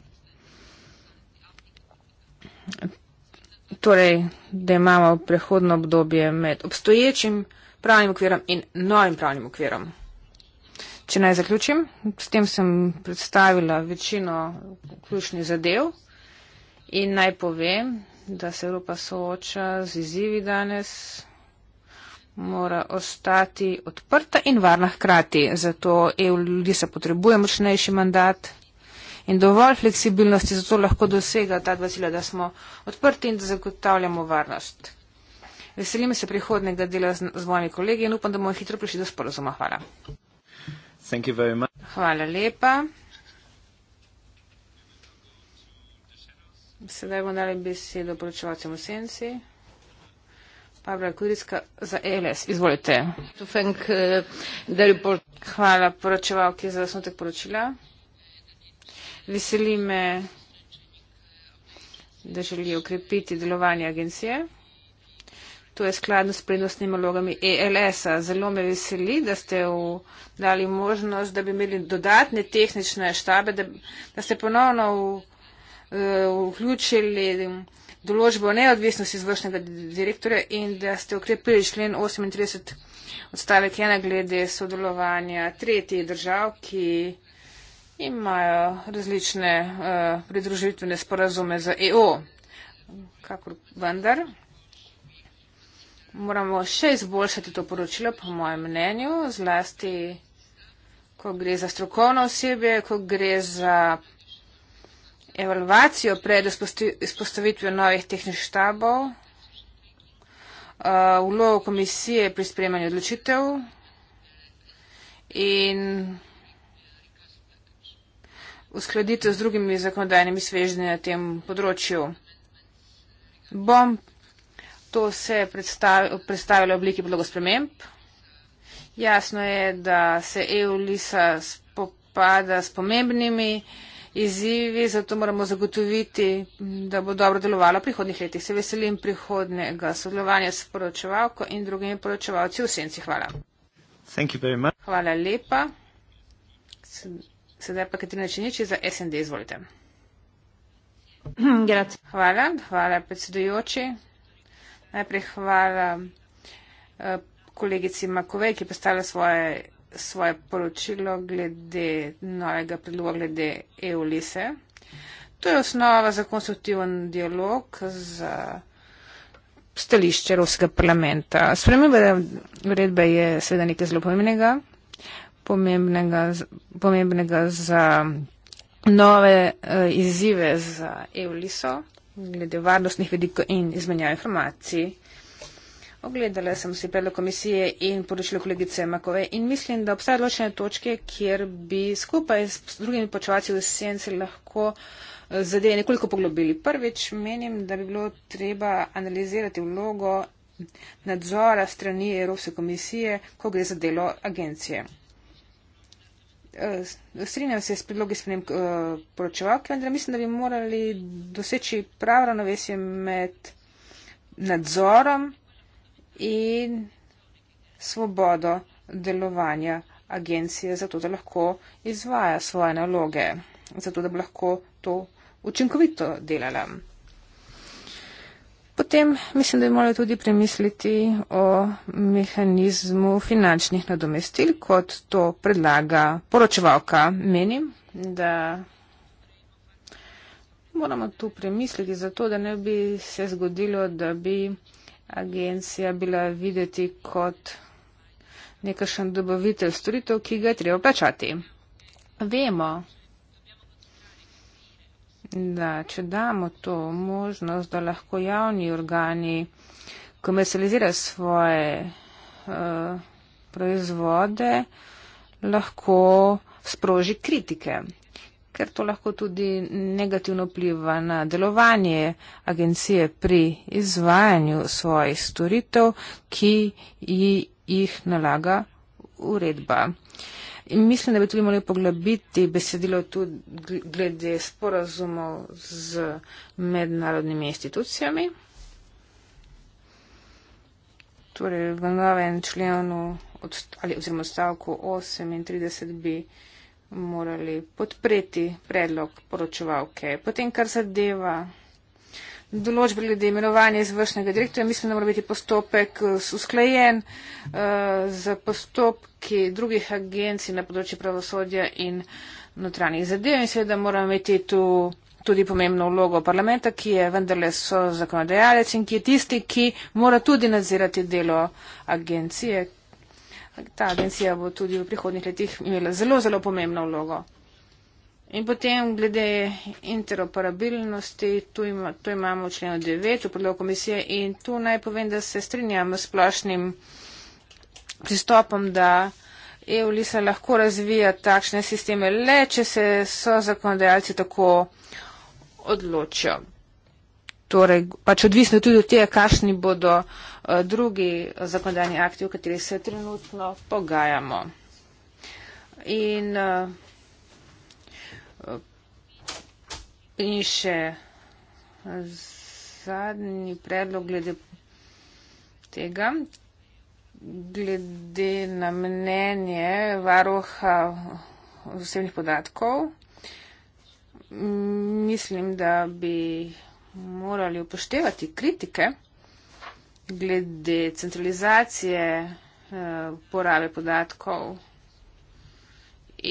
Torej, da imamo prehodno obdobje med obstoječim pravnim okvirom in novim pravnim okvirom. Če naj zaključim, s tem sem predstavila večino ključnih zadev in naj povem, da se Evropa sooča z izzivi danes, mora ostati odprta in varna hkrati. Zato EU ljudi se potrebuje močnejši mandat in dovolj fleksibilnosti, zato lahko dosega ta dva cilja, da smo odprti in da zagotavljamo varnost. Veselim se prihodnega dela z, z mojimi kolegi in upam, da bomo hitro prišli do sporozuma. Hvala. Hvala lepa. Sedaj bomo dali besedo poročevalcem v senci. Pavla Kuriska za ELS. Izvolite. Eh, Hvala poročevalki za osnotek poročila. Veseli me, da želijo ukrepiti delovanje agencije to je skladno s prednostnimi vlogami ELS-a. Zelo me veseli, da ste dali možnost, da bi imeli dodatne tehnične štabe, da, da ste ponovno v, uh, vključili določbo neodvisnosti izvršnega direktorja in da ste okrepili člen 38 odstavek 1 glede sodelovanja tretjih držav, ki imajo različne uh, pridružitvene sporazume za EU. Kakor vendar moramo še izboljšati to poročilo, po mojem mnenju, zlasti, ko gre za strokovno osebje, ko gre za evalvacijo pred izpostavitvijo novih tehničnih štabov, uh, vlogo komisije pri spremanju odločitev in uskladitev z drugimi zakonodajnimi svežnji na tem področju. Bom to se predstavilo v obliki predlogov sprememb. Jasno je, da se EU Lisa spopada s pomembnimi izzivi, zato moramo zagotoviti, da bo dobro delovalo v prihodnih letih. Se veselim prihodnega sodelovanja s poročevalko in drugimi poročevalci v senci. Hvala. Hvala lepa. Sedaj pa Katrina Čeniči za SND. Izvolite. Hvala, hvala predsedujoči. Najprej hvala eh, kolegici Makovej, ki je postavila svoje, svoje poročilo glede novega predloga glede EU-lise. To je osnova za konstruktiven dialog z stališče Evropskega parlamenta. Sprememba uredbe je seveda nekaj zelo pomembnega, pomembnega, pomembnega za nove eh, izzive za EU-liso glede varnostnih vedikov in izmenjave informacij. Ogledala sem si predlog komisije in poročilo kolegice Makove in mislim, da obstajajo določene točke, kjer bi skupaj s drugimi počevalci v senci lahko eh, zadeve nekoliko poglobili. Prvič menim, da bi bilo treba analizirati vlogo nadzora strani Evropske komisije, ko gre za delo agencije. Eh, strinjam se s predlogi sprememb eh, poročevalke, vendar mislim, da bi morali doseči pravo ravnovesje med nadzorom in svobodo delovanja agencije, zato da lahko izvaja svoje naloge, zato da bi lahko to učinkovito delala. Potem mislim, da morajo tudi premisliti o mehanizmu finančnih nadomestil, kot to predlaga poročevalka. Menim, da moramo tu premisliti zato, da ne bi se zgodilo, da bi agencija bila videti kot nekašen dobavitelj storitev, ki ga je treba plačati. Vemo, da če damo to možnost, da lahko javni organi komercializirajo svoje uh, proizvode, lahko sproži kritike, ker to lahko tudi negativno pliva na delovanje agencije pri izvajanju svojih storitev, ki jih nalaga uredba. Uh, In mislim, da bi tudi morali poglobiti besedilo tudi glede sporazumov z mednarodnimi institucijami. Torej, v novem členu od, ali oziroma stavku 38 bi morali podpreti predlog poročevalke. Potem, kar zadeva določbe glede imenovanja izvršnega direktorja. Mislim, da mora biti postopek eh, usklajen eh, z postopki drugih agencij na področju pravosodja in notranjih zadev in seveda mora imeti tu tudi pomembno vlogo parlamenta, ki je vendarle so zakonodajalec in ki je tisti, ki mora tudi nadzirati delo agencije. Ta agencija bo tudi v prihodnih letih imela zelo, zelo pomembno vlogo. In potem glede interoperabilnosti, tu, ima, tu imamo člen 9 v predlogu komisije in tu naj povem, da se strinjam s splošnim pristopom, da EU-LISA lahko razvija takšne sisteme le, če se so zakonodajalci tako odločijo. Torej, pač odvisno tudi od tega, kakšni bodo uh, drugi zakonodajni akti, v katerih se trenutno pogajamo. In, uh, In še zadnji predlog glede tega, glede na mnenje varoha osebnih podatkov. Mislim, da bi morali upoštevati kritike glede centralizacije eh, porabe podatkov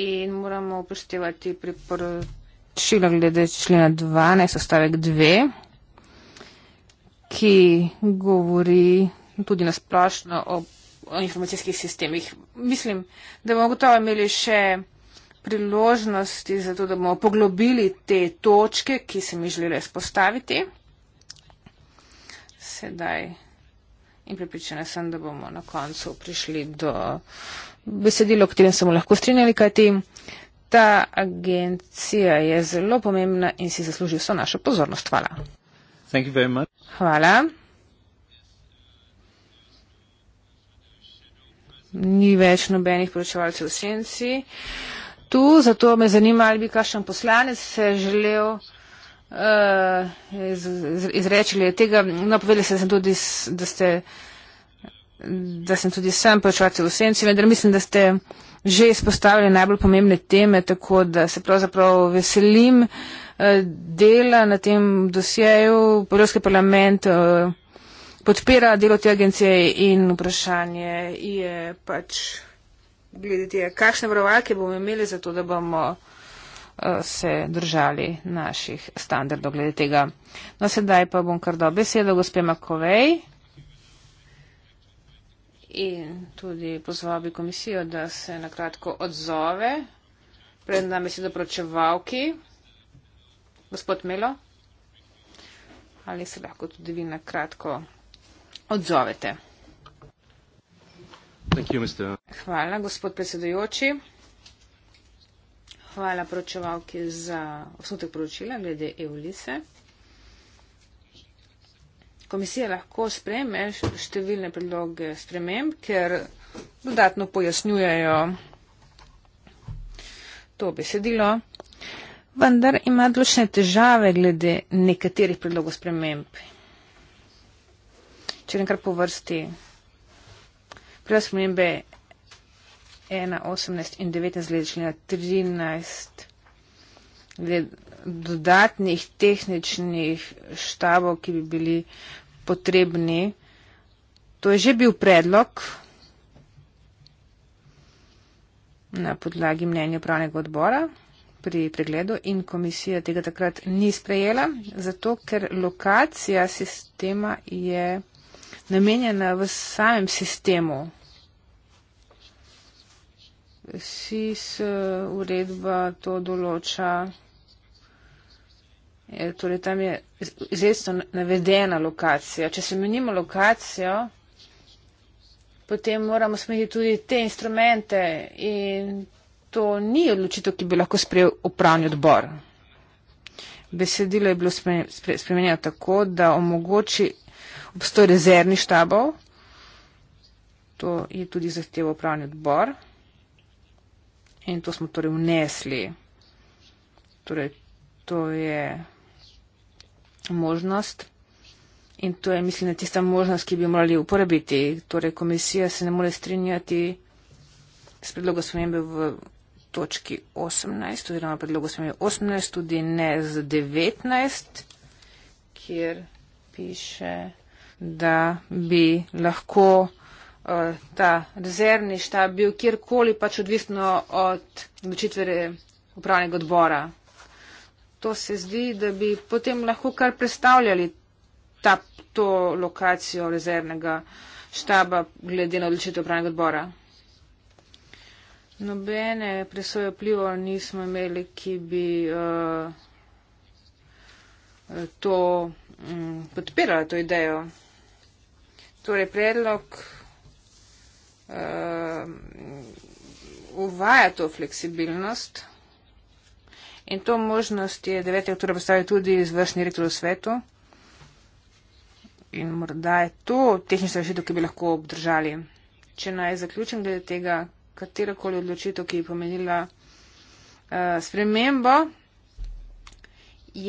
in moramo upoštevati priporočila določila glede člena 12, stavek 2, ki govori tudi nasplošno o, o informacijskih sistemih. Mislim, da bomo gotovo imeli še priložnosti za to, da bomo poglobili te točke, ki se mi želeli spostaviti. Sedaj in pripričana sem, da bomo na koncu prišli do besedila, o katerem smo lahko strinjali, kajti ta agencija je zelo pomembna in si zasluži vso našo pozornost. Hvala. Hvala. Ni več nobenih poročevalcev v senci. Tu, zato me zanima, ali bi kakšen poslanec se želel uh, izreči iz, iz tega. Napovedali no, ste, tudi, da, ste, da sem tudi sam poročevalcev v senci, vendar mislim, da ste že izpostavili najbolj pomembne teme, tako da se pravzaprav veselim eh, dela na tem dosjeju. Evropski parlament eh, podpira delo te agencije in vprašanje je pač glede tega, kakšne varovalke bomo imeli za to, da bomo eh, se držali naših standardov glede tega. No sedaj pa bom kar dal besedo gospe Makovej in tudi pozval bi komisijo, da se nakratko odzove. Pred nami si dopročevalki. Gospod Melo, ali se lahko tudi vi nakratko odzovete? You, hvala, gospod predsedujoči. Hvala poročevalki za osnutek poročila glede EU-lise komisije lahko spreme številne predloge sprememb, ker dodatno pojasnjujejo to besedilo, vendar ima določene težave glede nekaterih predlogov sprememb. Če nekaj po vrsti. Prva spremembe 1, 18 in 19 glede člena 13 glede dodatnih tehničnih štabov, ki bi bili potrebni. To je že bil predlog na podlagi mnenja pravnega odbora pri pregledu in komisija tega takrat ni sprejela, zato ker lokacija sistema je namenjena v samem sistemu. SIS uredba to določa. E, torej tam je izredno navedena lokacija. Če se menimo lokacijo, potem moramo smeti tudi te instrumente in to ni odločitev, ki bi lahko sprejel upravni odbor. Besedilo je bilo spremenjeno tako, da omogoči obstoj rezervnih štabov, to je tudi zahtevo upravni odbor in to smo torej vnesli. Torej, to je možnost in to je, mislim, da tista možnost, ki bi morali uporabiti. Torej, komisija se ne more strinjati s predlogom spremembe v točki 18, oziroma predlogom spremembe 18, tudi ne z 19, kjer piše, da bi lahko uh, ta rezervni štab bil kjerkoli, pač odvisno od odločitve upravnega odbora to se zdi, da bi potem lahko kar predstavljali ta, to lokacijo rezervnega štaba glede na odločitev pravnega odbora. Nobene presoje vplivo nismo imeli, ki bi uh, to um, podpirala, to idejo. Torej, predlog uh, uvaja to fleksibilnost. In to možnost je 9. oktober postavil tudi izvršni rektor v svetu. In morda je to tehnična rešitev, ki bi lahko obdržali. Če naj zaključim glede tega, katerokoli odločitev, ki je pomenila uh, spremembo,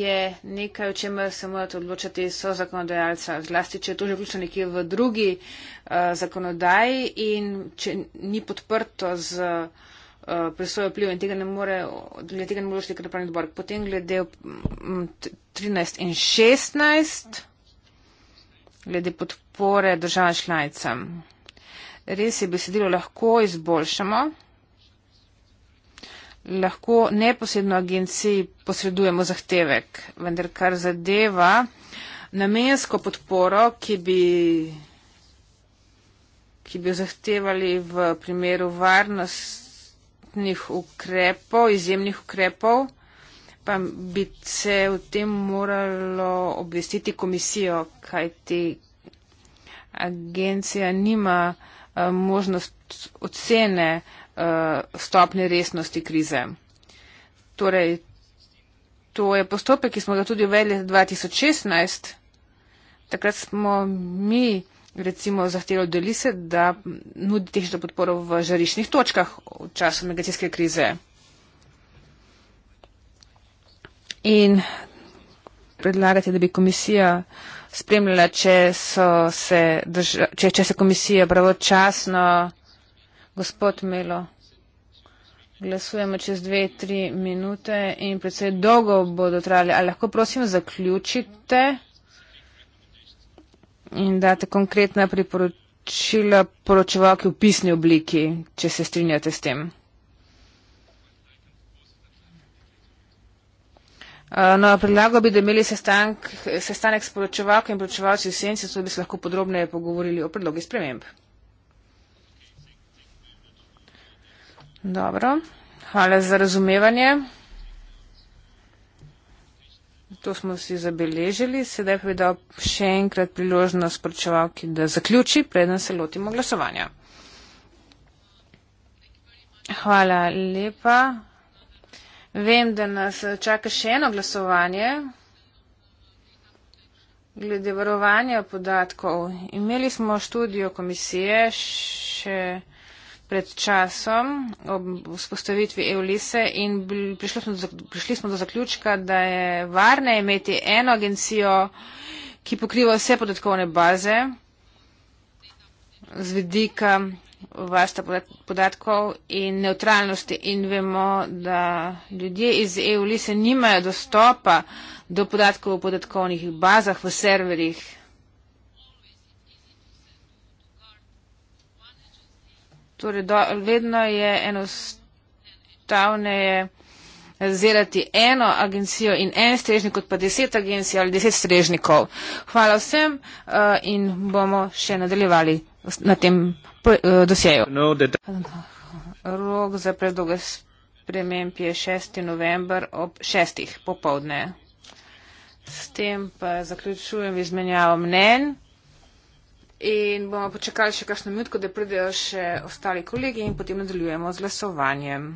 je nekaj, o čemer se morate odločiti so zakonodajalca, zlasti, če je to že vključeno nekje v drugi uh, zakonodaji in če ni podprto z. Uh, Eh, presojo vpliv in tega ne more, glede tega ne more šteti upravni odbor. Potem glede 13 mm, in 16, glede podpore državam članicam. Res je, besedilo lahko izboljšamo, lahko neposredno agenciji posredujemo zahtevek, vendar kar zadeva namensko podporo, ki bi ki bi jo zahtevali v primeru varnost, dodatnih ukrepov, izjemnih ukrepov, pa bi se o tem moralo obvestiti komisijo, kajti agencija nima eh, možnost ocene eh, stopne resnosti krize. Torej, to je postopek, ki smo ga tudi uvedli 2016. Takrat smo mi recimo zahtevali od Elise, da nudi tehnično podporo v žariščnih točkah v času migracijske krize. In predlagate, da bi komisija spremljala, če, se, drža, če, če se komisija pravočasno, gospod Melo, glasujemo čez dve, tri minute in predvsej dolgo bodo trajali. Ali lahko prosim zaključite? in date konkretna priporočila poročevalki v pisni obliki, če se strinjate s tem. Eh, no, predlago bi, da imeli sestank, sestanek s poročevalko in poročevalci v senci, so da bi se lahko podrobneje pogovorili o predlogi sprememb. Dobro, hvala za razumevanje. To smo si zabeležili, sedaj pa bi dal še enkrat priložnost sporočevalki, da zaključi, preden se lotimo glasovanja. Hvala lepa. Vem, da nas čaka še eno glasovanje glede varovanja podatkov. Imeli smo študijo komisije še pred časom ob vzpostavitvi EULISE in prišli smo, do, prišli smo do zaključka, da je varne imeti eno agencijo, ki pokriva vse podatkovne baze z vidika varstva podatkov in neutralnosti in vemo, da ljudje iz EULISE nimajo dostopa do podatkov v podatkovnih bazah, v serverjih. Torej, do, vedno je enostavneje zirati eno agencijo in en strežnik, kot pa deset agencij ali deset strežnikov. Hvala vsem uh, in bomo še nadaljevali na tem uh, dosjeju. No, Rok za predloge sprememb je 6. november ob 6. popovdne. S tem pa zaključujem izmenjavo mnen. In bomo počakali še kakšno minutko, da pridejo še ostali kolegi in potem nadaljujemo z glasovanjem.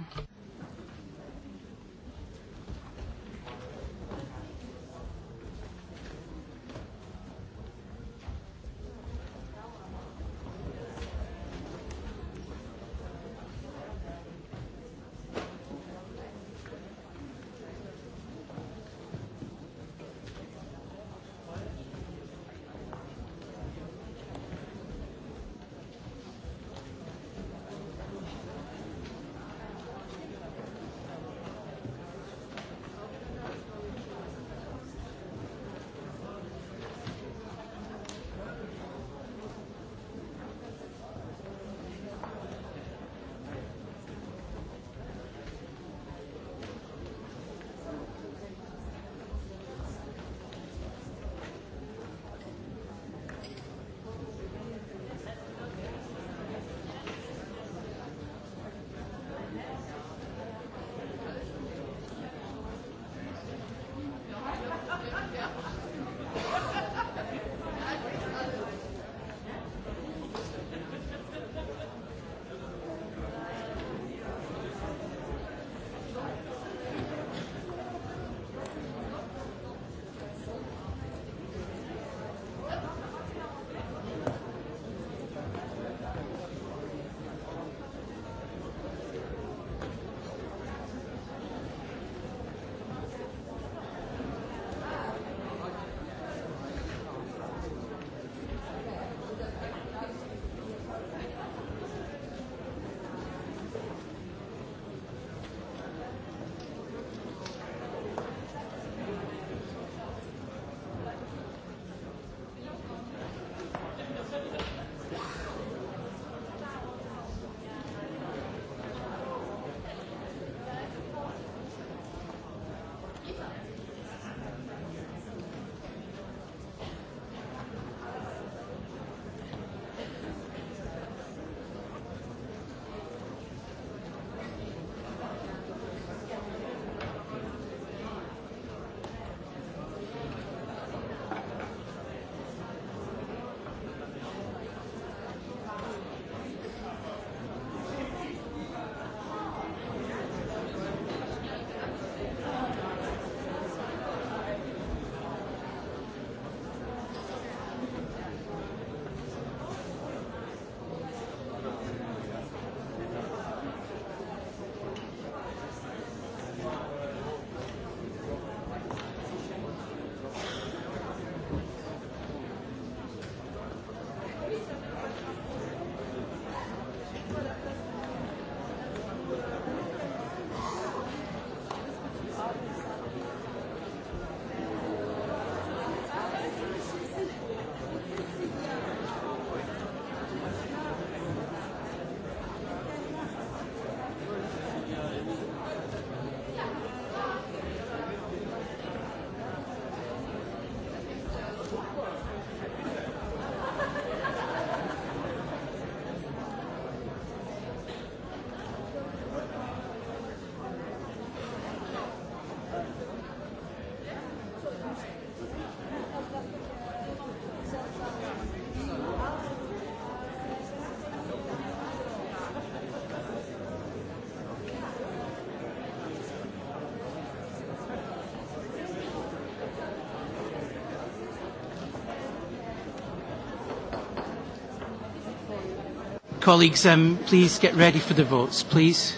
colleagues, um, please get ready for the votes, please.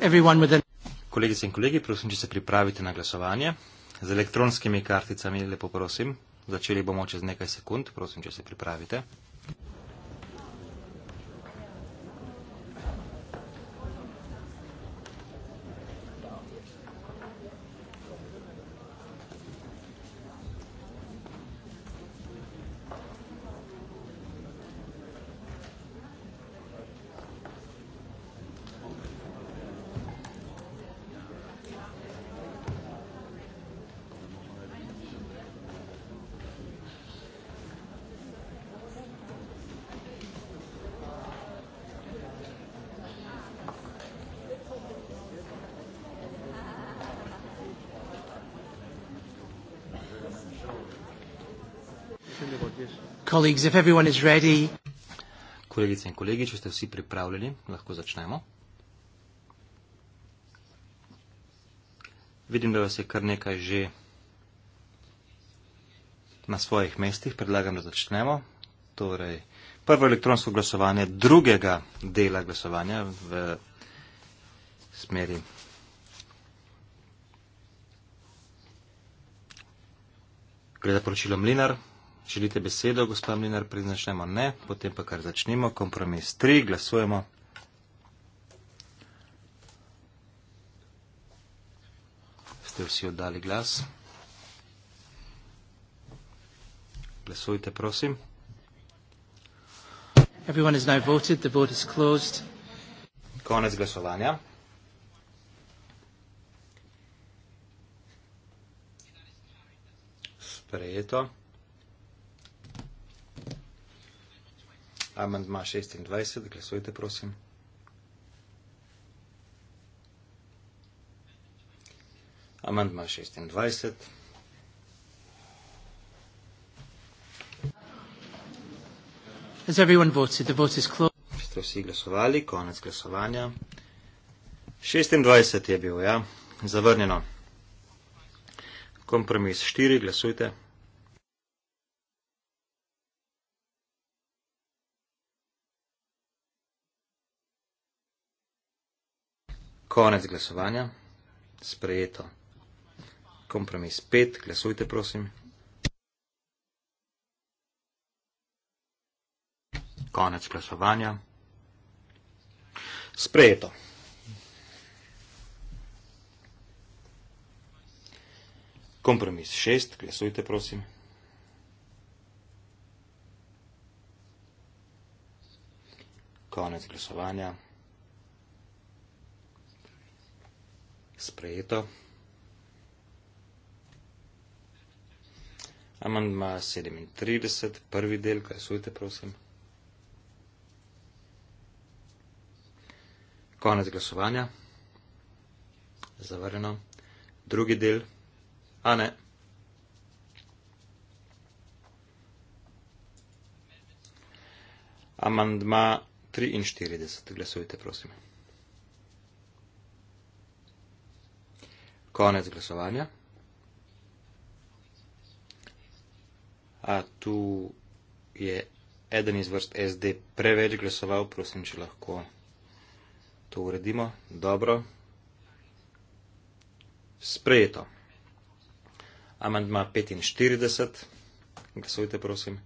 Everyone with a... Kolegice in kolegi, prosim, če se pripravite na glasovanje. Z elektronskimi karticami lepo prosim. Začeli bomo čez nekaj sekund, prosim, če se pripravite. colleagues, if everyone is ready. Kolegice in kolegi, če ste vsi pripravljeni, lahko začnemo. Vidim, da vas je kar nekaj že na svojih mestih, predlagam, da začnemo. Torej, prvo elektronsko glasovanje drugega dela glasovanja v smeri. Gre za poročilo Mlinar. Želite besedo, gospod Mlinar, priznačnemo ne, potem pa kar začnemo. Kompromis 3, glasujemo. Ste vsi oddali glas? Glasujte, prosim. Everyone has now voted, the vote is closed. Konec glasovanja. Sprejeto. amandma 26, glasujte prosim. Amandma 26. Has everyone voted? The vote is closed. Ste vsi glasovali, konec glasovanja. 26 je bil, ja, zavrnjeno. Kompromis 4, glasujte. Konec glasovanja. Sprejeto. Kompromis 5. Glasujte, prosim. Konec glasovanja. Sprejeto. Kompromis 6. Glasujte, prosim. Konec glasovanja. sprejeto. Amandma 37, prvi del, kaj sujte, prosim. Konec glasovanja. Zavrjeno. Drugi del. A ne. Amandma 43, glasujte, prosim. konec glasovanja. A tu je eden iz vrst SD preveč glasoval, prosim, če lahko to uredimo. Dobro. Sprejeto. Amandma 45. Glasujte, prosim.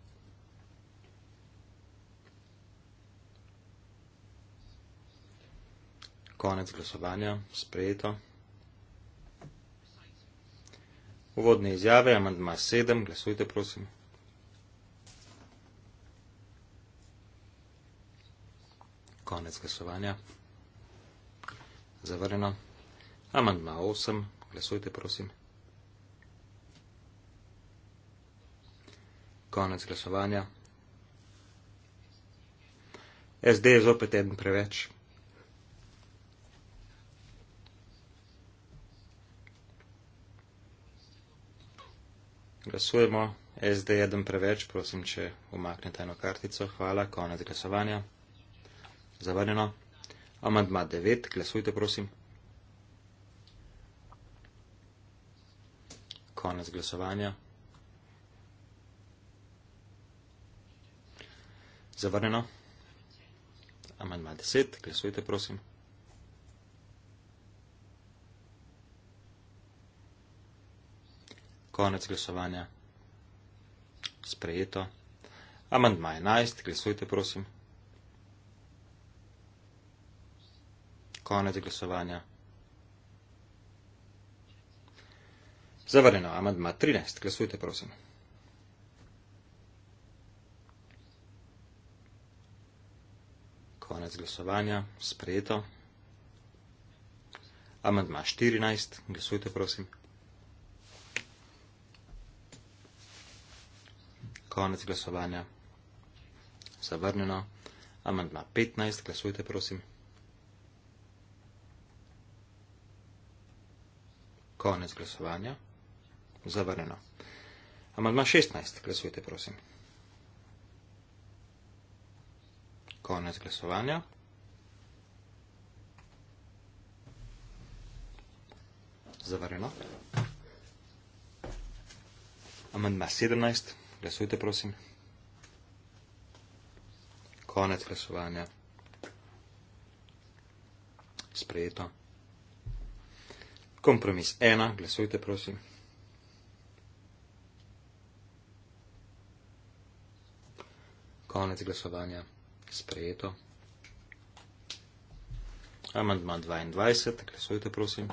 Konec glasovanja. Sprejeto. Uvodne izjave, amandma 7, glasujte prosim. Konec glasovanja. Zavrjeno. Amandma 8, glasujte prosim. Konec glasovanja. SD je zopet eden preveč. Glasujemo. SD1 preveč, prosim, če umaknete eno kartico. Hvala, konec glasovanja. Zavrnjeno. Amandma 9, glasujte, prosim. Konec glasovanja. Zavrnjeno. Amandma 10, glasujte, prosim. Konec glasovanja. Sprejeto. Amandma 11. Glasujte, prosim. Konec glasovanja. Zavrnjeno. Amandma 13. Glasujte, prosim. Konec glasovanja. Sprejeto. Amandma 14. Glasujte, prosim. Konec glasovanja. Zavrnjeno. Amandma 15. Glasujte, prosim. Konec glasovanja. Zavrnjeno. Amandma 16. Glasujte, prosim. Konec glasovanja. Zavrnjeno. Amandma 17. Glasujte, prosim. Konec glasovanja. Sprejeto. Kompromis ena. Glasujte, prosim. Konec glasovanja. Sprejeto. Amandma 22. Glasujte, prosim.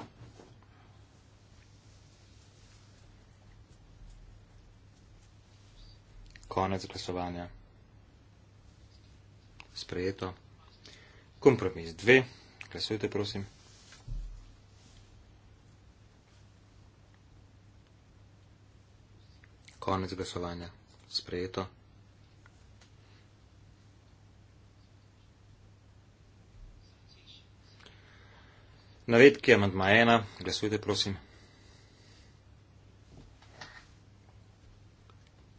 konec glasovanja. Sprejeto. Kompromis 2. Glasujte, prosim. Konec glasovanja. Sprejeto. Navedki amantma 1. Glasujte, prosim.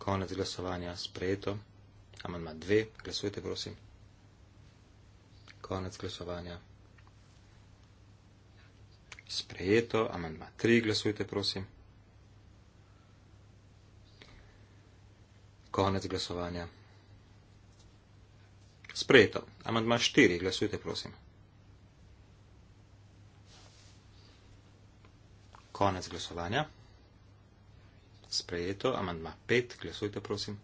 konec glasovanja sprejeto. Amandma 2, glasujte, prosim. Konec glasovanja sprejeto. Amandma 3, glasujte, prosim. Konec glasovanja sprejeto. Amandma 4, glasujte, prosim. Konec glasovanja sprejeto. Amandma 5, glasujte prosim.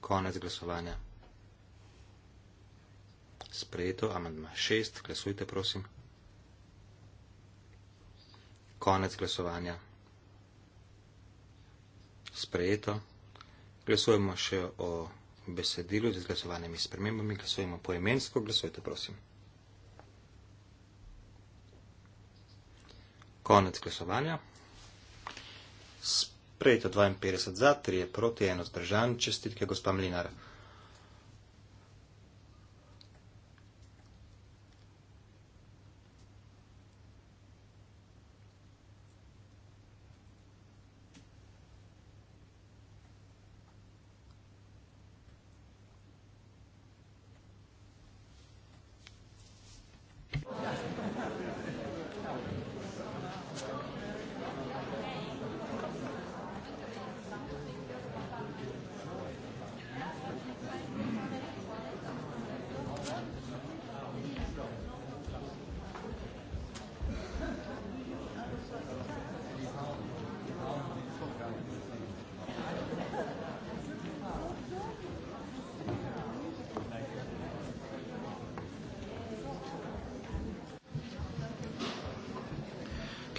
Konec glasovanja. Sprejeto. Amandma 6, glasujte prosim. Konec glasovanja. Sprejeto. Glasujemo še o besedilu z glasovanimi spremembami. Glasujemo poemensko. Glasujte prosim. Konec glasovanja. Sprejeto 52 za, 3 proti, 1 zdržan. Čestitke, gospa Mlinar.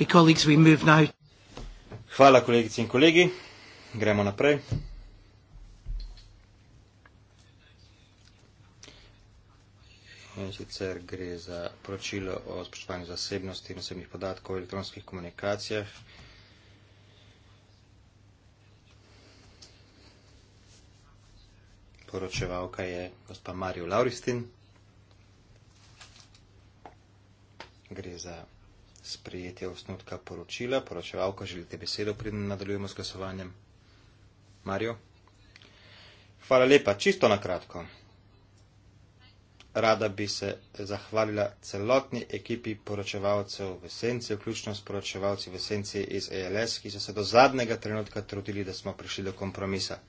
colleagues, we move now. Hvala kolegice in kolegi. Gremo naprej. In sicer gre za poročilo o spoštovanju zasebnosti in osebnih podatkov o elektronskih komunikacijah. Poročevalka je gospa Marijo Lauristin. sprejetje osnutka poročila. Poročevalko želite besedo, preden nadaljujemo s glasovanjem. Marijo? Hvala lepa, čisto na kratko. Rada bi se zahvalila celotni ekipi poročevalcev v Senci, vključno s poročevalci v Senci iz ELS, ki so se do zadnjega trenutka trudili, da smo prišli do kompromisa.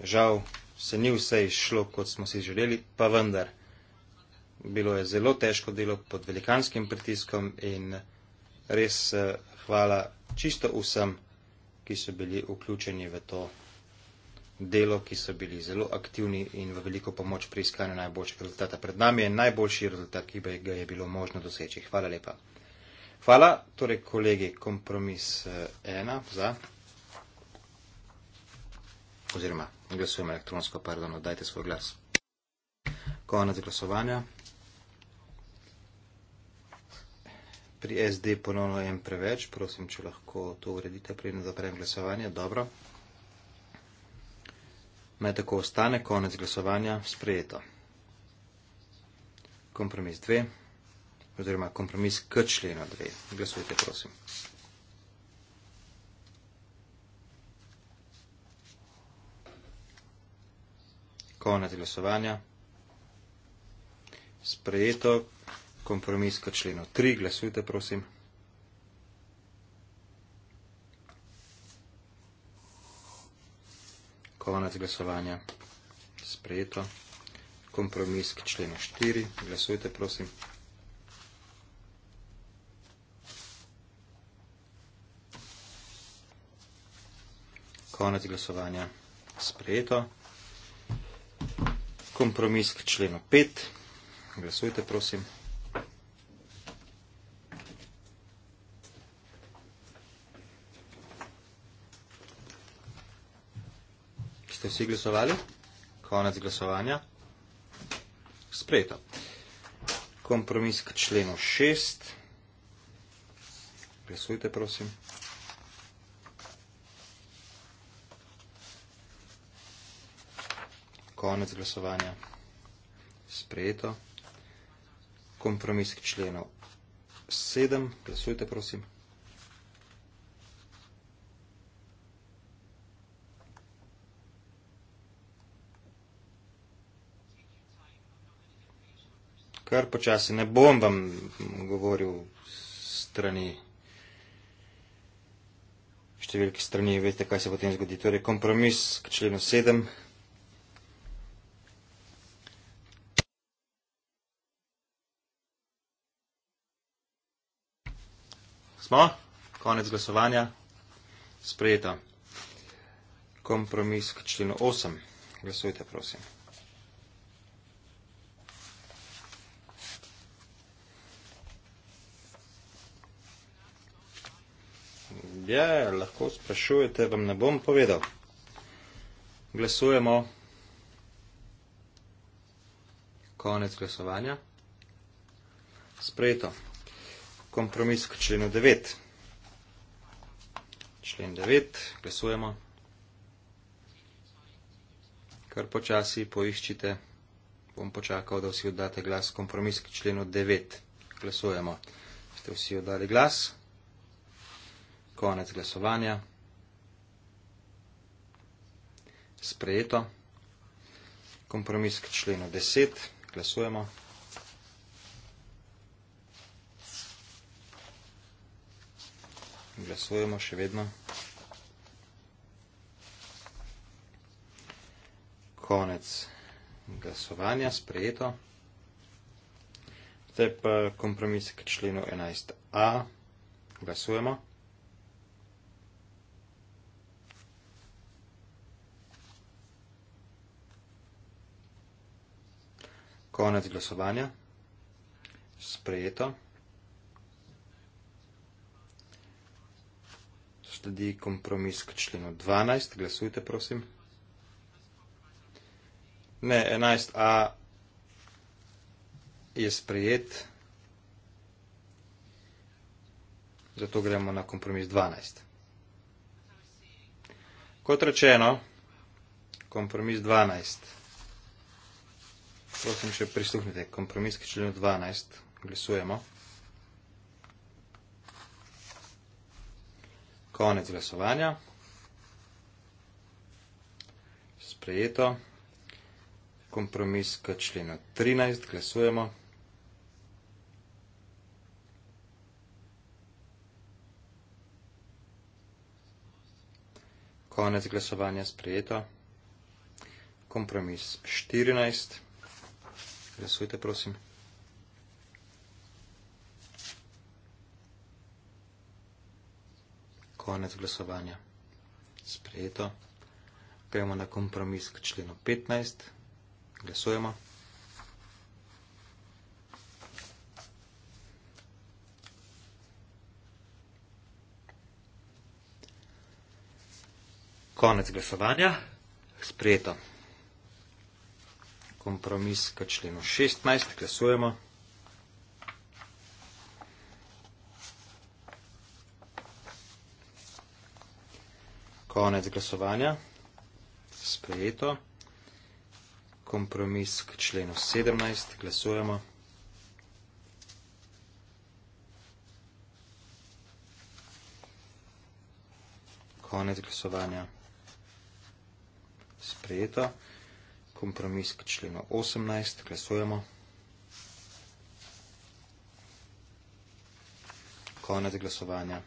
Žal se ni vse izšlo, kot smo si želeli, pa vendar bilo je zelo težko delo pod velikanskim pritiskom in res eh, hvala čisto vsem, ki so bili vključeni v to delo, ki so bili zelo aktivni in v veliko pomoč pri iskanju najboljšega rezultata. Pred nami je najboljši rezultat, ki bi ga je bilo možno doseči. Hvala lepa. Hvala, torej kolegi, kompromis eh, ena za. Oziroma, glasujem elektronsko, pardon, dajte svoj glas. Konec glasovanja. pri SD ponovno en preveč. Prosim, če lahko to uredite, preden zaprem glasovanje. Dobro. Naj tako ostane konec glasovanja sprejeto. Kompromis 2 oziroma kompromis k členu 2. Glasujte, prosim. Konec glasovanja. Sprejeto kompromis k členu 3. Glasujte, prosim. Konec glasovanja. Sprejeto. Kompromis k členu 4. Glasujte, prosim. Konec glasovanja. Sprejeto. Kompromis k členu 5. Glasujte, prosim. vsi glasovali? Konec glasovanja. Sprejeto. Kompromis k členu 6. Glasujte, prosim. Konec glasovanja. Sprejeto. Kompromis k členu 7. Glasujte, prosim. kar počasi. Ne bom vam govoril strani, številki strani, veste, kaj se potem zgodi. Torej, kompromis k členu sedem. Smo? Konec glasovanja. Sprejeto. Kompromis k členu osem. Glasujte, prosim. Ja, lahko sprašujete, vam ne bom povedal. Glasujemo. Konec glasovanja. Sprejeto. Kompromis k členu 9. Člen 9. Glasujemo. Kar počasi poiščite. Bom počakal, da vsi oddate glas. Kompromis k členu 9. Glasujemo. Ste vsi oddali glas? Glasujemo. Konec glasovanja. Sprejeto. Kompromis k členu 10. Glasujemo. Glasujemo še vedno. Konec glasovanja. Sprejeto. Zdaj pa kompromis k členu 11a. Glasujemo. Konec glasovanja. Sprejeto. Sledi kompromis k členu 12. Glasujte, prosim. Ne, 11a je sprejet. Zato gremo na kompromis 12. Kot rečeno, kompromis 12 prosim, še prisluhnite. Kompromis k členu 12. Glasujemo. Konec glasovanja. Sprejeto. Kompromis k členu 13. Glasujemo. Konec glasovanja sprejeto. Kompromis 14. Glasujte, prosim. Konec glasovanja. Sprejeto. Gremo na kompromis k členu 15. Glasujemo. Konec glasovanja. Sprejeto kompromis k členu 16, glasujemo. Konec glasovanja, sprejeto. Kompromis k členu 17, glasujemo. Konec glasovanja, sprejeto kompromis k členu 18, glasujemo. Konec glasovanja.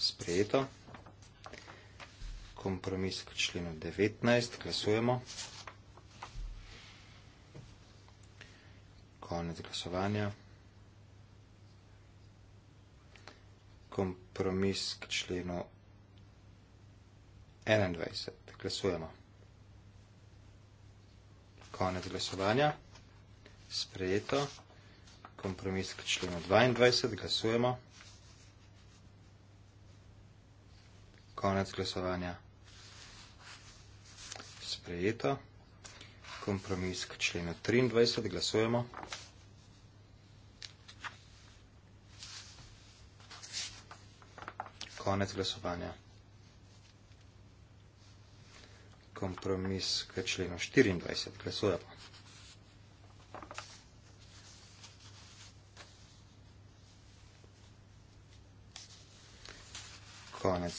Sprejeto. Kompromis k členu 19, glasujemo. Konec glasovanja. Kompromis k členu 18. 21. Glasujemo. Konec glasovanja. Sprejeto. Kompromis k členu 22. Glasujemo. Konec glasovanja. Sprejeto. Kompromis k členu 23. Glasujemo. Konec glasovanja. kompromis k členu 24. Glasujemo. Konec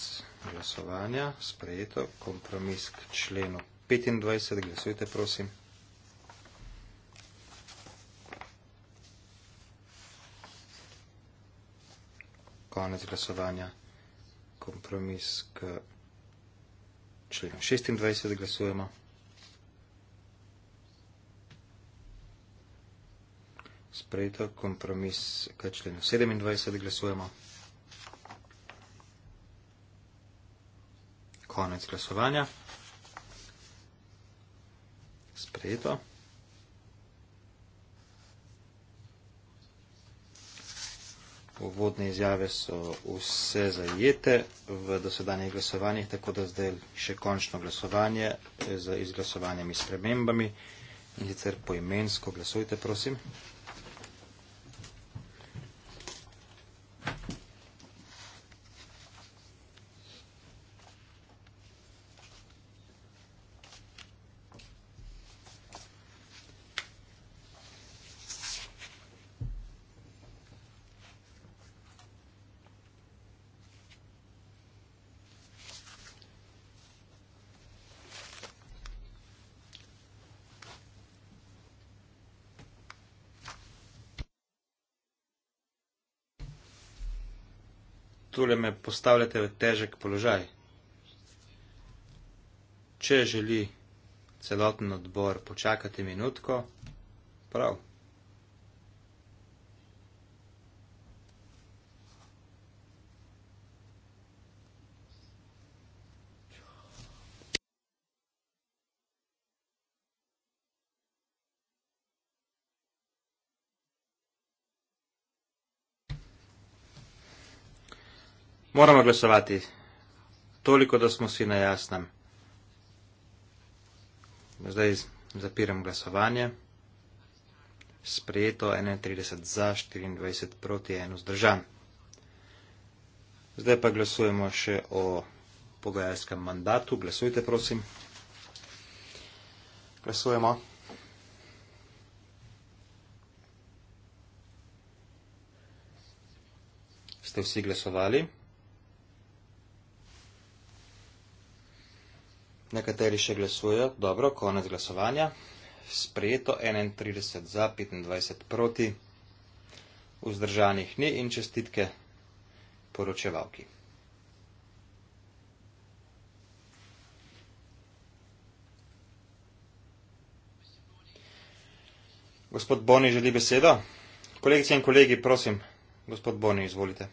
glasovanja, sprejeto. Kompromis k členu 25. Glasujte, prosim. Konec glasovanja, kompromis k člen 26 glasujemo. Sprejeto kompromis k členu 27 glasujemo. Konec glasovanja. Sprejeto. uvodne izjave so vse zajete v dosedanjih glasovanjih, tako da zdaj še končno glasovanje eh, z izglasovanjem in spremembami. In sicer poimensko glasujte, prosim. tole me postavljate v težek položaj. Če želi celoten odbor počakati minutko, prav. Moramo glasovati. Toliko, da smo si na jasnem. Zdaj zapiram glasovanje. Sprejeto 31 za, 24 proti, 1 zdržan. Zdaj pa glasujemo še o pogajalskem mandatu. Glasujte, prosim. Glasujemo. Ste vsi glasovali? Nekateri še glasujejo, dobro, konec glasovanja. Sprejeto 31 za, 25 proti, vzdržanih ni in čestitke poročevalki. Gospod Boni želi besedo. Kolegice in kolegi, prosim, gospod Boni, izvolite.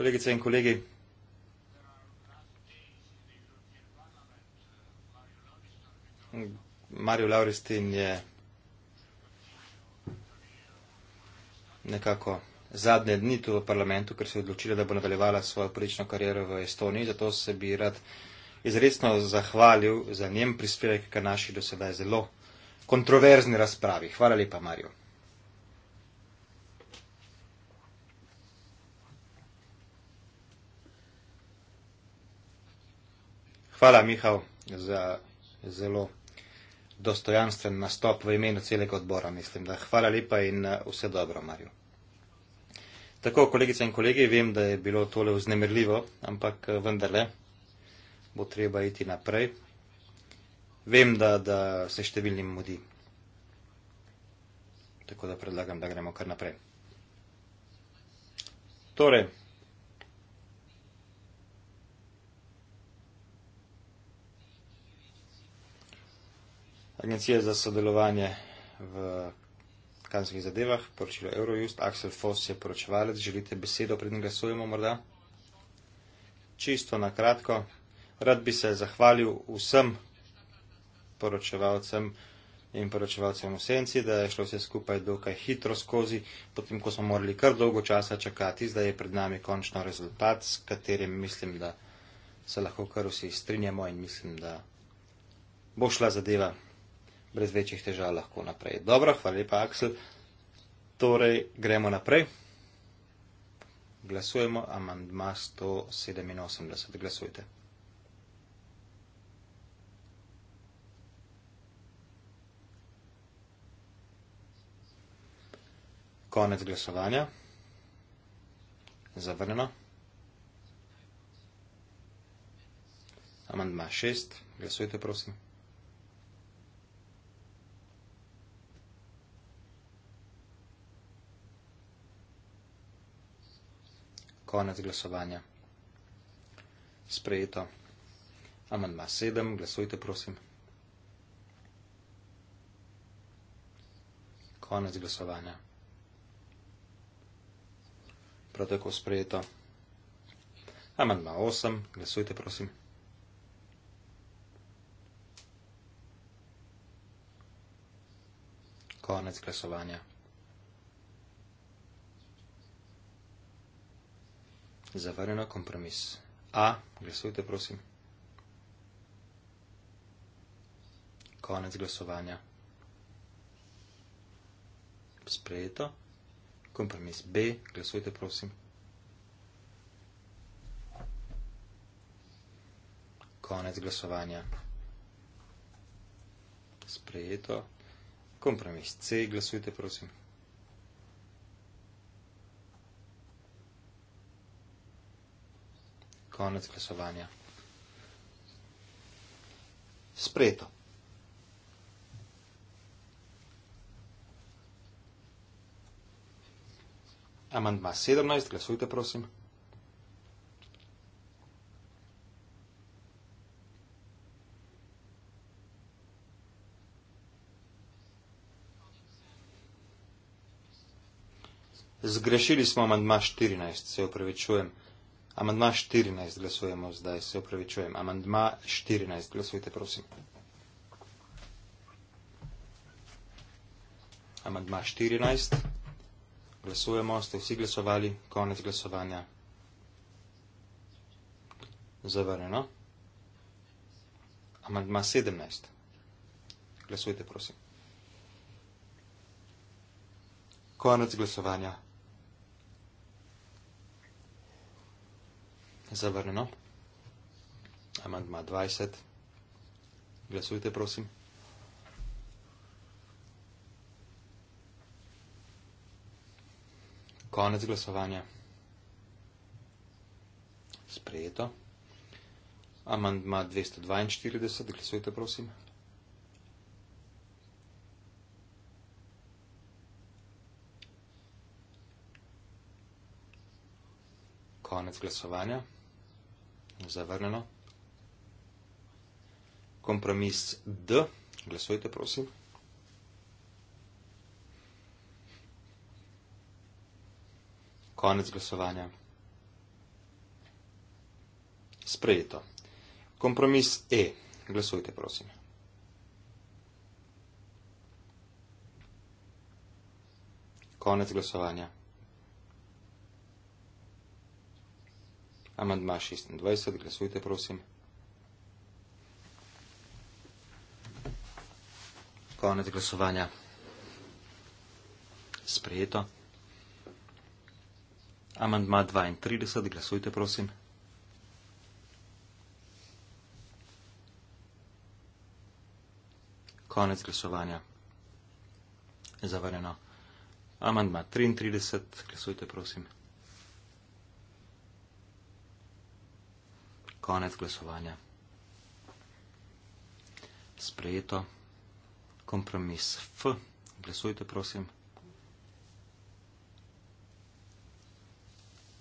kolegice in kolegi. Mario Lauristin je nekako zadnje dni tu v parlamentu, ker se je odločila, da bo nadaljevala svojo politično kariero v Estoniji. Zato se bi rad izredno zahvalil za njen prispevek, ker naši do sedaj zelo kontroverzni razpravi. Hvala lepa, Mario. Hvala, Mihael, za zelo dostojanstven nastop v imenu celega odbora, mislim. Da. Hvala lepa in eh, vse dobro, Marijo. Tako, kolegice in kolegi, vem, da je bilo tole vznemirljivo, ampak eh, vendarle bo treba iti naprej. Vem, da, da se številnim mudi. Tako da predlagam, da gremo kar naprej. Torej, Agencije za sodelovanje v kazenskih zadevah, poročilo Eurojust, Axel Foss je poročevalec, želite besedo, pred njim glasujemo morda? Čisto na kratko, rad bi se zahvalil vsem poročevalcem in poročevalcem v senci, da je šlo vse skupaj dokaj hitro skozi, potem ko smo morali kar dolgo časa čakati, zdaj je pred nami končno rezultat, s katerim mislim, da se lahko kar vsi strinjamo in mislim, da bo šla zadeva brez večjih težav lahko naprej. Dobro, hvala lepa, Aksel. Torej, gremo naprej. Glasujemo amandma 187. Glasujte. Konec glasovanja. Zavrnjeno. Amandma 6. Glasujte, prosim. konec glasovanja. Sprejeto. Amandma 7. Glasujte, prosim. Konec glasovanja. Prav tako sprejeto. Amandma 8. Glasujte, prosim. Konec glasovanja. Zavrnjeno kompromis. A, glasujte, prosim. Konec glasovanja. Sprejeto. Kompromis B, glasujte, prosim. Konec glasovanja. Sprejeto. Kompromis C, glasujte, prosim. konec glasovanja. Spreto. Amandma 17, glasujte prosim. Zgrešili smo amandma 14, se upravičujem. Amandma 14 glasujemo zdaj, se opravičujem. Amandma 14 glasujte, prosim. Amandma 14 glasujemo, ste vsi glasovali, konec glasovanja. Zavrneno. Amandma 17. Glasujte, prosim. Konec glasovanja. zavrnjeno. Amandma 20. Glasujte, prosim. Konec glasovanja. Sprejeto. Amandma 242. Glasujte, prosim. Konec glasovanja zavrnjeno. Kompromis D, glasujte prosim. Konec glasovanja. Sprejeto. Kompromis E, glasujte prosim. Konec glasovanja. Amandma 26, glasujte prosim. Konec glasovanja. Sprejeto. Amandma 32, glasujte prosim. Konec glasovanja. Zavarjeno. Amandma 33, glasujte prosim. konec glasovanja. Sprejeto. Kompromis F. Glasujte, prosim.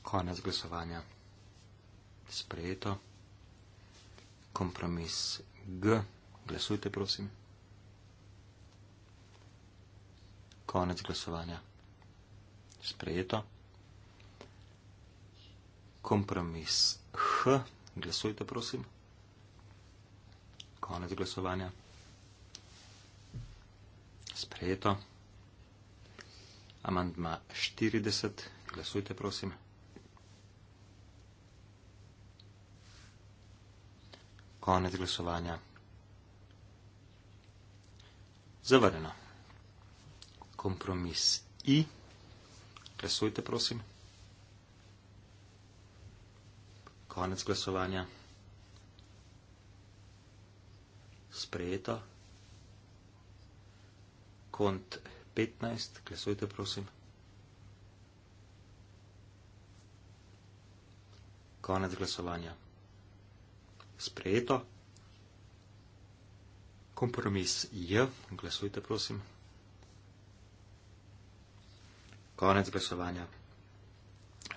Konec glasovanja. Sprejeto. Kompromis G. Glasujte, prosim. Konec glasovanja. Sprejeto. Kompromis H. Glasujte, prosim. Glasujte, prosim. Konec glasovanja. Sprejeto. Amandma 40. Glasujte, prosim. Konec glasovanja. Zavrljeno. Kompromis I. Glasujte, prosim. Konec glasovanja. Sprejeto. Kont 15. Glasujte, prosim. Konec glasovanja. Sprejeto. Kompromis J. Glasujte, prosim. Konec glasovanja.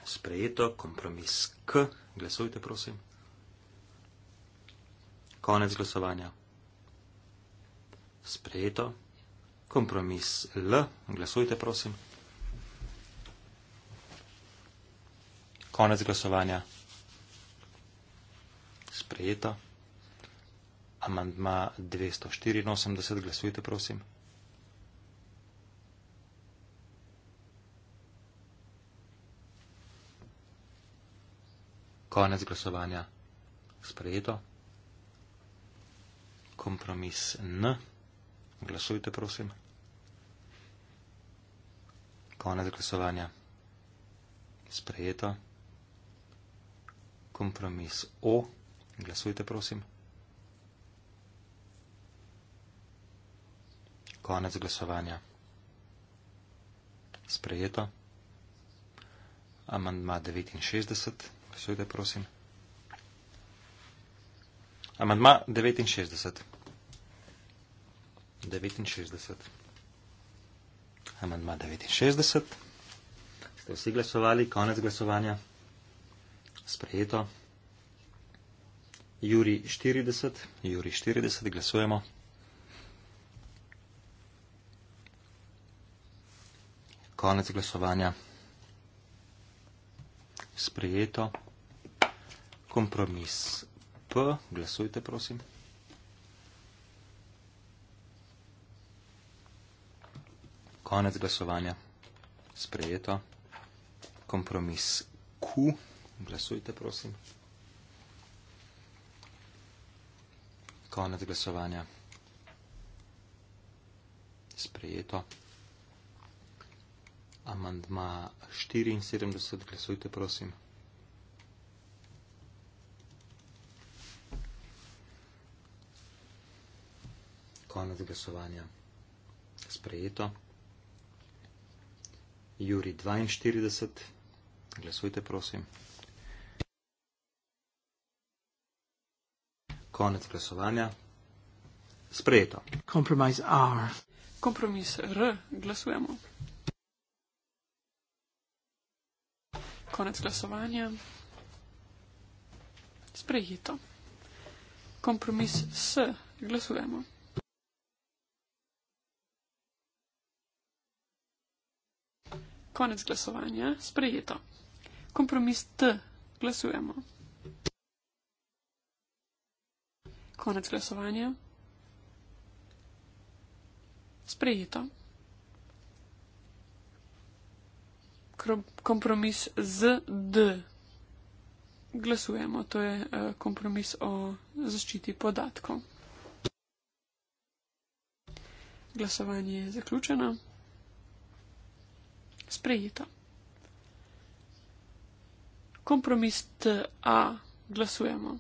Sprejeto. Kompromis K. Glasujte, prosim. Konec glasovanja. Sprejeto. Kompromis L. Glasujte, prosim. Konec glasovanja. Sprejeto. Amandma 284. Glasujte, prosim. Konec glasovanja. Sprejeto. Kompromis N. Glasujte, prosim. Konec glasovanja. Sprejeto. Kompromis O. Glasujte, prosim. Konec glasovanja. Sprejeto. Amandma 69. Seveda, prosim. Amandma 69. 69. Amandma 69. Ste vsi glasovali, konec glasovanja. Sprejeto. Juri 40. Juri 40. Glasujemo. Konec glasovanja. Sprejeto kompromis P, glasujte prosim. Konec glasovanja, sprejeto. Kompromis Q, glasujte prosim. Konec glasovanja, sprejeto. Amandma 74, glasujte prosim. konec glasovanja sprejeto. Juri 42, glasujte prosim. Konec glasovanja sprejeto. Kompromis R. Kompromis R, glasujemo. Konec glasovanja sprejeto. Kompromis S, glasujemo. konec glasovanja, sprejeto. Kompromis T, glasujemo. Konec glasovanja, sprejeto. Kompromis z D. Glasujemo, to je eh, kompromis o zaščiti podatkov. Glasovanje je zaključeno sprejeto. Kompromis TA glasujemo.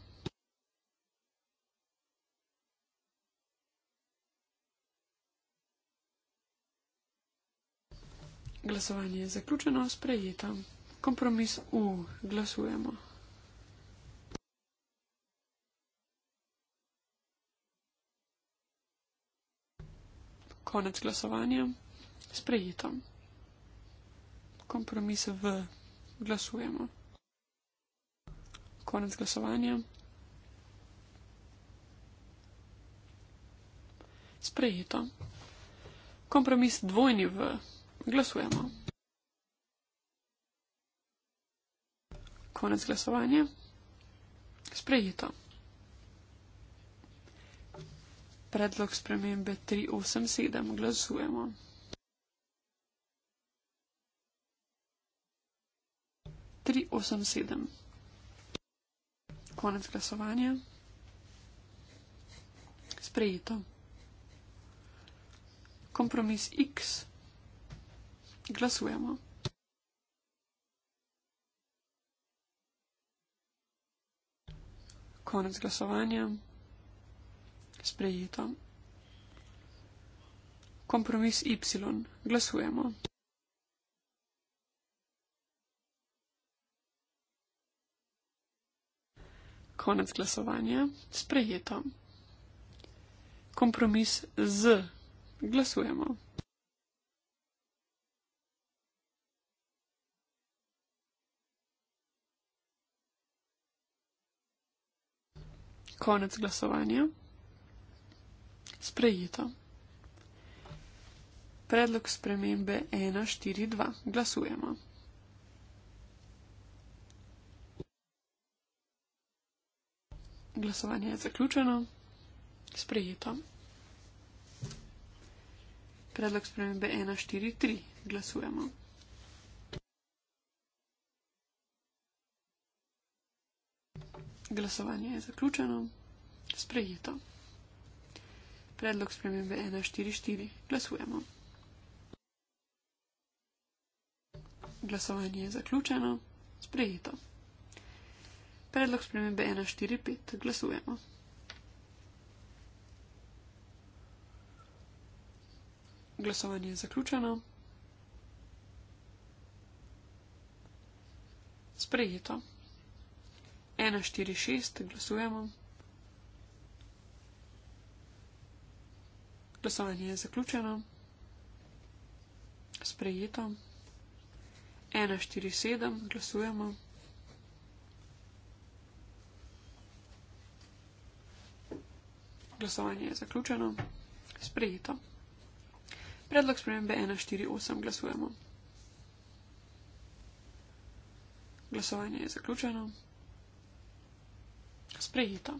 Glasovanje je zaključeno, sprejeto. Kompromis U glasujemo. Konec glasovanja, sprejeto kompromis v glasujemo. Konec glasovanja. Sprejeto. Kompromis dvojni v glasujemo. Konec glasovanja. Sprejeto. Predlog spremembe 387 glasujemo. 387. Konec glasovanja. Sprejeto. Kompromis X. Glasujemo. Konec glasovanja. Sprejeto. Kompromis Y. Glasujemo. konec glasovanja, sprejeto. Kompromis z. Glasujemo. Konec glasovanja. Sprejeto. Predlog spremembe 1.4.2. Glasujemo. Glasovanje je zaključeno, sprejeto. Predlog spremembe 1.4.3. Glasujemo. Glasovanje je zaključeno, sprejeto. Predlog spremembe 1.4.4. Glasujemo. Glasovanje je zaključeno, sprejeto. Predlog spremembe 145 glasujemo. Glasovanje je zaključeno. Sprejeto. 146 glasujemo. Glasovanje je zaključeno. Sprejeto. 147 glasujemo. Glasovanje je zaključeno. Sprejeto. Predlog spremembe 148 glasujemo. Glasovanje je zaključeno. Sprejeto.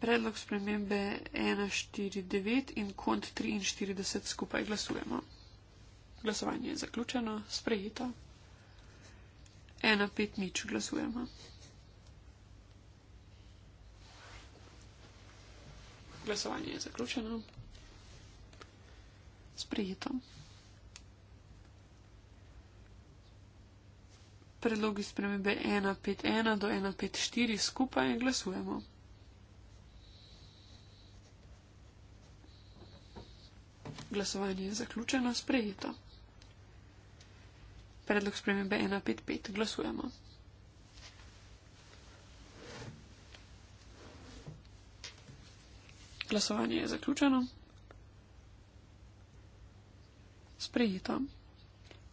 Predlog spremembe 149 in kont 43 skupaj glasujemo. Glasovanje je zaključeno. Sprejeto. 1-5 nič glasujemo. Glasovanje je zaključeno. Sprejeto. Predlogi spremembe 151 do 154 skupaj glasujemo. Glasovanje je zaključeno, sprejeto. Predlog spremembe 155 glasujemo. Glasovanje je zaključeno. Sprejeto.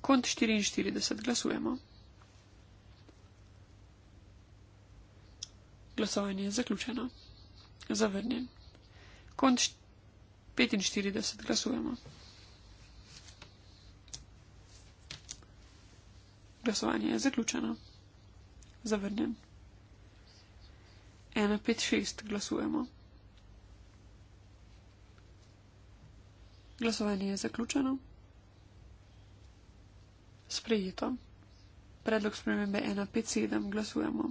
Kont 44 glasujemo. Glasovanje je zaključeno. Zavrnjen. Kont 45 glasujemo. Glasovanje je zaključeno. Zavrnjen. 1, 5, 6 glasujemo. Glasovanje je zaključeno. Sprejeto. Predlog spremembe 1.5.7 glasujemo.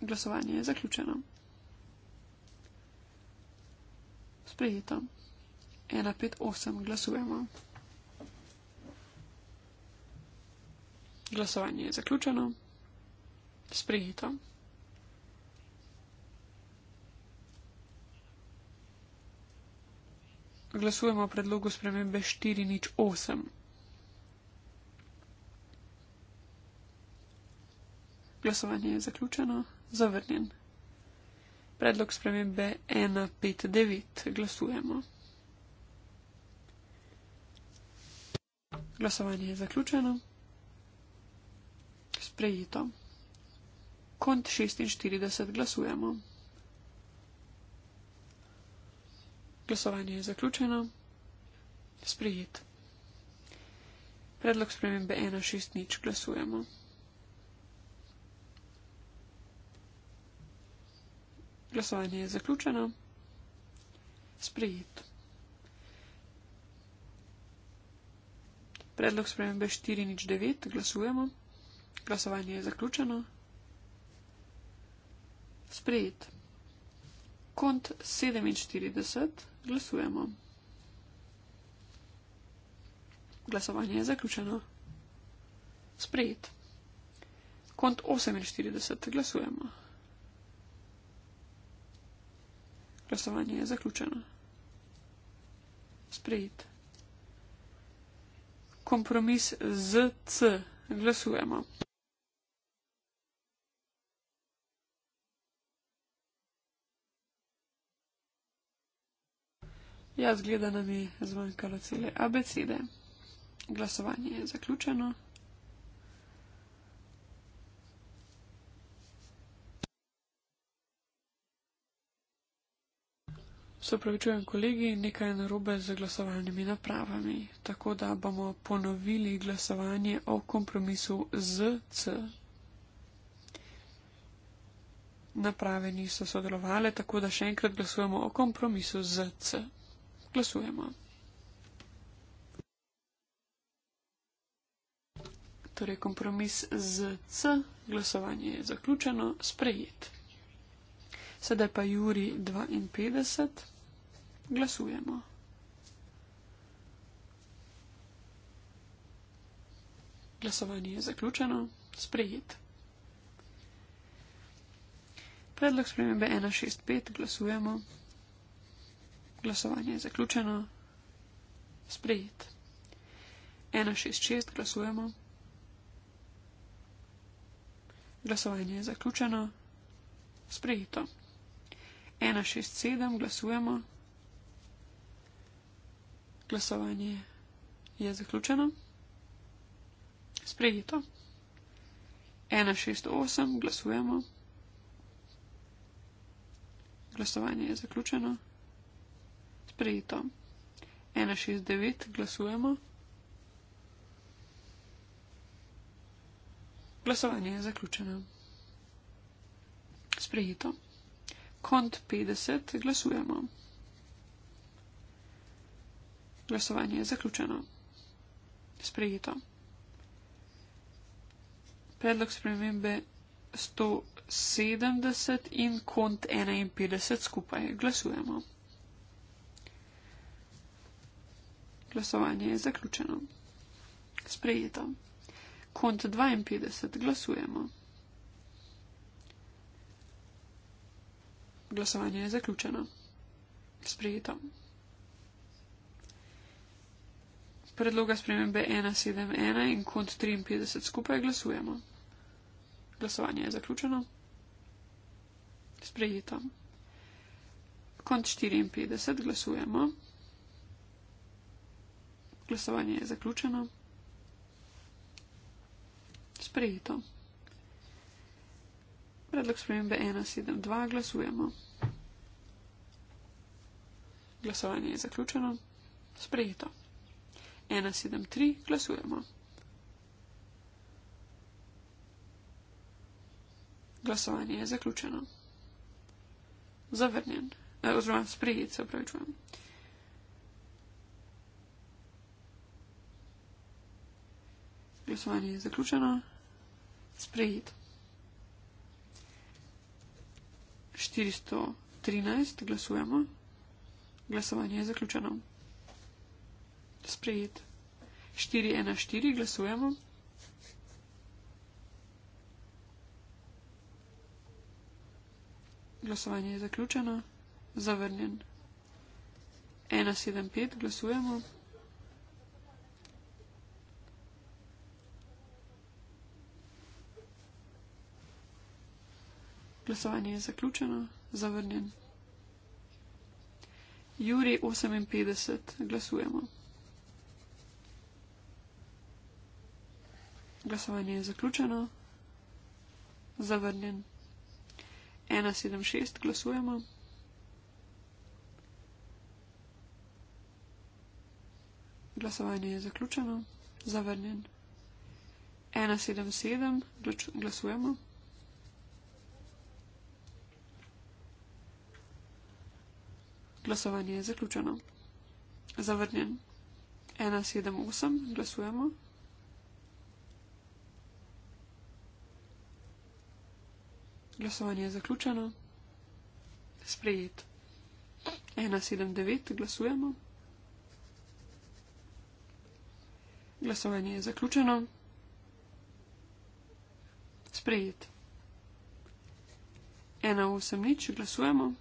Glasovanje je zaključeno. Sprejeto. 1.5.8 glasujemo. Glasovanje je zaključeno. Sprejeto. glasujemo o predlogu spremembe 408. Glasovanje je zaključeno, zavrnjen. Predlog spremembe 159 glasujemo. Glasovanje je zaključeno, sprejeto. Kont 46 glasujemo. Glasovanje je zaključeno. Sprijet. Predlog spremembe 1.6 nič glasujemo. Glasovanje je zaključeno. Sprijet. Predlog spremembe 4.9 glasujemo. Glasovanje je zaključeno. Sprijet. Kont 47. Glasujemo. Glasovanje je zaključeno. Sprejet. Kont 48. Glasujemo. Glasovanje je zaključeno. Sprejet. Kompromis z C. Glasujemo. Ja, zgleda nam je zmanjkalo cele abecede. Glasovanje je zaključeno. Se upravičujem, kolegi, nekaj je narobe z glasovalnimi napravami, tako da bomo ponovili glasovanje o kompromisu z C. Naprave niso sodelovale, tako da še enkrat glasujemo o kompromisu z C. Glasujemo. Torej, kompromis z C, glasovanje je zaključeno, sprejet. Sedaj pa Juri 52, glasujemo. Glasovanje je zaključeno, sprejet. Predlog spremembe 165, glasujemo. Glasovanje je zaključeno. Sprejet. 166 glasujemo. Glasovanje je zaključeno. Sprejeto. 167 glasujemo. Glasovanje je zaključeno. Sprejeto. 168 glasujemo. Glasovanje je zaključeno sprejeto. 169 glasujemo. Glasovanje je zaključeno. Sprejeto. Kont 50 glasujemo. Glasovanje je zaključeno. Sprejeto. Predlog spremembe 170 in kont 51 skupaj glasujemo. Glasovanje je zaključeno. Sprejeto. Kont 52. Glasujemo. Glasovanje je zaključeno. Sprejeto. Predloga spremembe 171 in kont 53 skupaj glasujemo. Glasovanje je zaključeno. Sprejeto. Kont 54 glasujemo. Glasovanje je zaključeno. Sprejeto. Predlog spremembe 1.7.2. Glasujemo. Glasovanje je zaključeno. Sprejeto. 1.7.3. Glasujemo. Glasovanje je zaključeno. Zavrnjen. Eh, oziroma sprejet, se opravičujem. Glasovanje je zaključeno. Sprejet. 413 glasujemo. Glasovanje je zaključeno. Sprejet. 414 glasujemo. Glasovanje je zaključeno. Zavrnjen. 175 glasujemo. Glasovanje je zaključeno, zavrnjen. Juri 58, glasujemo. Glasovanje je zaključeno, zavrnjen. 176, glasujemo. Glasovanje je zaključeno, zavrnjen. 177, glasujemo. Glasovanje je zaključeno. Zavrnjen. 178, glasujemo. Glasovanje je zaključeno. Sprejet. 179, glasujemo. Glasovanje je zaključeno. Sprejet. 180, glasujemo.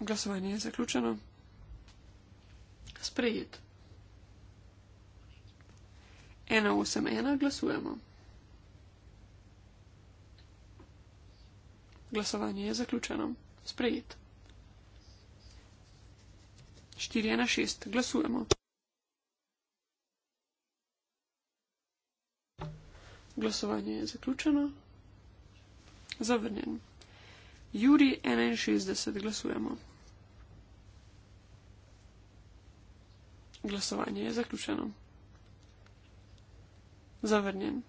Glasovanje je zaključeno. Sprejet. 181 glasujemo. Glasovanje je zaključeno. Sprejet. 416 glasujemo. Glasovanje je zaključeno. Zavrnjen. Juri 61 glasujemo. Glasovanje je zaključeno. Zavrnjen.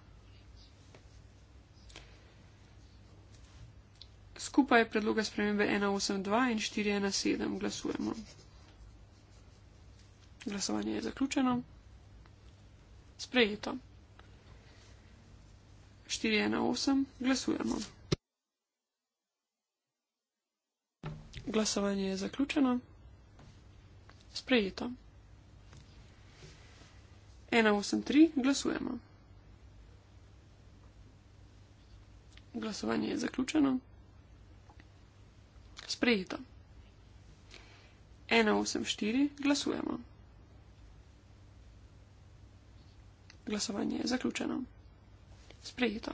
Skupaj predloga spremembe 182 in 417 glasujemo. Glasovanje je zaključeno. Sprejeto. 418 glasujemo. Glasovanje je zaključeno. Sprejeto. 183, glasujemo. Glasovanje je zaključeno. Sprejeto. 184, glasujemo. Glasovanje je zaključeno. Sprejeto.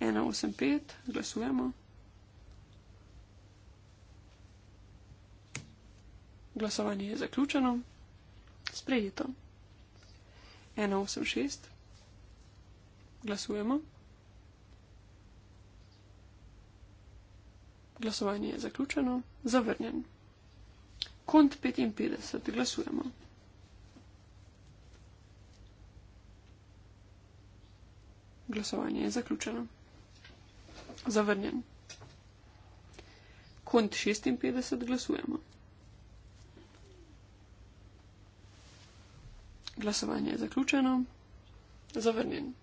185, glasujemo. Glasovanje je zaključeno. Sprejeto. 186, glasujemo. Glasovanje je zaključeno, zavrnjen. Kont 55, glasujemo. Glasovanje je zaključeno, zavrnjen. Kont 56, glasujemo. Glasovanje je zaključeno. Zavrnjen.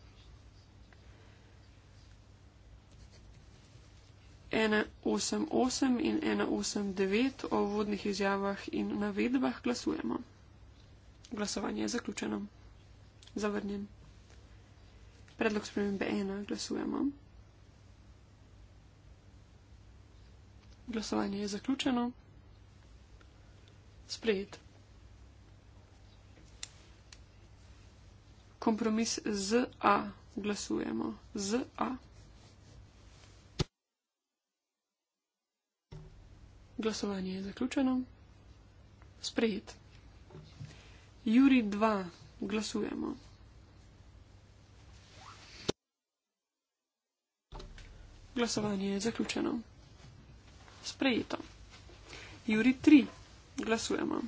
Ena osem osem in ena osem devet o vodnih izjavah in navedbah glasujemo. Glasovanje je zaključeno. Zavrnjen. Predlog spremembe ena glasujemo. Glasovanje je zaključeno. Sprejet. kompromis z A. Glasujemo z A. Glasovanje je zaključeno. Sprejet. Juri 2. Glasujemo. Glasovanje je zaključeno. Sprejeto. Juri 3. Glasujemo.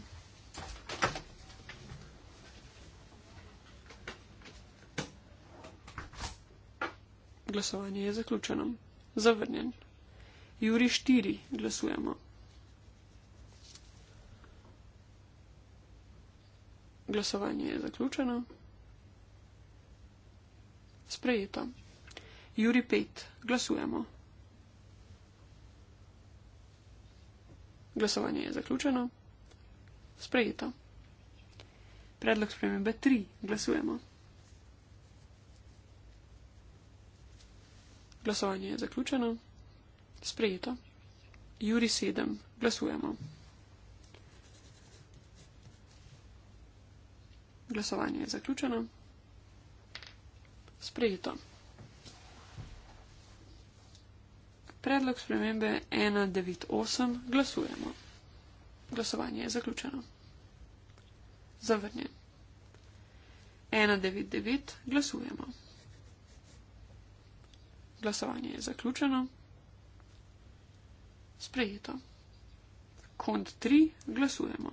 glasovanje je zaključeno. Zavrnjen. Juri 4 glasujemo. Glasovanje je zaključeno. Sprejeto. Juri 5 glasujemo. Glasovanje je zaključeno. Sprejeto. Predlog spremembe 3 glasujemo. Glasovanje je zaključeno. Sprejeto. Juri 7. Glasujemo. Glasovanje je zaključeno. Sprejeto. Predlog spremembe 198. Glasujemo. Glasovanje je zaključeno. Zavrnjen. 199. Glasujemo. Glasovanje je zaključeno. Sprejeto. Kont 3 glasujemo.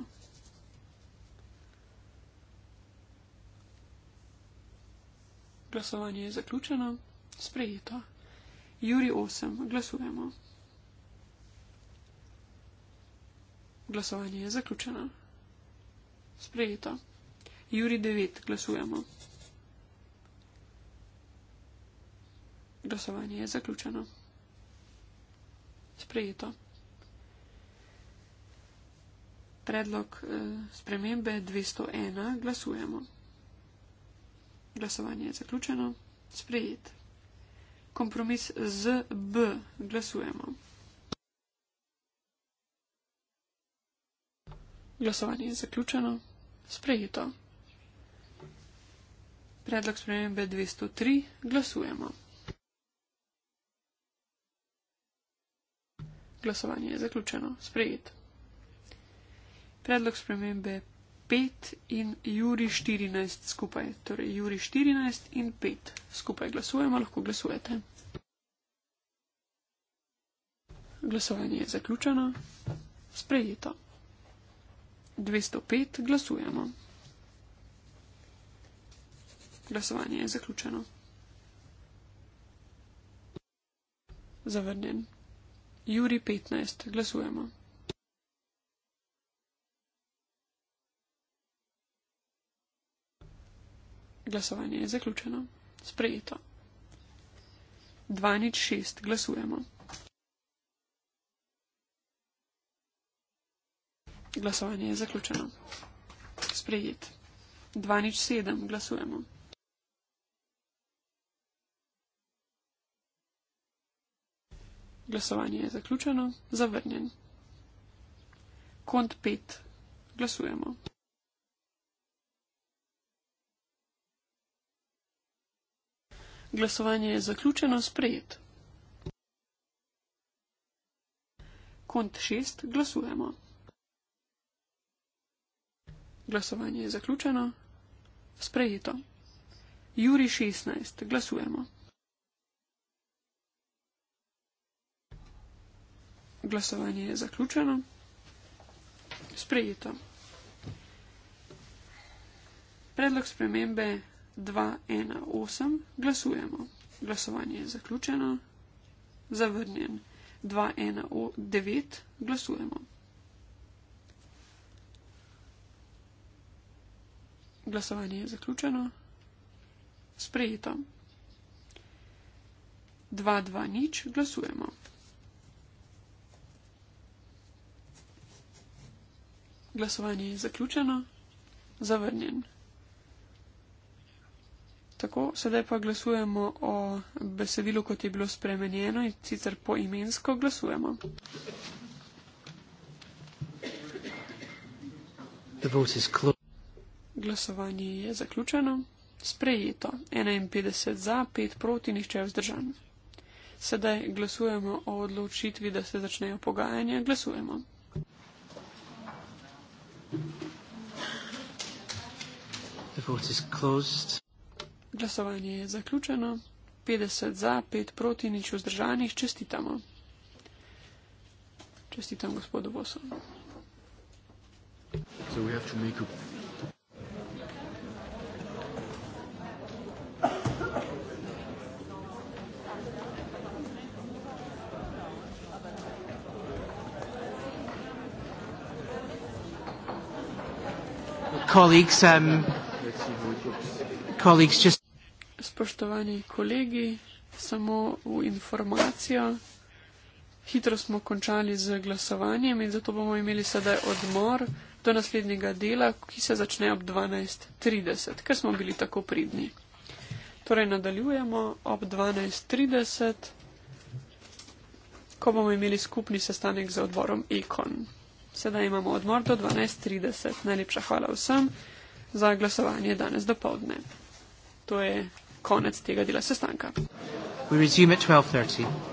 Glasovanje je zaključeno. Sprejeto. Juri 8 glasujemo. Glasovanje je zaključeno. Sprejeto. Juri 9 glasujemo. Glasovanje je zaključeno. Sprejeto. Predlog eh, spremembe 201. Glasujemo. Glasovanje je zaključeno. Sprejet. Kompromis z B. Glasujemo. Glasovanje je zaključeno. Sprejeto. Predlog spremembe 203. Glasujemo. Glasovanje je zaključeno. Sprejet. Predlog spremembe 5 in Juri 14 skupaj. Torej Juri 14 in 5 skupaj glasujemo, lahko glasujete. Glasovanje je zaključeno. Sprejeto. 205 glasujemo. Glasovanje je zaključeno. Zavrnjen. Juri 15. Glasujemo. Glasovanje je zaključeno. Sprejeto. 26. Glasujemo. Glasovanje je zaključeno. Sprejet. 27. Glasujemo. Glasovanje je zaključeno. Zavrnjen. Kont 5. Glasujemo. Glasovanje je zaključeno. Sprejet. Kont 6. Glasujemo. Glasovanje je zaključeno. Sprejeto. Juri 16. Glasujemo. Glasovanje je zaključeno. Sprejeto. Predlog spremembe 2.1.8. Glasujemo. Glasovanje je zaključeno. Zavrnjen. 2.1.9. Glasujemo. Glasovanje je zaključeno. Sprejeto. 2.2.0. Glasujemo. 2.2.0. glasovanje je zaključeno, zavrnjen. Tako, sedaj pa glasujemo o besedilu, kot je bilo spremenjeno in sicer poimensko glasujemo. Glasovanje je zaključeno, sprejeto. 51 za, 5 proti, nihče vzdržan. Sedaj glasujemo o odločitvi, da se začnejo pogajanja. Glasujemo. Glasovanje je zaključeno. 50 za, 5 proti, nič vzdržanih. Čestitamo. Čestitam gospodu Bosu. So we have to make a colleagues, um, colleagues just... Spoštovani kolegi, samo v informacijo. Hitro smo končali z glasovanjem in zato bomo imeli sedaj odmor do naslednjega dela, ki se začne ob 12.30, ker smo bili tako pridni. Torej nadaljujemo ob 12.30, ko bomo imeli skupni sestanek z odborom Ekon. Sedaj imamo odmor do 12.30. Najlepša hvala vsem za glasovanje danes do povdne. To je konec tega dela sestanka. We resume at 12.30.